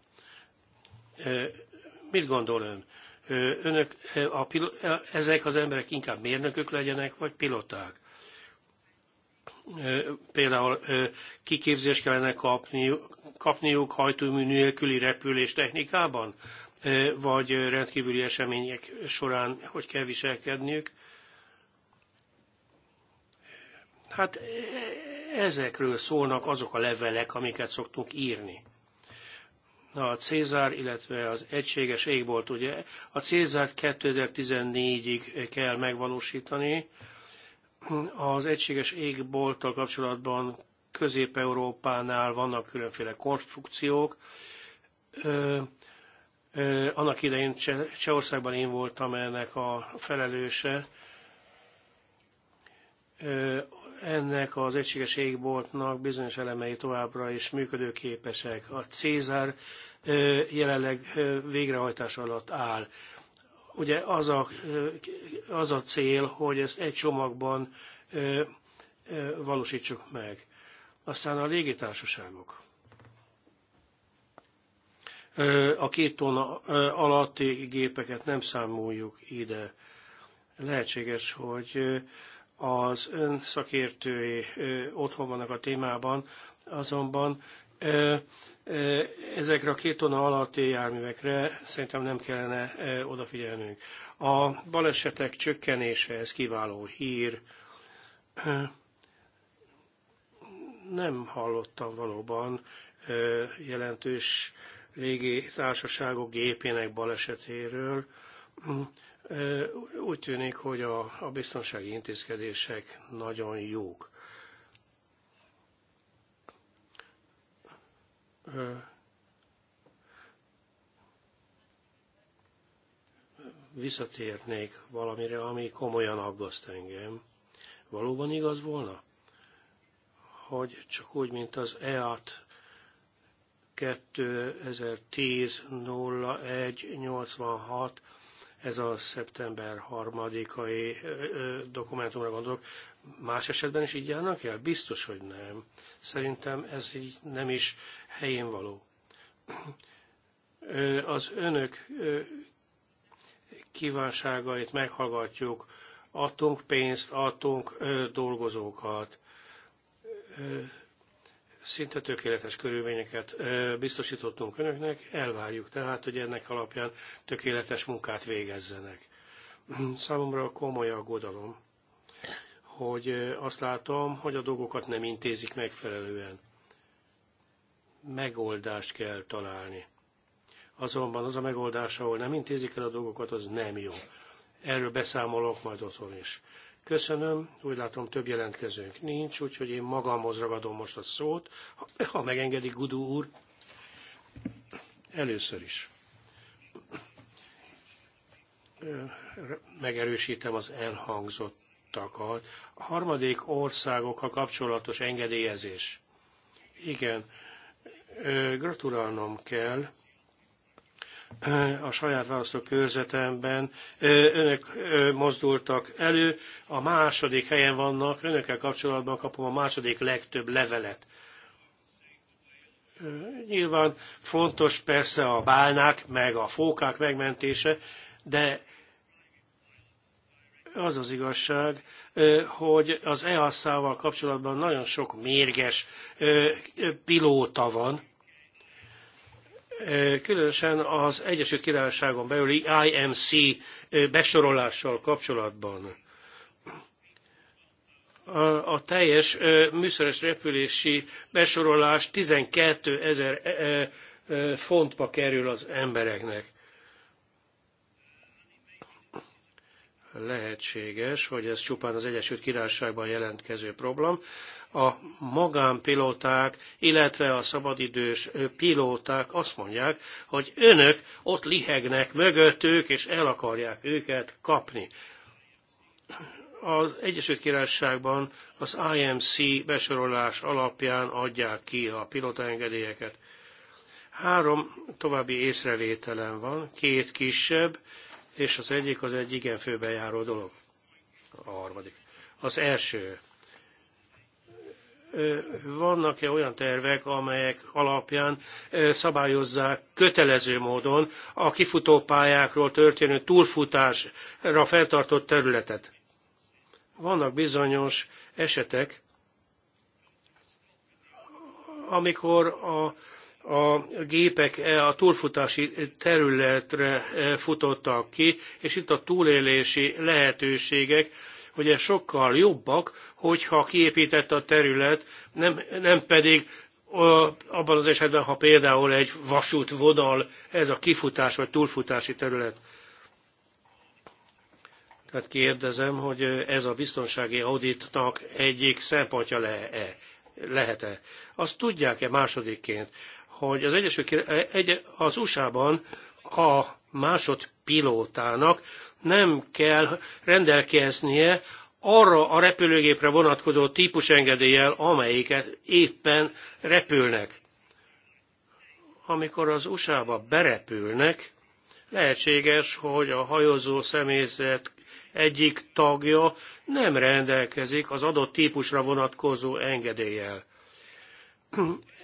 Mit gondol ön? Önök, a, ezek az emberek inkább mérnökök legyenek, vagy piloták? Például kiképzést kellene kapni, kapniuk hajtómű nélküli repülés technikában, vagy rendkívüli események során hogy kell viselkedniük. Hát e, e, ezekről szólnak azok a levelek, amiket szoktunk írni. Na, a Cézár, illetve az egységes égbolt, ugye a Cézárt 2014-ig kell megvalósítani. Az egységes égbolttal kapcsolatban Közép-Európánál vannak különféle konstrukciók. Ö, ö, annak idején Csehországban én voltam ennek a felelőse. Ö, ennek az egységes égboltnak bizonyos elemei továbbra is működőképesek. A Cézár jelenleg végrehajtás alatt áll. Ugye az a, az a cél, hogy ezt egy csomagban valósítsuk meg. Aztán a légitársaságok. A két tonna alatti gépeket nem számoljuk ide. Lehetséges, hogy az ön szakértői otthon vannak a témában, azonban ezekre a két tonna alatti járművekre szerintem nem kellene odafigyelnünk. A balesetek csökkenése, ez kiváló hír. Nem hallottam valóban jelentős légi társaságok gépének balesetéről úgy tűnik, hogy a, a biztonsági intézkedések nagyon jók. Visszatérnék valamire, ami komolyan aggaszt engem. Valóban igaz volna, hogy csak úgy, mint az EAT 2010 01 86 ez a szeptember harmadikai dokumentumra gondolok, más esetben is így járnak el? Biztos, hogy nem. Szerintem ez így nem is helyén való. Az önök kívánságait meghallgatjuk, adtunk pénzt, adtunk dolgozókat, szinte tökéletes körülményeket biztosítottunk önöknek, elvárjuk tehát, hogy ennek alapján tökéletes munkát végezzenek. [clears throat] Számomra komoly aggodalom, hogy azt látom, hogy a dolgokat nem intézik megfelelően. Megoldást kell találni. Azonban az a megoldás, ahol nem intézik el a dolgokat, az nem jó. Erről beszámolok majd otthon is. Köszönöm, úgy látom több jelentkezőnk nincs, úgyhogy én magamhoz ragadom most a szót, ha megengedi Gudú úr. Először is megerősítem az elhangzottakat. A harmadik országokkal kapcsolatos engedélyezés. Igen, gratulálnom kell a saját választókörzetemben önök mozdultak elő, a második helyen vannak, önökkel kapcsolatban kapom a második legtöbb levelet. Nyilván fontos persze a bálnák, meg a fókák megmentése, de az az igazság, hogy az EASZ-val kapcsolatban nagyon sok mérges pilóta van, különösen az Egyesült Királyságon belüli IMC besorolással kapcsolatban. A teljes műszeres repülési besorolás 12 ezer fontba kerül az embereknek. lehetséges, hogy ez csupán az Egyesült Királyságban jelentkező problém. A magánpilóták, illetve a szabadidős pilóták azt mondják, hogy önök ott lihegnek mögöttük, és el akarják őket kapni. Az Egyesült Királyságban az IMC besorolás alapján adják ki a pilotaengedélyeket. Három további észrevételem van, két kisebb, és az egyik az egy igen főbejáró dolog. A harmadik. Az első. Vannak-e olyan tervek, amelyek alapján szabályozzák kötelező módon a kifutópályákról történő túlfutásra feltartott területet? Vannak bizonyos esetek, amikor a a gépek e, a túlfutási területre e, futottak ki, és itt a túlélési lehetőségek ugye sokkal jobbak, hogyha kiépített a terület, nem, nem pedig abban az esetben, ha például egy vasútvonal, ez a kifutás vagy túlfutási terület. Tehát kérdezem, hogy ez a biztonsági auditnak egyik szempontja le-e, lehet-e. Azt tudják-e másodikként, hogy az, Egyesült, e- egy, az USA-ban a másodpilótának nem kell rendelkeznie arra a repülőgépre vonatkozó típusengedéllyel, amelyiket éppen repülnek. Amikor az USA-ba berepülnek, lehetséges, hogy a hajózó személyzet egyik tagja nem rendelkezik az adott típusra vonatkozó engedéllyel.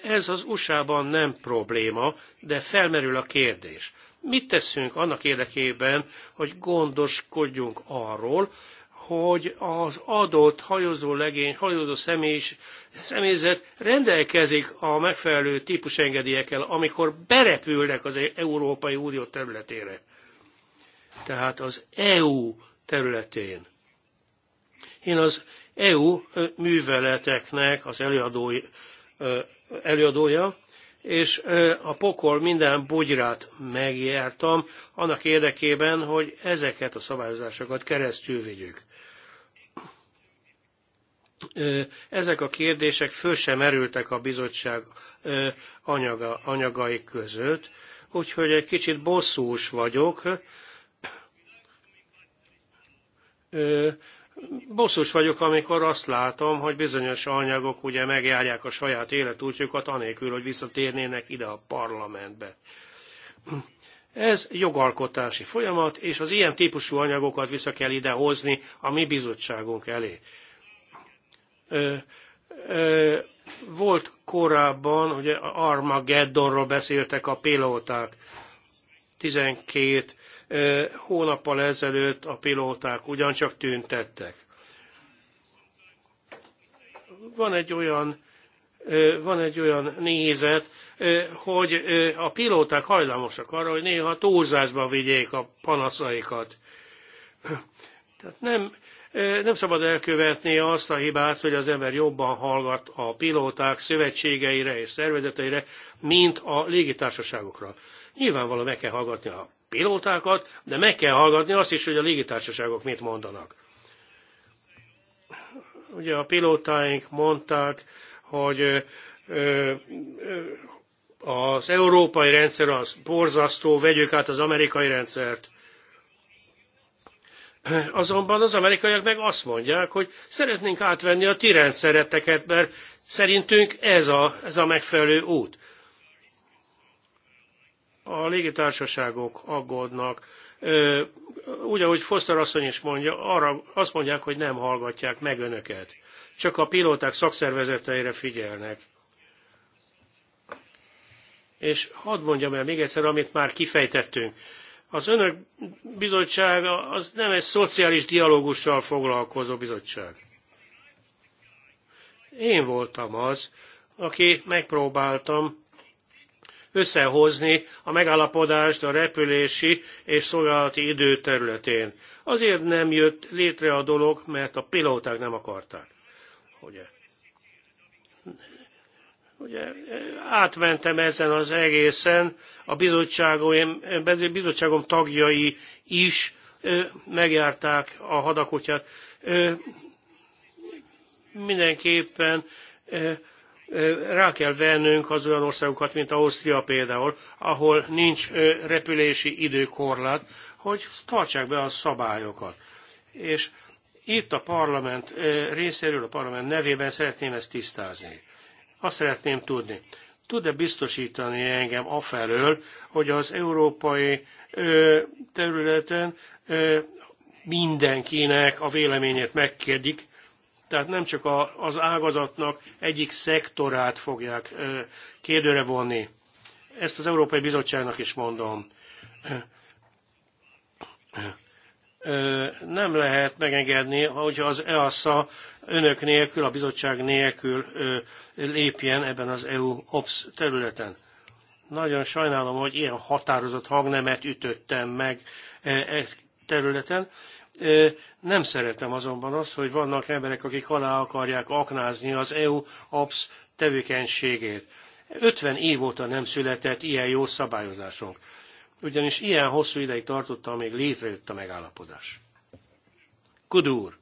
Ez az USA-ban nem probléma, de felmerül a kérdés. Mit teszünk annak érdekében, hogy gondoskodjunk arról, hogy az adott hajózó legény, hajózó személy, személyzet rendelkezik a megfelelő típusengedélyekkel, amikor berepülnek az Európai Unió területére. Tehát az EU területén. Én az EU műveleteknek az előadói előadója, és a pokol minden bugyrát megjártam annak érdekében, hogy ezeket a szabályozásokat keresztül vigyük. Ezek a kérdések föl sem erültek a bizottság anyaga, anyagai között, úgyhogy egy kicsit bosszús vagyok bosszus vagyok, amikor azt látom, hogy bizonyos anyagok ugye megjárják a saját életútjukat, anélkül, hogy visszatérnének ide a parlamentbe. Ez jogalkotási folyamat, és az ilyen típusú anyagokat vissza kell ide hozni a mi bizottságunk elé. Ö, ö, volt korábban, ugye Armageddonról beszéltek a pilóták, 12 Hónappal ezelőtt a pilóták ugyancsak tüntettek. Van egy olyan, van egy olyan nézet, hogy a pilóták hajlamosak arra, hogy néha túlzásba vigyék a panaszaikat. Tehát nem, nem szabad elkövetni azt a hibát, hogy az ember jobban hallgat a pilóták szövetségeire és szervezeteire, mint a légitársaságokra. Nyilvánvalóan meg kell hallgatni a pilótákat, de meg kell hallgatni azt is, hogy a légitársaságok mit mondanak. Ugye a pilótáink mondták, hogy ö, ö, az európai rendszer az borzasztó, vegyük át az amerikai rendszert. Azonban az amerikaiak meg azt mondják, hogy szeretnénk átvenni a ti rendszereteket, mert szerintünk ez a, ez a megfelelő út a légitársaságok aggódnak. Úgy, ahogy Foster asszony is mondja, arra azt mondják, hogy nem hallgatják meg önöket. Csak a pilóták szakszervezeteire figyelnek. És hadd mondjam el még egyszer, amit már kifejtettünk. Az önök bizottsága az nem egy szociális dialógussal foglalkozó bizottság. Én voltam az, aki megpróbáltam összehozni a megállapodást a repülési és szolgálati idő területén. Azért nem jött létre a dolog, mert a pilóták nem akarták. Ugye? Ugye, átmentem ezen az egészen, a bizottságom, bizottságom tagjai is megjárták a hadakutyát. Mindenképpen rá kell vennünk az olyan országokat, mint Ausztria például, ahol nincs repülési időkorlát, hogy tartsák be a szabályokat. És itt a parlament részéről, a parlament nevében szeretném ezt tisztázni. Azt szeretném tudni, tud-e biztosítani engem afelől, hogy az európai területen mindenkinek a véleményét megkérdik, tehát nem csak a, az ágazatnak egyik szektorát fogják kérdőre vonni. Ezt az Európai Bizottságnak is mondom. Nem lehet megengedni, hogyha az EASA önök nélkül, a bizottság nélkül lépjen ebben az EU OPS területen. Nagyon sajnálom, hogy ilyen határozott hangnemet ütöttem meg e területen nem szeretem azonban azt, hogy vannak emberek, akik alá akarják aknázni az EU APS tevékenységét. 50 év óta nem született ilyen jó szabályozásunk. Ugyanis ilyen hosszú ideig tartotta, amíg létrejött a megállapodás. Kudúr!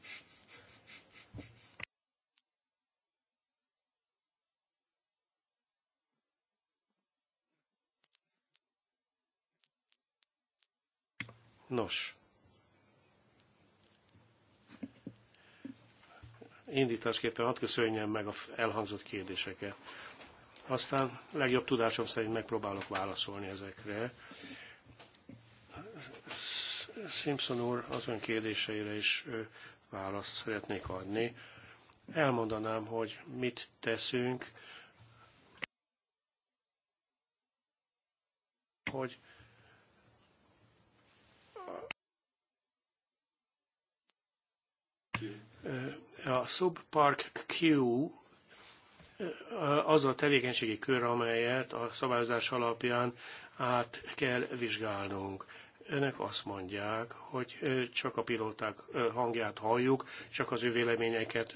Nos, indításképpen hadd köszönjem meg a elhangzott kérdéseket. Aztán legjobb tudásom szerint megpróbálok válaszolni ezekre. Simpson úr az ön kérdéseire is választ szeretnék adni. Elmondanám, hogy mit teszünk, hogy a Subpark Q az a tevékenységi kör, amelyet a szabályozás alapján át kell vizsgálnunk. Önök azt mondják, hogy csak a pilóták hangját halljuk, csak az ő véleményeket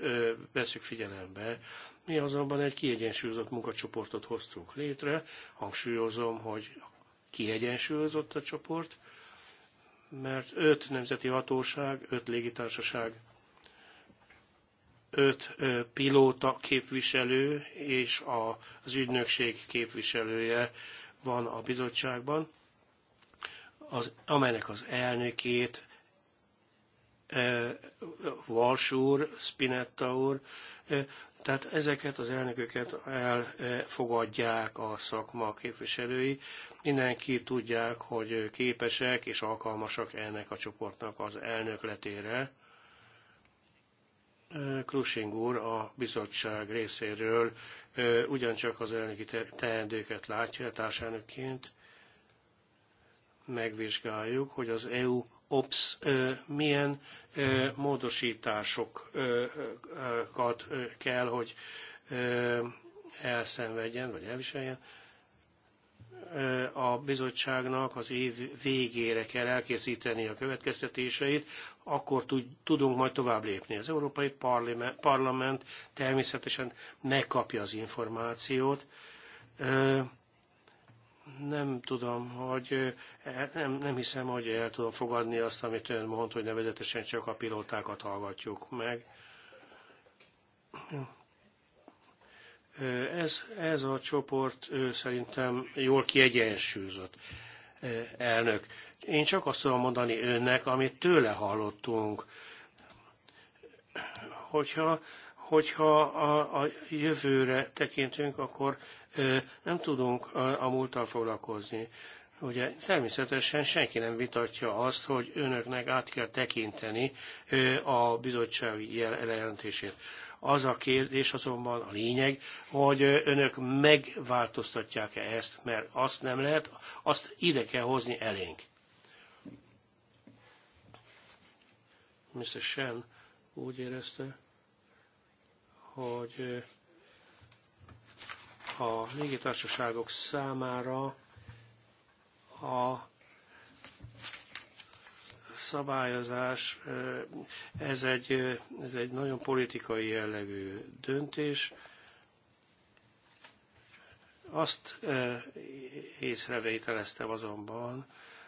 veszük figyelembe. Mi azonban egy kiegyensúlyozott munkacsoportot hoztunk létre. Hangsúlyozom, hogy kiegyensúlyozott a csoport, mert öt nemzeti hatóság, öt légitársaság öt pilóta képviselő és az ügynökség képviselője van a bizottságban, az, amelynek az elnökét Walsh úr, Spinetta úr, tehát ezeket az elnököket elfogadják a szakma képviselői. Mindenki tudják, hogy képesek és alkalmasak ennek a csoportnak az elnökletére. Krusing úr a bizottság részéről ugyancsak az elnöki teendőket látja társelnökként. Megvizsgáljuk, hogy az EU OPS milyen módosításokat kell, hogy elszenvedjen, vagy elviseljen a bizottságnak az év végére kell elkészíteni a következtetéseit, akkor tudunk majd tovább lépni. Az Európai Parlament természetesen megkapja az információt. Nem tudom, hogy e, nem, nem hiszem, hogy el tudom fogadni azt, amit ön mond, hogy nevezetesen csak a pilótákat hallgatjuk meg. Jó. Ez, ez a csoport szerintem jól kiegyensúlyozott elnök. Én csak azt tudom mondani önnek, amit tőle hallottunk. Hogyha, hogyha a, a jövőre tekintünk, akkor nem tudunk a, a múlttal foglalkozni. Ugye természetesen senki nem vitatja azt, hogy önöknek át kell tekinteni a bizottsági jelentését. Az a kérdés azonban a lényeg, hogy önök megváltoztatják-e ezt, mert azt nem lehet, azt ide kell hozni elénk. Mr. Shen úgy érezte, hogy eh, a légitársaságok számára a szabályozás, ez egy, ez egy nagyon politikai jellegű döntés. Azt észrevételeztem azonban,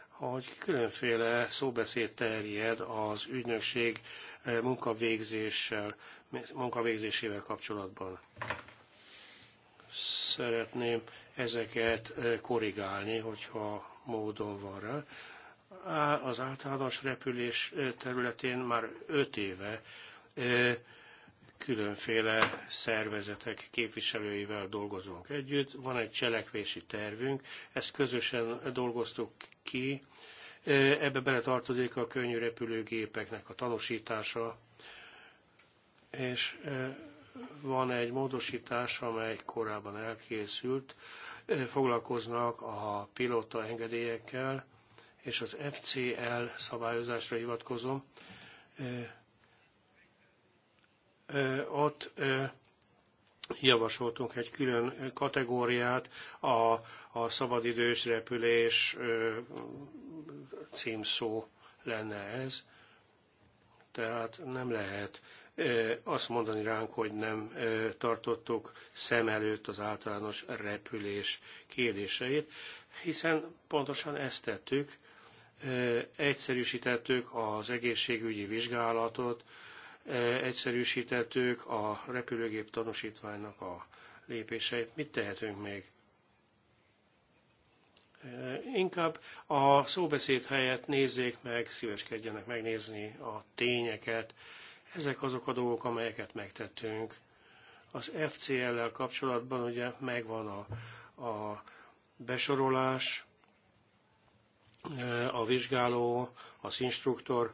hogy különféle szóbeszéd terjed az ügynökség munkavégzéssel, munkavégzésével kapcsolatban. Szeretném ezeket korrigálni, hogyha módon van rá az általános repülés területén már öt éve különféle szervezetek képviselőivel dolgozunk együtt. Van egy cselekvési tervünk, ezt közösen dolgoztuk ki. Ebbe beletartozik a könnyű repülőgépeknek a tanúsítása, és van egy módosítás, amely korábban elkészült, foglalkoznak a pilóta engedélyekkel, és az FCL szabályozásra hivatkozom, ott javasoltunk egy külön kategóriát a, a szabadidős repülés címszó lenne ez. Tehát nem lehet azt mondani ránk, hogy nem tartottuk szem előtt az általános repülés kérdéseit, hiszen pontosan ezt tettük, egyszerűsítettük az egészségügyi vizsgálatot, egyszerűsítettük a repülőgép tanúsítványnak a lépéseit. Mit tehetünk még? Inkább a szóbeszéd helyett nézzék meg, szíveskedjenek megnézni a tényeket. Ezek azok a dolgok, amelyeket megtettünk. Az FCL-lel kapcsolatban ugye megvan a, a besorolás, Eh, a vizsgáló, az instruktor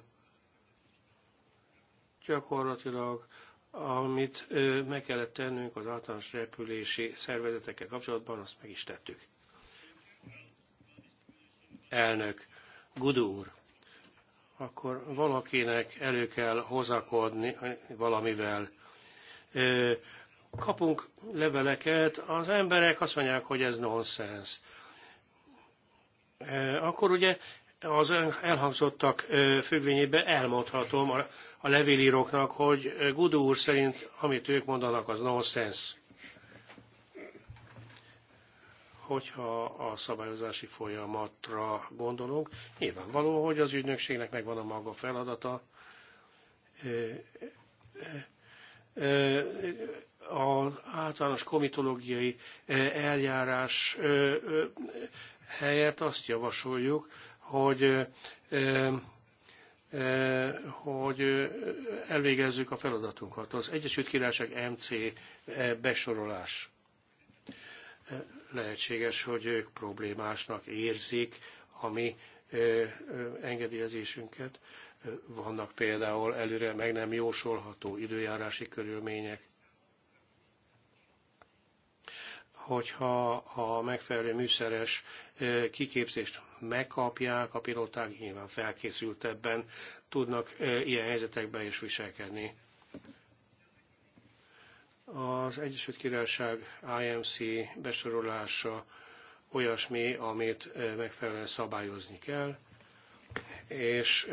gyakorlatilag amit eh, meg kellett tennünk az általános repülési szervezetekkel kapcsolatban, azt meg is tettük. Elnök, Gudu úr, akkor valakinek elő kell hozakodni eh, valamivel. Kapunk leveleket, az emberek azt mondják, hogy ez nonsens. Eh, akkor ugye az elhangzottak eh, függvényében elmondhatom a, levélíróknak, hogy eh, Gudú úr szerint, amit ők mondanak, az nonsens. Hogyha a szabályozási folyamatra gondolunk, nyilvánvaló, hogy az ügynökségnek megvan a maga feladata. Az általános komitológiai eljárás helyett azt javasoljuk, hogy hogy elvégezzük a feladatunkat. Az Egyesült Királyság MC besorolás lehetséges, hogy ők problémásnak érzik a mi engedélyezésünket. Vannak például előre meg nem jósolható időjárási körülmények. hogyha a megfelelő műszeres kiképzést megkapják, a pilóták nyilván felkészültebben tudnak ilyen helyzetekben is viselkedni. Az Egyesült Királyság IMC besorolása olyasmi, amit megfelelően szabályozni kell, és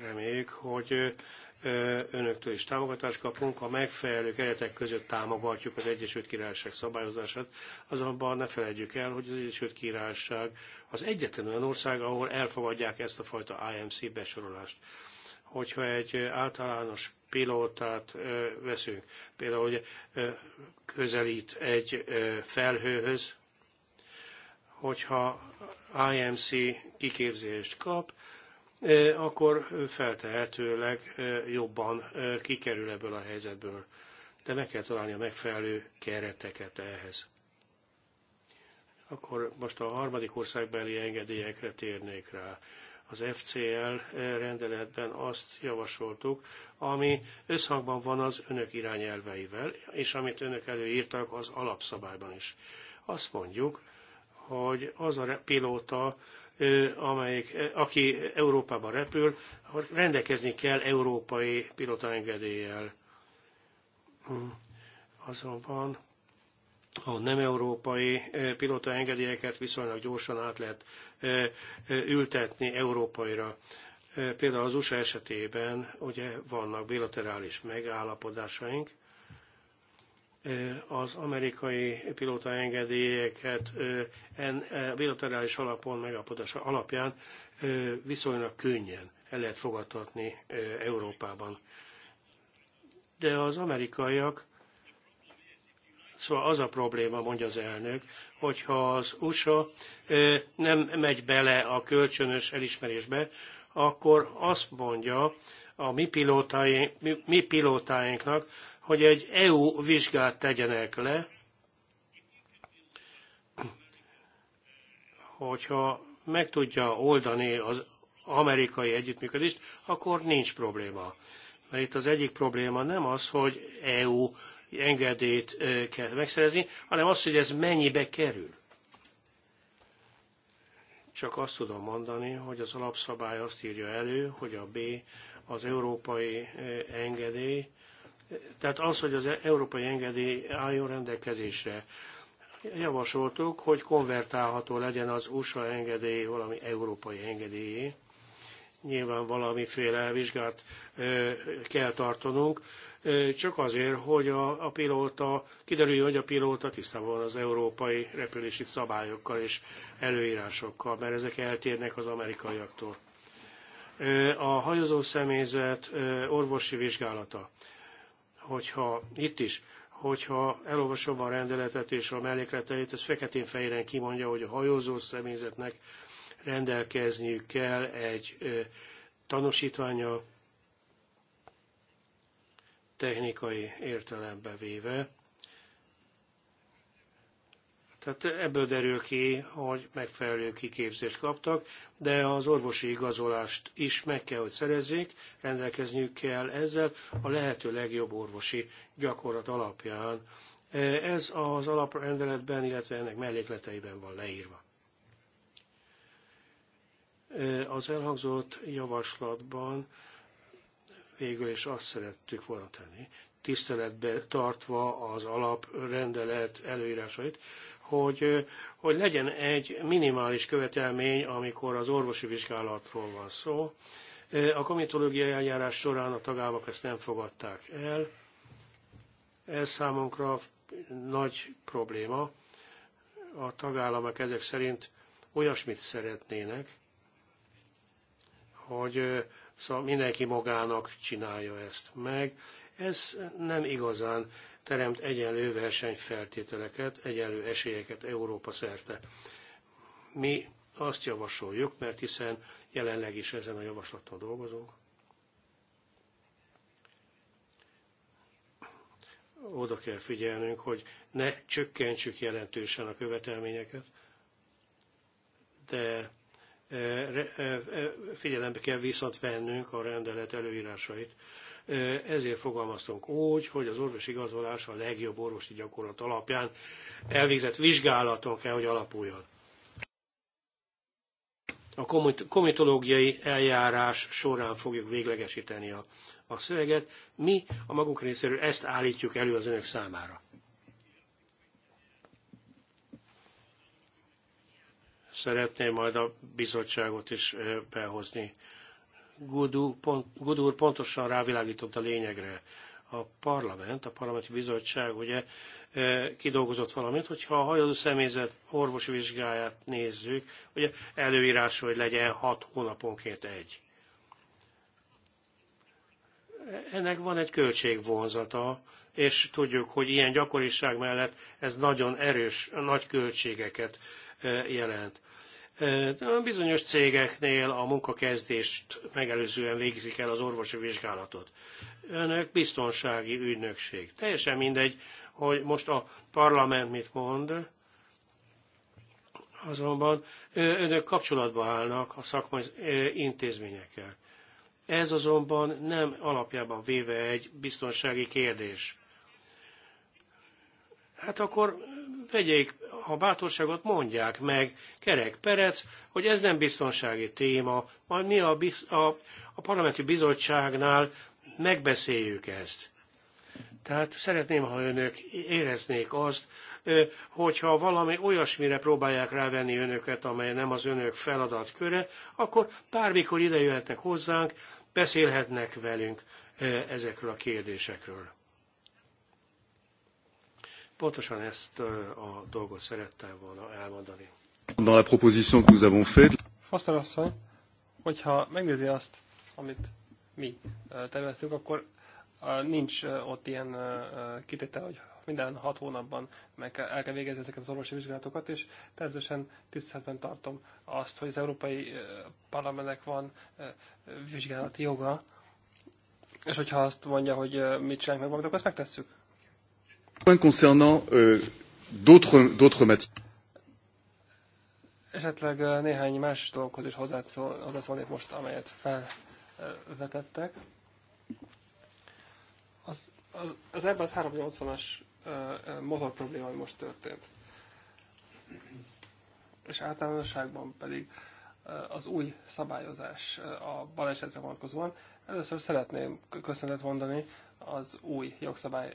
reméljük, hogy önöktől is támogatást kapunk, a megfelelő keretek között támogatjuk az Egyesült Királyság szabályozását, azonban ne felejtjük el, hogy az Egyesült Királyság az egyetlen olyan ország, ahol elfogadják ezt a fajta IMC besorolást. Hogyha egy általános pilótát veszünk, például hogy közelít egy felhőhöz, hogyha IMC kiképzést kap, E, akkor feltehetőleg e, jobban e, kikerül ebből a helyzetből. De meg kell találni a megfelelő kereteket ehhez. Akkor most a harmadik országbeli engedélyekre térnék rá. Az FCL rendeletben azt javasoltuk, ami összhangban van az önök irányelveivel, és amit önök előírtak az alapszabályban is. Azt mondjuk, hogy az a pilóta, amelyik, aki Európában repül, akkor rendelkezni kell európai pilotaengedéllyel. Hm. Azonban a nem európai pilotaengedélyeket viszonylag gyorsan át lehet ültetni európaira. Például az USA esetében ugye vannak bilaterális megállapodásaink, az amerikai pilótaengedélyeket bilaterális alapon megapodása alapján viszonylag könnyen el lehet fogadtatni Európában. De az amerikaiak, szóval az a probléma, mondja az elnök, hogyha az USA nem megy bele a kölcsönös elismerésbe, akkor azt mondja a mi, pilótáink, mi, mi pilótáinknak, hogy egy EU vizsgát tegyenek le, hogyha meg tudja oldani az amerikai együttműködést, akkor nincs probléma. Mert itt az egyik probléma nem az, hogy EU engedélyt kell megszerezni, hanem az, hogy ez mennyibe kerül. Csak azt tudom mondani, hogy az alapszabály azt írja elő, hogy a B az európai engedély tehát az, hogy az európai engedély álljon rendelkezésre. Javasoltuk, hogy konvertálható legyen az USA engedély valami európai engedélyé. Nyilván valamiféle vizsgát kell tartanunk, csak azért, hogy a, a pilóta, kiderüljön, hogy a pilóta tisztában van az európai repülési szabályokkal és előírásokkal, mert ezek eltérnek az amerikaiaktól. A hajózó személyzet orvosi vizsgálata hogyha itt is, hogyha elolvasom a rendeletet és a mellékleteit, ez feketén-fehéren kimondja, hogy a hajózó személyzetnek rendelkezniük kell egy tanúsítványa technikai értelembe véve, tehát ebből derül ki, hogy megfelelő kiképzést kaptak, de az orvosi igazolást is meg kell, hogy szerezzék, rendelkezniük kell ezzel a lehető legjobb orvosi gyakorlat alapján. Ez az alaprendeletben, illetve ennek mellékleteiben van leírva. Az elhangzott javaslatban végül is azt szerettük volna tenni, tiszteletbe tartva az alaprendelet előírásait, hogy, hogy legyen egy minimális követelmény, amikor az orvosi vizsgálatról van szó. A komitológiai eljárás során a tagállamok ezt nem fogadták el. Ez számunkra nagy probléma. A tagállamok ezek szerint olyasmit szeretnének, hogy szóval mindenki magának csinálja ezt meg. Ez nem igazán teremt egyenlő versenyfeltételeket, egyenlő esélyeket Európa szerte. Mi azt javasoljuk, mert hiszen jelenleg is ezen a javaslaton dolgozunk, oda kell figyelnünk, hogy ne csökkentsük jelentősen a követelményeket, de figyelembe kell viszont vennünk a rendelet előírásait. Ezért fogalmaztunk úgy, hogy az orvosi igazolás a legjobb orvosi gyakorlat alapján elvégzett vizsgálaton kell, hogy alapuljon. A komitológiai eljárás során fogjuk véglegesíteni a, a szöveget. Mi a magunk részéről ezt állítjuk elő az önök számára. szeretném majd a bizottságot is behozni. Gudur, pont, Gudur pontosan rávilágított a lényegre. A parlament, a parlamenti bizottság ugye kidolgozott valamit, hogyha a hajózó személyzet orvosi vizsgáját nézzük, ugye előírás, hogy legyen hat hónaponként egy. Ennek van egy költségvonzata, és tudjuk, hogy ilyen gyakoriság mellett ez nagyon erős, nagy költségeket jelent. A bizonyos cégeknél a munkakezdést megelőzően végzik el az orvosi vizsgálatot. Önök biztonsági ügynökség. Teljesen mindegy, hogy most a parlament mit mond, azonban önök kapcsolatba állnak a szakmai intézményekkel. Ez azonban nem alapjában véve egy biztonsági kérdés. Hát akkor vegyék a bátorságot, mondják meg, Kerek Perec, hogy ez nem biztonsági téma, majd mi a, a, a parlamenti bizottságnál megbeszéljük ezt. Tehát szeretném, ha önök éreznék azt, hogyha valami olyasmire próbálják rávenni önöket, amely nem az önök feladatköre, akkor bármikor ide jöhetnek hozzánk, beszélhetnek velünk ezekről a kérdésekről. Pontosan ezt a dolgot szerettem volna elmondani. Dans la proposition que nous avons fait. Foster asszony, hogyha megnézi azt, amit mi terveztünk, akkor nincs ott ilyen kitétel, hogy minden hat hónapban meg kell, el kell végezni ezeket az orvosi vizsgálatokat, és természetesen tiszteletben tartom azt, hogy az Európai Parlamentnek van vizsgálati joga, és hogyha azt mondja, hogy mit csinálunk meg akkor azt megtesszük. Concernant euh, d'autres matières. Esetleg euh, néhány más dolgokhoz is hozzászólnék most, amelyet felvetettek. Az, az, az ebben az 380-as motor probléma, ami most történt. És általánosságban pedig az új szabályozás a balesetre vonatkozóan. Először szeretném köszönetet mondani az új jogszabály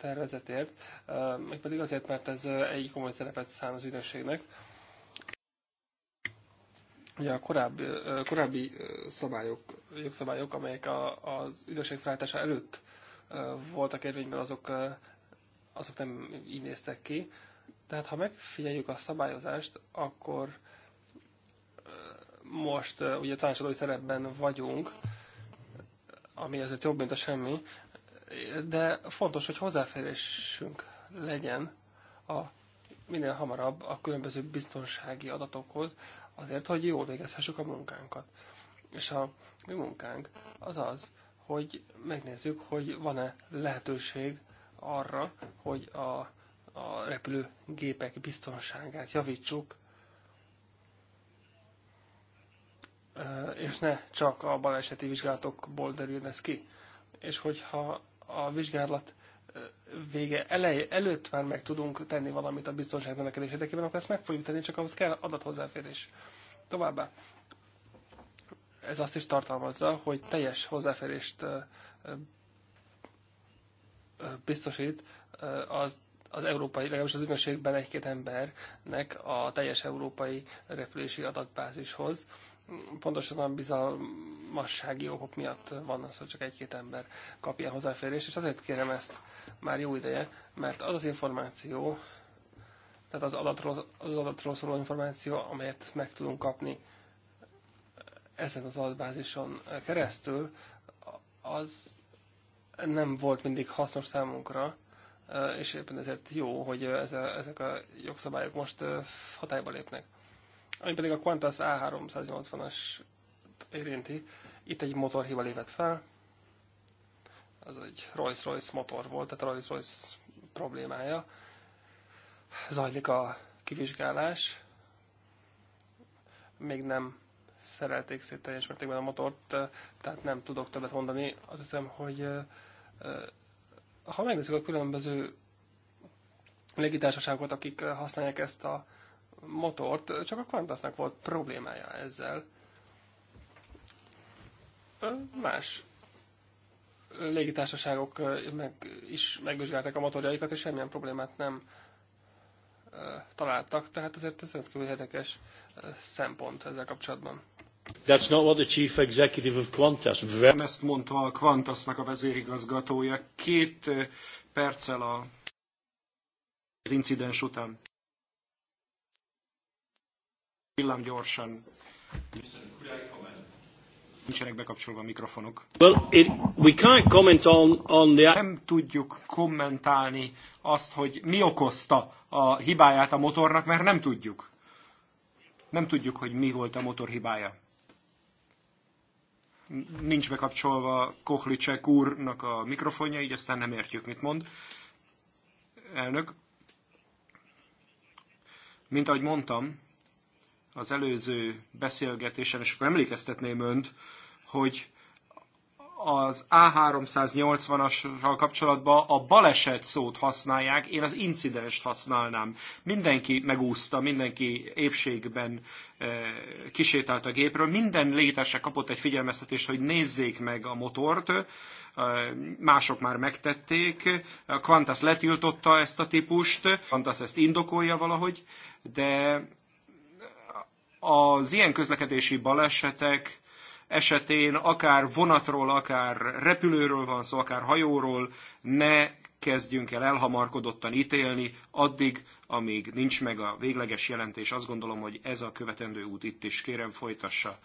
tervezetért, mégpedig azért, mert ez egy komoly szerepet szán az ügynökségnek. Ugye a korábbi, korábbi szabályok, jogszabályok, amelyek a, az ügynökség felállítása előtt voltak érvényben, azok, azok nem így néztek ki. Tehát ha megfigyeljük a szabályozást, akkor most ugye tanácsadói szerepben vagyunk, ami azért jobb, mint a semmi, de fontos, hogy hozzáférésünk legyen a minél hamarabb a különböző biztonsági adatokhoz, azért, hogy jól végezhessük a munkánkat. És a mi munkánk az az, hogy megnézzük, hogy van-e lehetőség arra, hogy a, a repülőgépek biztonságát javítsuk, és ne csak a baleseti vizsgálatokból derül ez ki. És hogyha a vizsgálat vége elej, előtt már meg tudunk tenni valamit a biztonság növekedés érdekében, akkor ezt meg fogjuk tenni, csak ahhoz kell adathozzáférés. Továbbá, ez azt is tartalmazza, hogy teljes hozzáférést biztosít az, az európai, legalábbis az ügynökségben egy-két embernek a teljes európai repülési adatbázishoz, pontosan a bizalmassági okok miatt van az, hogy csak egy-két ember kapja hozzáférést, és azért kérem ezt már jó ideje, mert az az információ, tehát az adatról, az adatról szóló információ, amelyet meg tudunk kapni ezen az adatbázison keresztül, az nem volt mindig hasznos számunkra, és éppen ezért jó, hogy ezek a jogszabályok most hatályba lépnek. Ami pedig a Qantas A380-as érinti, itt egy motorhiba lépett fel, az egy Rolls-Royce motor volt, tehát Rolls-Royce problémája. Zajlik a kivizsgálás, még nem szerelték szét teljes mértékben a motort, tehát nem tudok többet mondani. Azt hiszem, hogy ha megnézzük a különböző légitársaságokat, akik használják ezt a motort, csak a Qantasnak volt problémája ezzel. Más légitársaságok meg, is megvizsgálták a motorjaikat, és semmilyen problémát nem találtak, tehát ezért ez rendkívül érdekes szempont ezzel kapcsolatban. That's not what the chief executive of Qantas... Ezt mondta a Qantasnak a vezérigazgatója két perccel a, az incidens után. Nincsenek bekapcsolva a mikrofonok. Well, it, we can't comment on, on the... Nem tudjuk kommentálni azt, hogy mi okozta a hibáját a motornak, mert nem tudjuk. Nem tudjuk, hogy mi volt a motor hibája. Nincs bekapcsolva Kohlicek úrnak a mikrofonja, így aztán nem értjük, mit mond. Elnök. Mint ahogy mondtam, az előző beszélgetésen, és akkor emlékeztetném önt, hogy az A380-assal kapcsolatban a baleset szót használják, én az incidenst használnám. Mindenki megúszta, mindenki épségben e, kisétált a gépről, minden létesre kapott egy figyelmeztetést, hogy nézzék meg a motort, eh, mások már megtették, a Qantas letiltotta ezt a típust, Qantas ezt indokolja valahogy, de az ilyen közlekedési balesetek esetén akár vonatról, akár repülőről van szó, akár hajóról, ne kezdjünk el elhamarkodottan ítélni, addig, amíg nincs meg a végleges jelentés. Azt gondolom, hogy ez a követendő út itt is. Kérem, folytassa.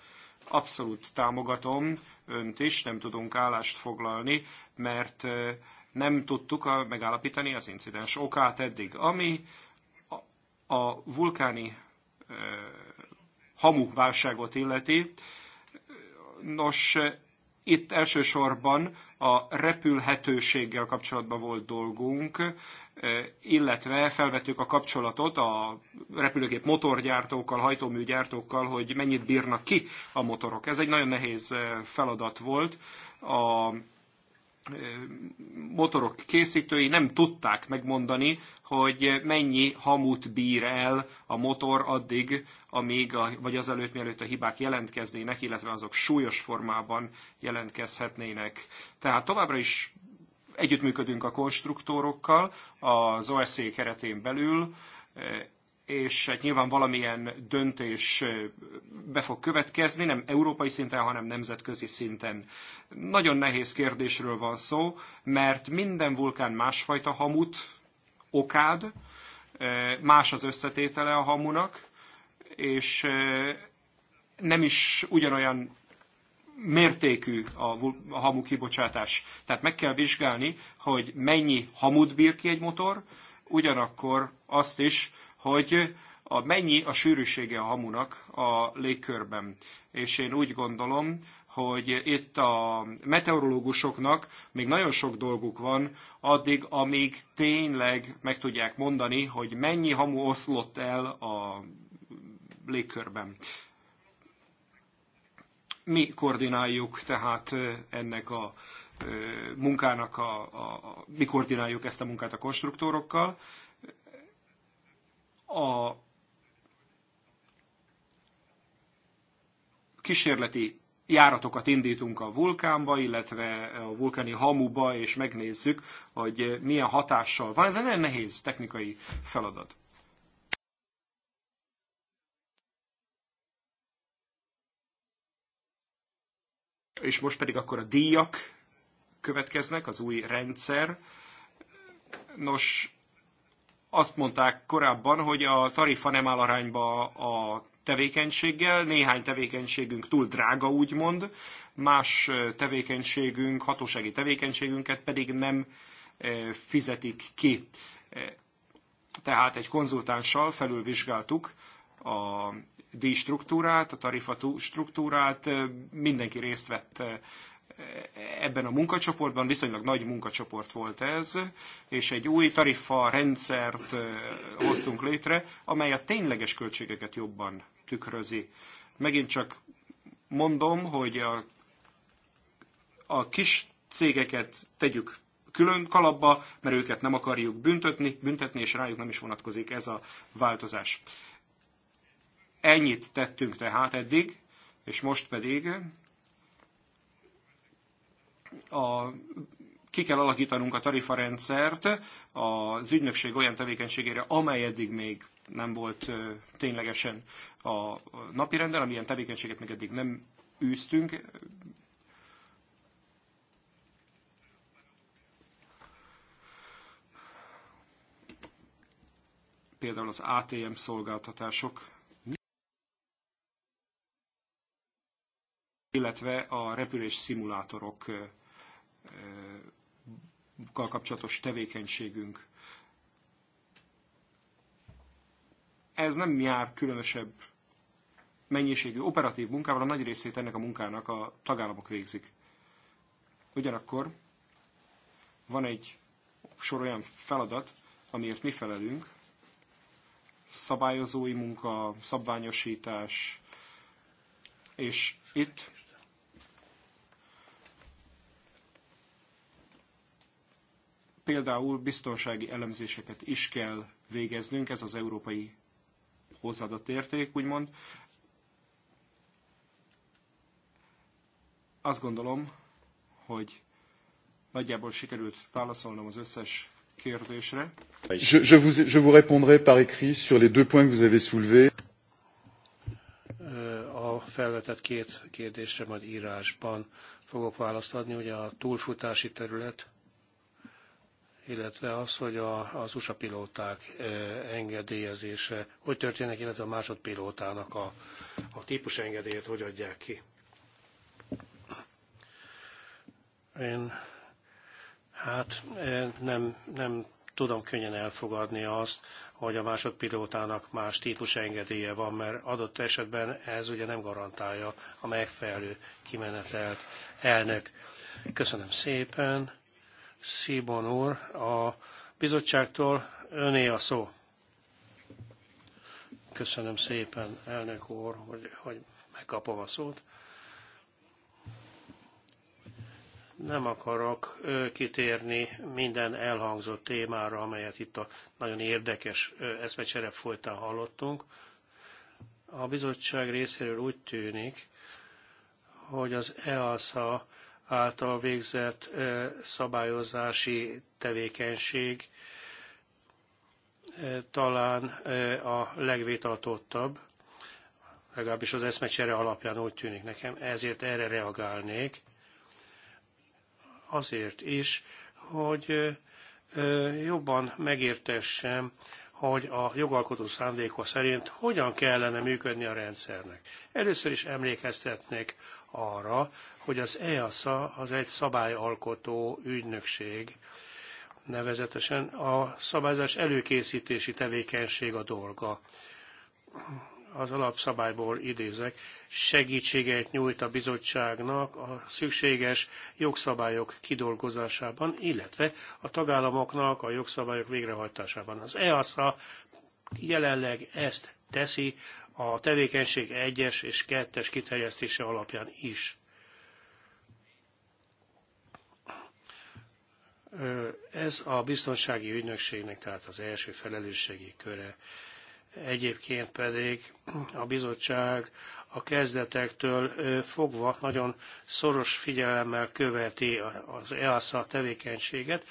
Abszolút támogatom önt is, nem tudunk állást foglalni, mert nem tudtuk megállapítani az incidens okát eddig. Ami a vulkáni hamu válságot illeti. Nos, itt elsősorban a repülhetőséggel kapcsolatban volt dolgunk, illetve felvettük a kapcsolatot a repülőgép motorgyártókkal, hajtóműgyártókkal, hogy mennyit bírnak ki a motorok. Ez egy nagyon nehéz feladat volt. A motorok készítői nem tudták megmondani, hogy mennyi hamut bír el a motor addig, amíg, a, vagy azelőtt, mielőtt a hibák jelentkeznének, illetve azok súlyos formában jelentkezhetnének. Tehát továbbra is együttműködünk a konstruktórokkal az OSZ keretén belül, és hát nyilván valamilyen döntés be fog következni, nem európai szinten, hanem nemzetközi szinten. Nagyon nehéz kérdésről van szó, mert minden vulkán másfajta hamut okád, más az összetétele a hamunak, és nem is ugyanolyan mértékű a hamu kibocsátás. Tehát meg kell vizsgálni, hogy mennyi hamut bír ki egy motor, ugyanakkor azt is, hogy a, mennyi a sűrűsége a hamunak a légkörben. És én úgy gondolom, hogy itt a meteorológusoknak még nagyon sok dolguk van, addig, amíg tényleg meg tudják mondani, hogy mennyi hamu oszlott el a légkörben. Mi koordináljuk tehát ennek a munkának, a, a, a, mi koordináljuk ezt a munkát a konstruktorokkal, a kísérleti járatokat indítunk a vulkánba, illetve a vulkáni hamuba, és megnézzük, hogy milyen hatással van. Ez egy nagyon nehéz technikai feladat. És most pedig akkor a díjak következnek, az új rendszer. Nos, azt mondták korábban, hogy a tarifa nem áll arányba a tevékenységgel, néhány tevékenységünk túl drága, úgymond, más tevékenységünk, hatósági tevékenységünket pedig nem fizetik ki. Tehát egy konzultánssal felülvizsgáltuk a díjstruktúrát, a tarifa struktúrát, mindenki részt vett ebben a munkacsoportban, viszonylag nagy munkacsoport volt ez, és egy új tarifa rendszert hoztunk létre, amely a tényleges költségeket jobban tükrözi. Megint csak mondom, hogy a, a kis cégeket tegyük külön kalapba, mert őket nem akarjuk büntetni, büntetni, és rájuk nem is vonatkozik ez a változás. Ennyit tettünk tehát eddig, és most pedig a, ki kell alakítanunk a tarifarendszert az ügynökség olyan tevékenységére, amely eddig még nem volt ténylegesen a napi renden, amilyen tevékenységet még eddig nem űztünk. Például az ATM szolgáltatások, illetve a repülés szimulátorok kapcsolatos tevékenységünk. Ez nem jár különösebb mennyiségű operatív munkával, a nagy részét ennek a munkának a tagállamok végzik. Ugyanakkor van egy sor olyan feladat, amiért mi felelünk, szabályozói munka, szabványosítás, és itt Például biztonsági elemzéseket is kell végeznünk, ez az európai hozzáadott érték, úgymond. Azt gondolom, hogy nagyjából sikerült válaszolnom az összes kérdésre. Je, je, vous, je vous répondrai par écrit sur les deux points que vous avez soulevés. A felvetett két kérdésre majd írásban fogok választ adni, hogy a túlfutási terület illetve az, hogy a, az USA pilóták e, engedélyezése hogy történik, illetve a másodpilótának a, a típus engedélyét hogy adják ki. Én hát e, nem, nem tudom könnyen elfogadni azt, hogy a másodpilótának más típus engedélye van, mert adott esetben ez ugye nem garantálja a megfelelő kimenetelt elnök. Köszönöm szépen! Szibon úr, a bizottságtól öné a szó. Köszönöm szépen, elnök úr, hogy, hogy megkapom a szót. Nem akarok kitérni minden elhangzott témára, amelyet itt a nagyon érdekes eszmecsere folytán hallottunk. A bizottság részéről úgy tűnik, hogy az EASA által végzett szabályozási tevékenység talán a legvétatottabb, legalábbis az eszmecsere alapján úgy tűnik nekem, ezért erre reagálnék. Azért is, hogy jobban megértessem hogy a jogalkotó szándéka szerint hogyan kellene működni a rendszernek. Először is emlékeztetnék arra, hogy az EASA az egy szabályalkotó ügynökség, nevezetesen a szabályzás előkészítési tevékenység a dolga az alapszabályból idézek, segítséget nyújt a bizottságnak a szükséges jogszabályok kidolgozásában, illetve a tagállamoknak a jogszabályok végrehajtásában. Az EASA jelenleg ezt teszi a tevékenység egyes és kettes kiterjesztése alapján is. Ez a biztonsági ügynökségnek, tehát az első felelősségi köre Egyébként pedig a bizottság a kezdetektől fogva nagyon szoros figyelemmel követi az EASA tevékenységet,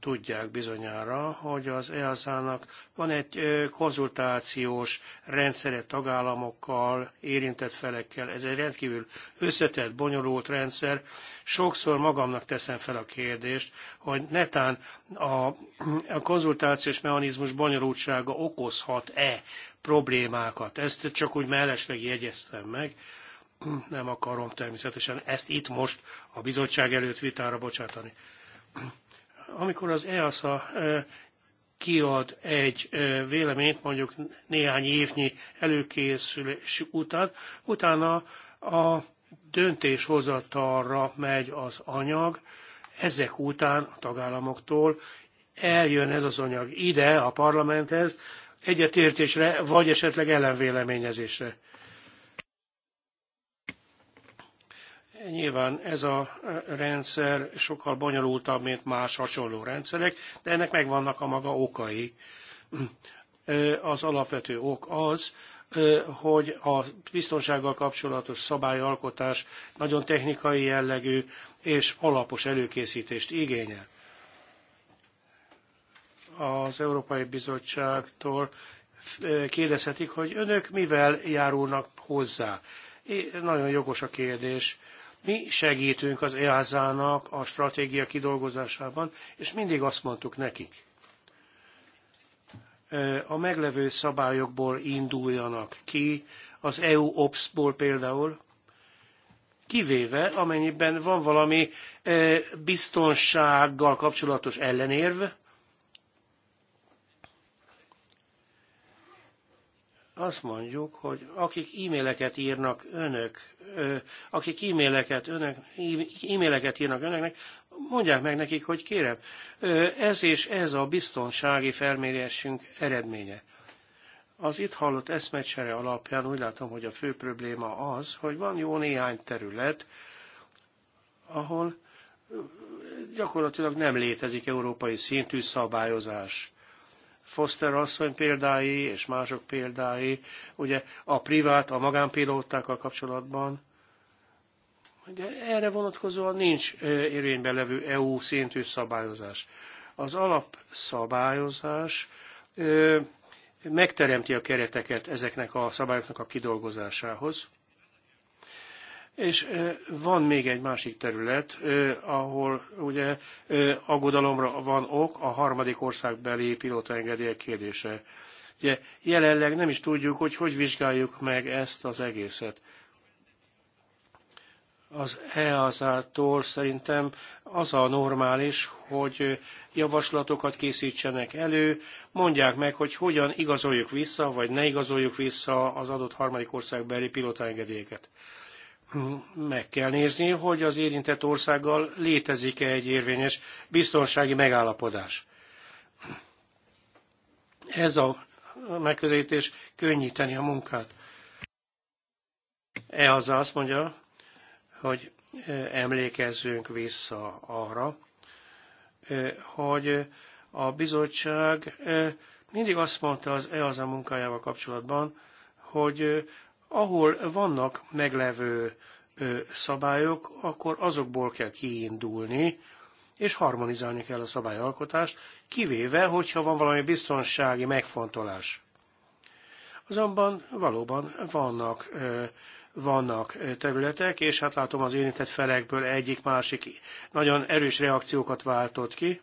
Tudják bizonyára, hogy az EASA-nak van egy konzultációs rendszere tagállamokkal, érintett felekkel. Ez egy rendkívül összetett, bonyolult rendszer. Sokszor magamnak teszem fel a kérdést, hogy netán a, a konzultációs mechanizmus bonyolultsága okozhat-e problémákat. Ezt csak úgy mellesleg jegyeztem meg nem akarom természetesen ezt itt most a bizottság előtt vitára bocsátani amikor az EASA kiad egy véleményt, mondjuk néhány évnyi előkészülés után, utána a döntéshozatalra megy az anyag, ezek után a tagállamoktól eljön ez az anyag ide, a parlamenthez, egyetértésre, vagy esetleg ellenvéleményezésre. Nyilván ez a e, rendszer sokkal bonyolultabb, mint más hasonló rendszerek, de ennek megvannak a maga okai. E, az alapvető ok az, e, hogy a biztonsággal kapcsolatos szabályalkotás nagyon technikai jellegű és alapos előkészítést igényel. Az Európai Bizottságtól kérdezhetik, hogy önök mivel járulnak hozzá. nagyon jogos a kérdés. Mi segítünk az EASA-nak a stratégia kidolgozásában, és mindig azt mondtuk nekik, a meglevő szabályokból induljanak ki, az EU OPS-ból például, kivéve amennyiben van valami biztonsággal kapcsolatos ellenérv, azt mondjuk, hogy akik e-maileket írnak önök, akik e-maileket, önök, e-maileket írnak önöknek, mondják meg nekik, hogy kérem, ez és ez a biztonsági felmérésünk eredménye. Az itt hallott eszmecsere alapján úgy látom, hogy a fő probléma az, hogy van jó néhány terület, ahol gyakorlatilag nem létezik európai szintű szabályozás Foster asszony példái és mások példái, ugye a privát, a magánpilótákkal kapcsolatban, ugye erre vonatkozóan nincs érvényben levő EU szintű szabályozás. Az alapszabályozás megteremti a kereteket ezeknek a szabályoknak a kidolgozásához. És van még egy másik terület, ahol ugye aggodalomra van ok, a harmadik országbeli pilótaengedélyek kérdése. Ugye jelenleg nem is tudjuk, hogy hogy vizsgáljuk meg ezt az egészet. Az EASA-tól szerintem az a normális, hogy javaslatokat készítsenek elő, mondják meg, hogy hogyan igazoljuk vissza, vagy ne igazoljuk vissza az adott harmadik országbeli pilótaengedélyeket meg kell nézni, hogy az érintett országgal létezik-e egy érvényes biztonsági megállapodás. Ez a megközelítés könnyíteni a munkát. E az azt mondja, hogy e, emlékezzünk vissza arra, e, hogy a bizottság e, mindig azt mondta az EASA munkájával kapcsolatban, hogy ahol vannak meglevő szabályok, akkor azokból kell kiindulni, és harmonizálni kell a szabályalkotást, kivéve, hogyha van valami biztonsági megfontolás. Azonban valóban vannak, vannak területek, és hát látom az érintett felekből egyik-másik nagyon erős reakciókat váltott ki,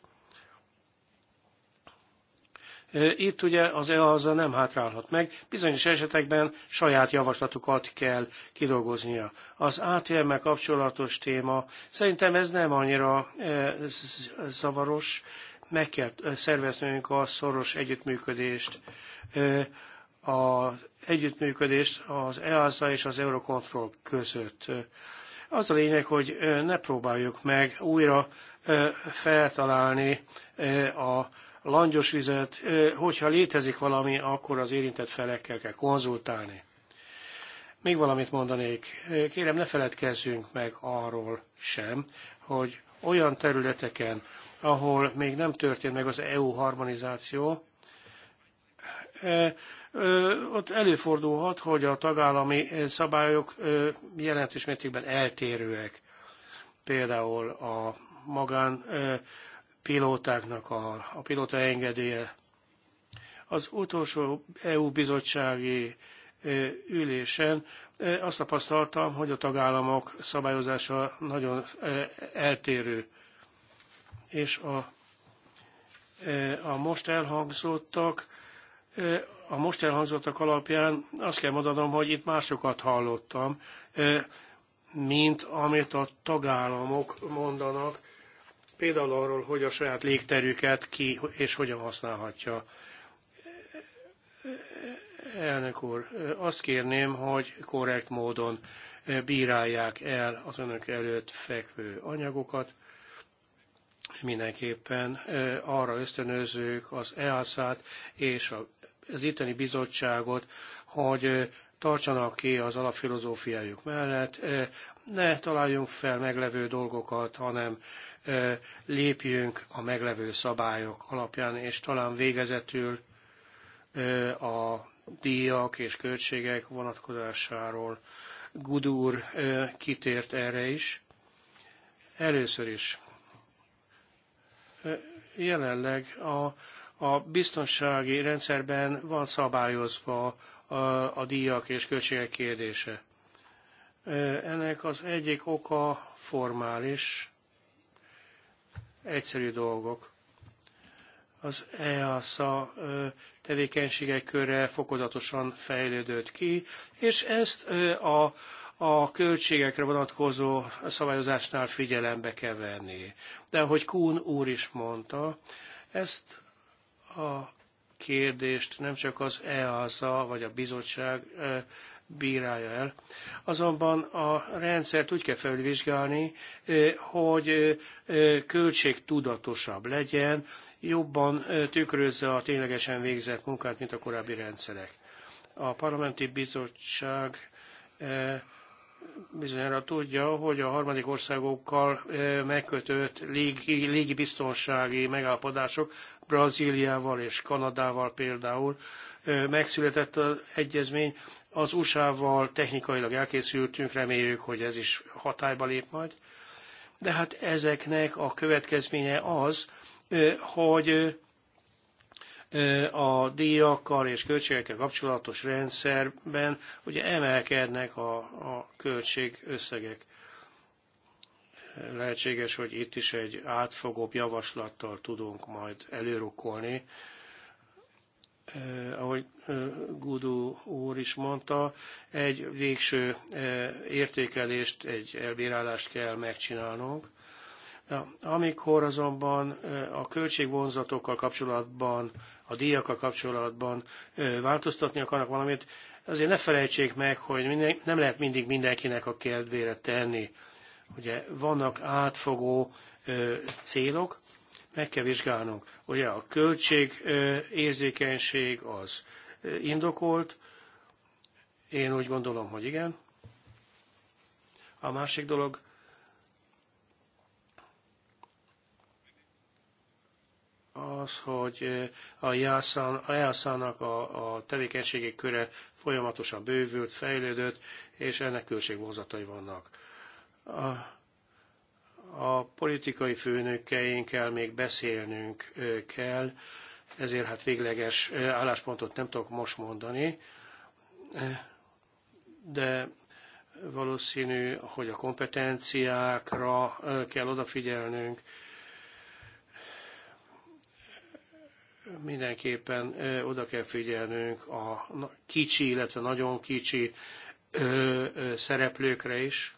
itt ugye az EASA nem hátrálhat meg, bizonyos esetekben saját javaslatukat kell kidolgoznia. Az ATM-mel kapcsolatos téma, szerintem ez nem annyira zavaros, meg kell szerveznünk a szoros együttműködést, az együttműködést az EASA és az Eurocontrol között. Az a lényeg, hogy ne próbáljuk meg újra feltalálni a langyos vizet, hogyha létezik valami, akkor az érintett felekkel kell konzultálni. Még valamit mondanék. Kérem, ne feledkezzünk meg arról sem, hogy olyan területeken, ahol még nem történt meg az EU harmonizáció, ott előfordulhat, hogy a tagállami szabályok jelentős mértékben eltérőek. Például a magán pilótáknak a, a pilóta engedélye. Az utolsó EU bizottsági ülésen azt tapasztaltam, hogy a tagállamok szabályozása nagyon eltérő. És a, a most elhangzottak a most elhangzottak alapján azt kell mondanom, hogy itt másokat hallottam, mint amit a tagállamok mondanak például arról, hogy a saját légterüket ki és hogyan használhatja. Elnök úr, azt kérném, hogy korrekt módon bírálják el az önök előtt fekvő anyagokat. Mindenképpen arra ösztönözzük az EASZ-át és az itteni bizottságot, hogy tartsanak ki az alapfilozófiájuk mellett, ne találjunk fel meglevő dolgokat, hanem lépjünk a meglevő szabályok alapján, és talán végezetül a díjak és költségek vonatkozásáról Gudúr kitért erre is. Először is jelenleg a, a biztonsági rendszerben van szabályozva a, a díjak és költségek kérdése. Ennek az egyik oka formális, egyszerű dolgok. Az EASA tevékenységek köre fokozatosan fejlődött ki, és ezt a, a költségekre vonatkozó szabályozásnál figyelembe kell venni. De ahogy Kuhn úr is mondta, ezt a kérdést nem csak az EASA vagy a bizottság bírálja el. Azonban a rendszert úgy kell felvizsgálni, hogy tudatosabb legyen, jobban tükrözze a ténylegesen végzett munkát, mint a korábbi rendszerek. A parlamenti bizottság bizonyára tudja, hogy a harmadik országokkal megkötött légi, légi biztonsági megállapodások Brazíliával és Kanadával például megszületett az egyezmény. Az USA-val technikailag elkészültünk, reméljük, hogy ez is hatályba lép majd. De hát ezeknek a következménye az, hogy a díjakkal és költségekkel kapcsolatos rendszerben ugye emelkednek a, a költségösszegek. Lehetséges, hogy itt is egy átfogóbb javaslattal tudunk majd előrukkolni. Ahogy Gudu úr is mondta, egy végső értékelést, egy elbírálást kell megcsinálnunk Na, amikor azonban a költségvonzatokkal kapcsolatban, a díjakkal kapcsolatban változtatni akarnak valamit, azért ne felejtsék meg, hogy minden, nem lehet mindig mindenkinek a kedvére tenni. Ugye vannak átfogó ö, célok, meg kell vizsgálnunk. Ugye a költség ö, érzékenység az indokolt, én úgy gondolom, hogy igen. A másik dolog, az, hogy a jasz a, a tevékenységi köre folyamatosan bővült, fejlődött, és ennek költségvonzatai vannak. A, a politikai főnökeinkkel még beszélnünk kell, ezért hát végleges álláspontot nem tudok most mondani, de valószínű, hogy a kompetenciákra kell odafigyelnünk, mindenképpen oda kell figyelnünk a kicsi, illetve nagyon kicsi szereplőkre is.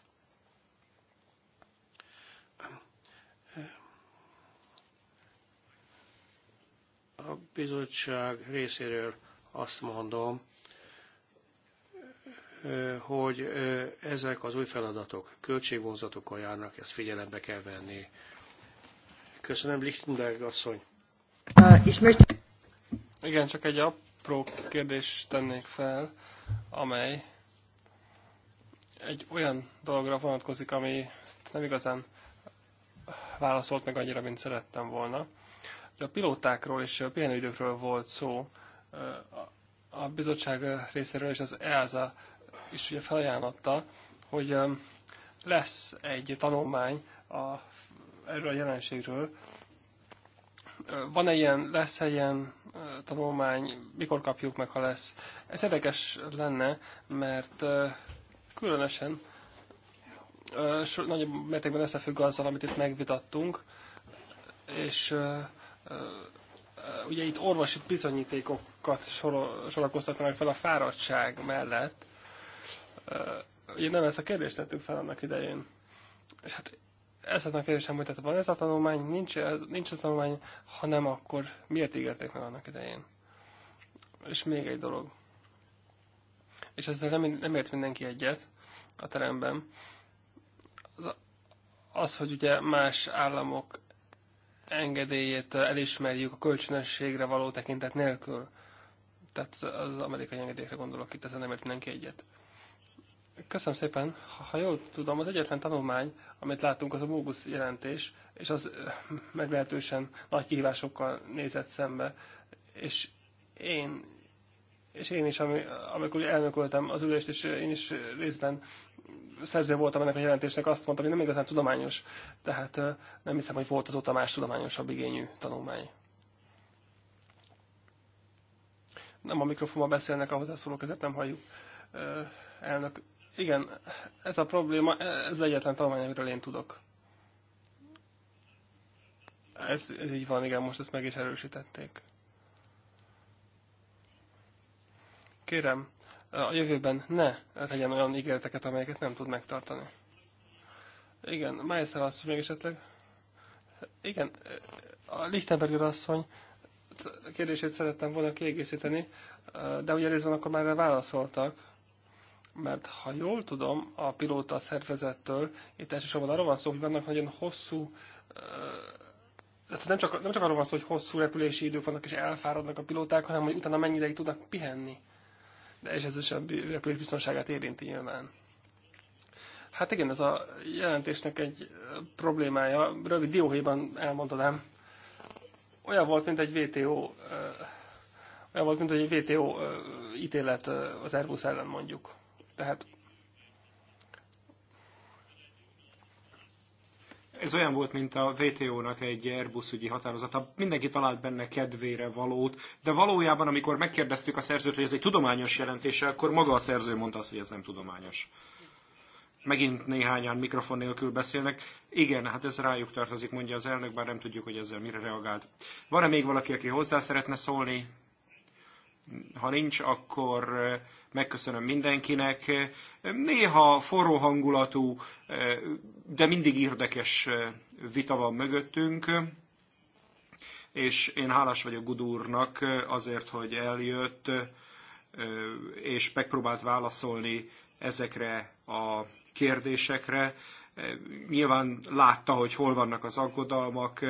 A bizottság részéről azt mondom, hogy ezek az új feladatok költségvonzatokkal járnak, ezt figyelembe kell venni. Köszönöm, Lichtenberg asszony! Ich uh, Igen, csak egy apró kérdést tennék fel, amely egy olyan dologra vonatkozik, ami nem igazán válaszolt meg annyira, mint szerettem volna. A pilótákról és a pihenőidőkről volt szó, uh, a bizottság részéről és az ELSA is ugye felajánlotta, hogy um, lesz egy tanulmány a, erről a jelenségről, van-e ilyen, lesz-e ilyen tanulmány, mikor kapjuk meg, ha lesz. Ez érdekes lenne, mert különösen nagyobb mértékben összefügg azzal, amit itt megvitattunk, és ugye itt orvosi bizonyítékokat sorakoztatnak fel a fáradtság mellett. Ugye nem ezt a kérdést tettük fel annak idején. És hát ez a kérdésem, hogy tehát van ez a tanulmány, nincs, ez, nincs a tanulmány, ha nem, akkor miért ígérték meg annak idején? És még egy dolog. És ezzel nem, nem ért mindenki egyet a teremben. Az, az, hogy ugye más államok engedélyét elismerjük a kölcsönösségre való tekintet nélkül. Tehát az amerikai engedélyekre gondolok itt, ezzel nem ért mindenki egyet. Köszönöm szépen. Ha jól tudom, az egyetlen tanulmány, amit láttunk, az a Mógusz jelentés, és az meglehetősen nagy kihívásokkal nézett szembe. És én, és én is, ami, amikor elnököltem az ülést, és én is részben szerző voltam ennek a jelentésnek, azt mondtam, hogy nem igazán tudományos, tehát nem hiszem, hogy volt azóta más tudományosabb igényű tanulmány. Nem a mikrofonban beszélnek a hozzászólók, között, nem halljuk. Elnök igen, ez a probléma, ez egyetlen tanulmány, amiről én tudok. Ez, ez így van, igen, most ezt meg is erősítették. Kérem, a jövőben ne legyen olyan ígéreteket, amelyeket nem tud megtartani. Igen, Májszer asszony még esetleg. Igen, a Lichtenberger asszony kérdését szerettem volna kiegészíteni, de ugye részben akkor már válaszoltak mert ha jól tudom a pilóta szervezettől, itt elsősorban arról van szó, hogy vannak nagyon hosszú, tehát nem csak, nem csak arról van szó, hogy hosszú repülési idők vannak és elfáradnak a pilóták, hanem hogy utána mennyi ideig tudnak pihenni. De és ez is a repülés biztonságát érinti nyilván. Hát igen, ez a jelentésnek egy problémája. Rövid dióhéjban elmondanám. Olyan volt, mint egy VTO olyan volt, mint hogy egy VTO ítélet az Airbus ellen mondjuk. Tehát ez olyan volt, mint a VTO-nak egy Airbus ügyi határozata. Mindenki talált benne kedvére valót, de valójában, amikor megkérdeztük a szerzőt, hogy ez egy tudományos jelentés, akkor maga a szerző mondta azt, hogy ez nem tudományos. Megint néhányan mikrofon nélkül beszélnek. Igen, hát ez rájuk tartozik, mondja az elnök, bár nem tudjuk, hogy ezzel mire reagált. Van-e még valaki, aki hozzá szeretne szólni? Ha nincs, akkor megköszönöm mindenkinek. Néha forró hangulatú, de mindig érdekes vita van mögöttünk és én hálás vagyok Gudúrnak azért, hogy eljött, és megpróbált válaszolni ezekre a kérdésekre. Nyilván látta, hogy hol vannak az aggodalmak.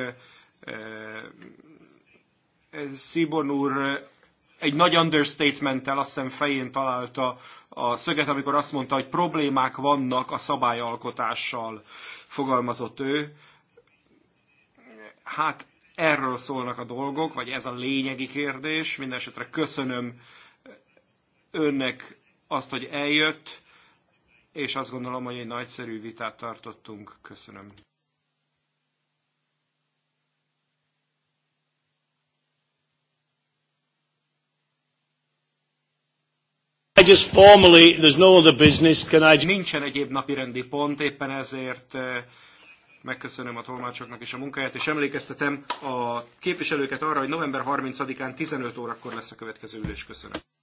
Szibon úr egy nagy understatementtel azt hiszem fején találta a szöget, amikor azt mondta, hogy problémák vannak a szabályalkotással, fogalmazott ő. Hát erről szólnak a dolgok, vagy ez a lényegi kérdés. Mindenesetre köszönöm önnek azt, hogy eljött, és azt gondolom, hogy egy nagyszerű vitát tartottunk. Köszönöm. just formally, there's no other business, can I just... Nincsen egyéb napi rendi pont, éppen ezért eh, megköszönöm a tolmácsoknak is a munkáját, és emlékeztetem a képviselőket arra, hogy november 30-án 15 órakor lesz a következő ülés. Köszönöm.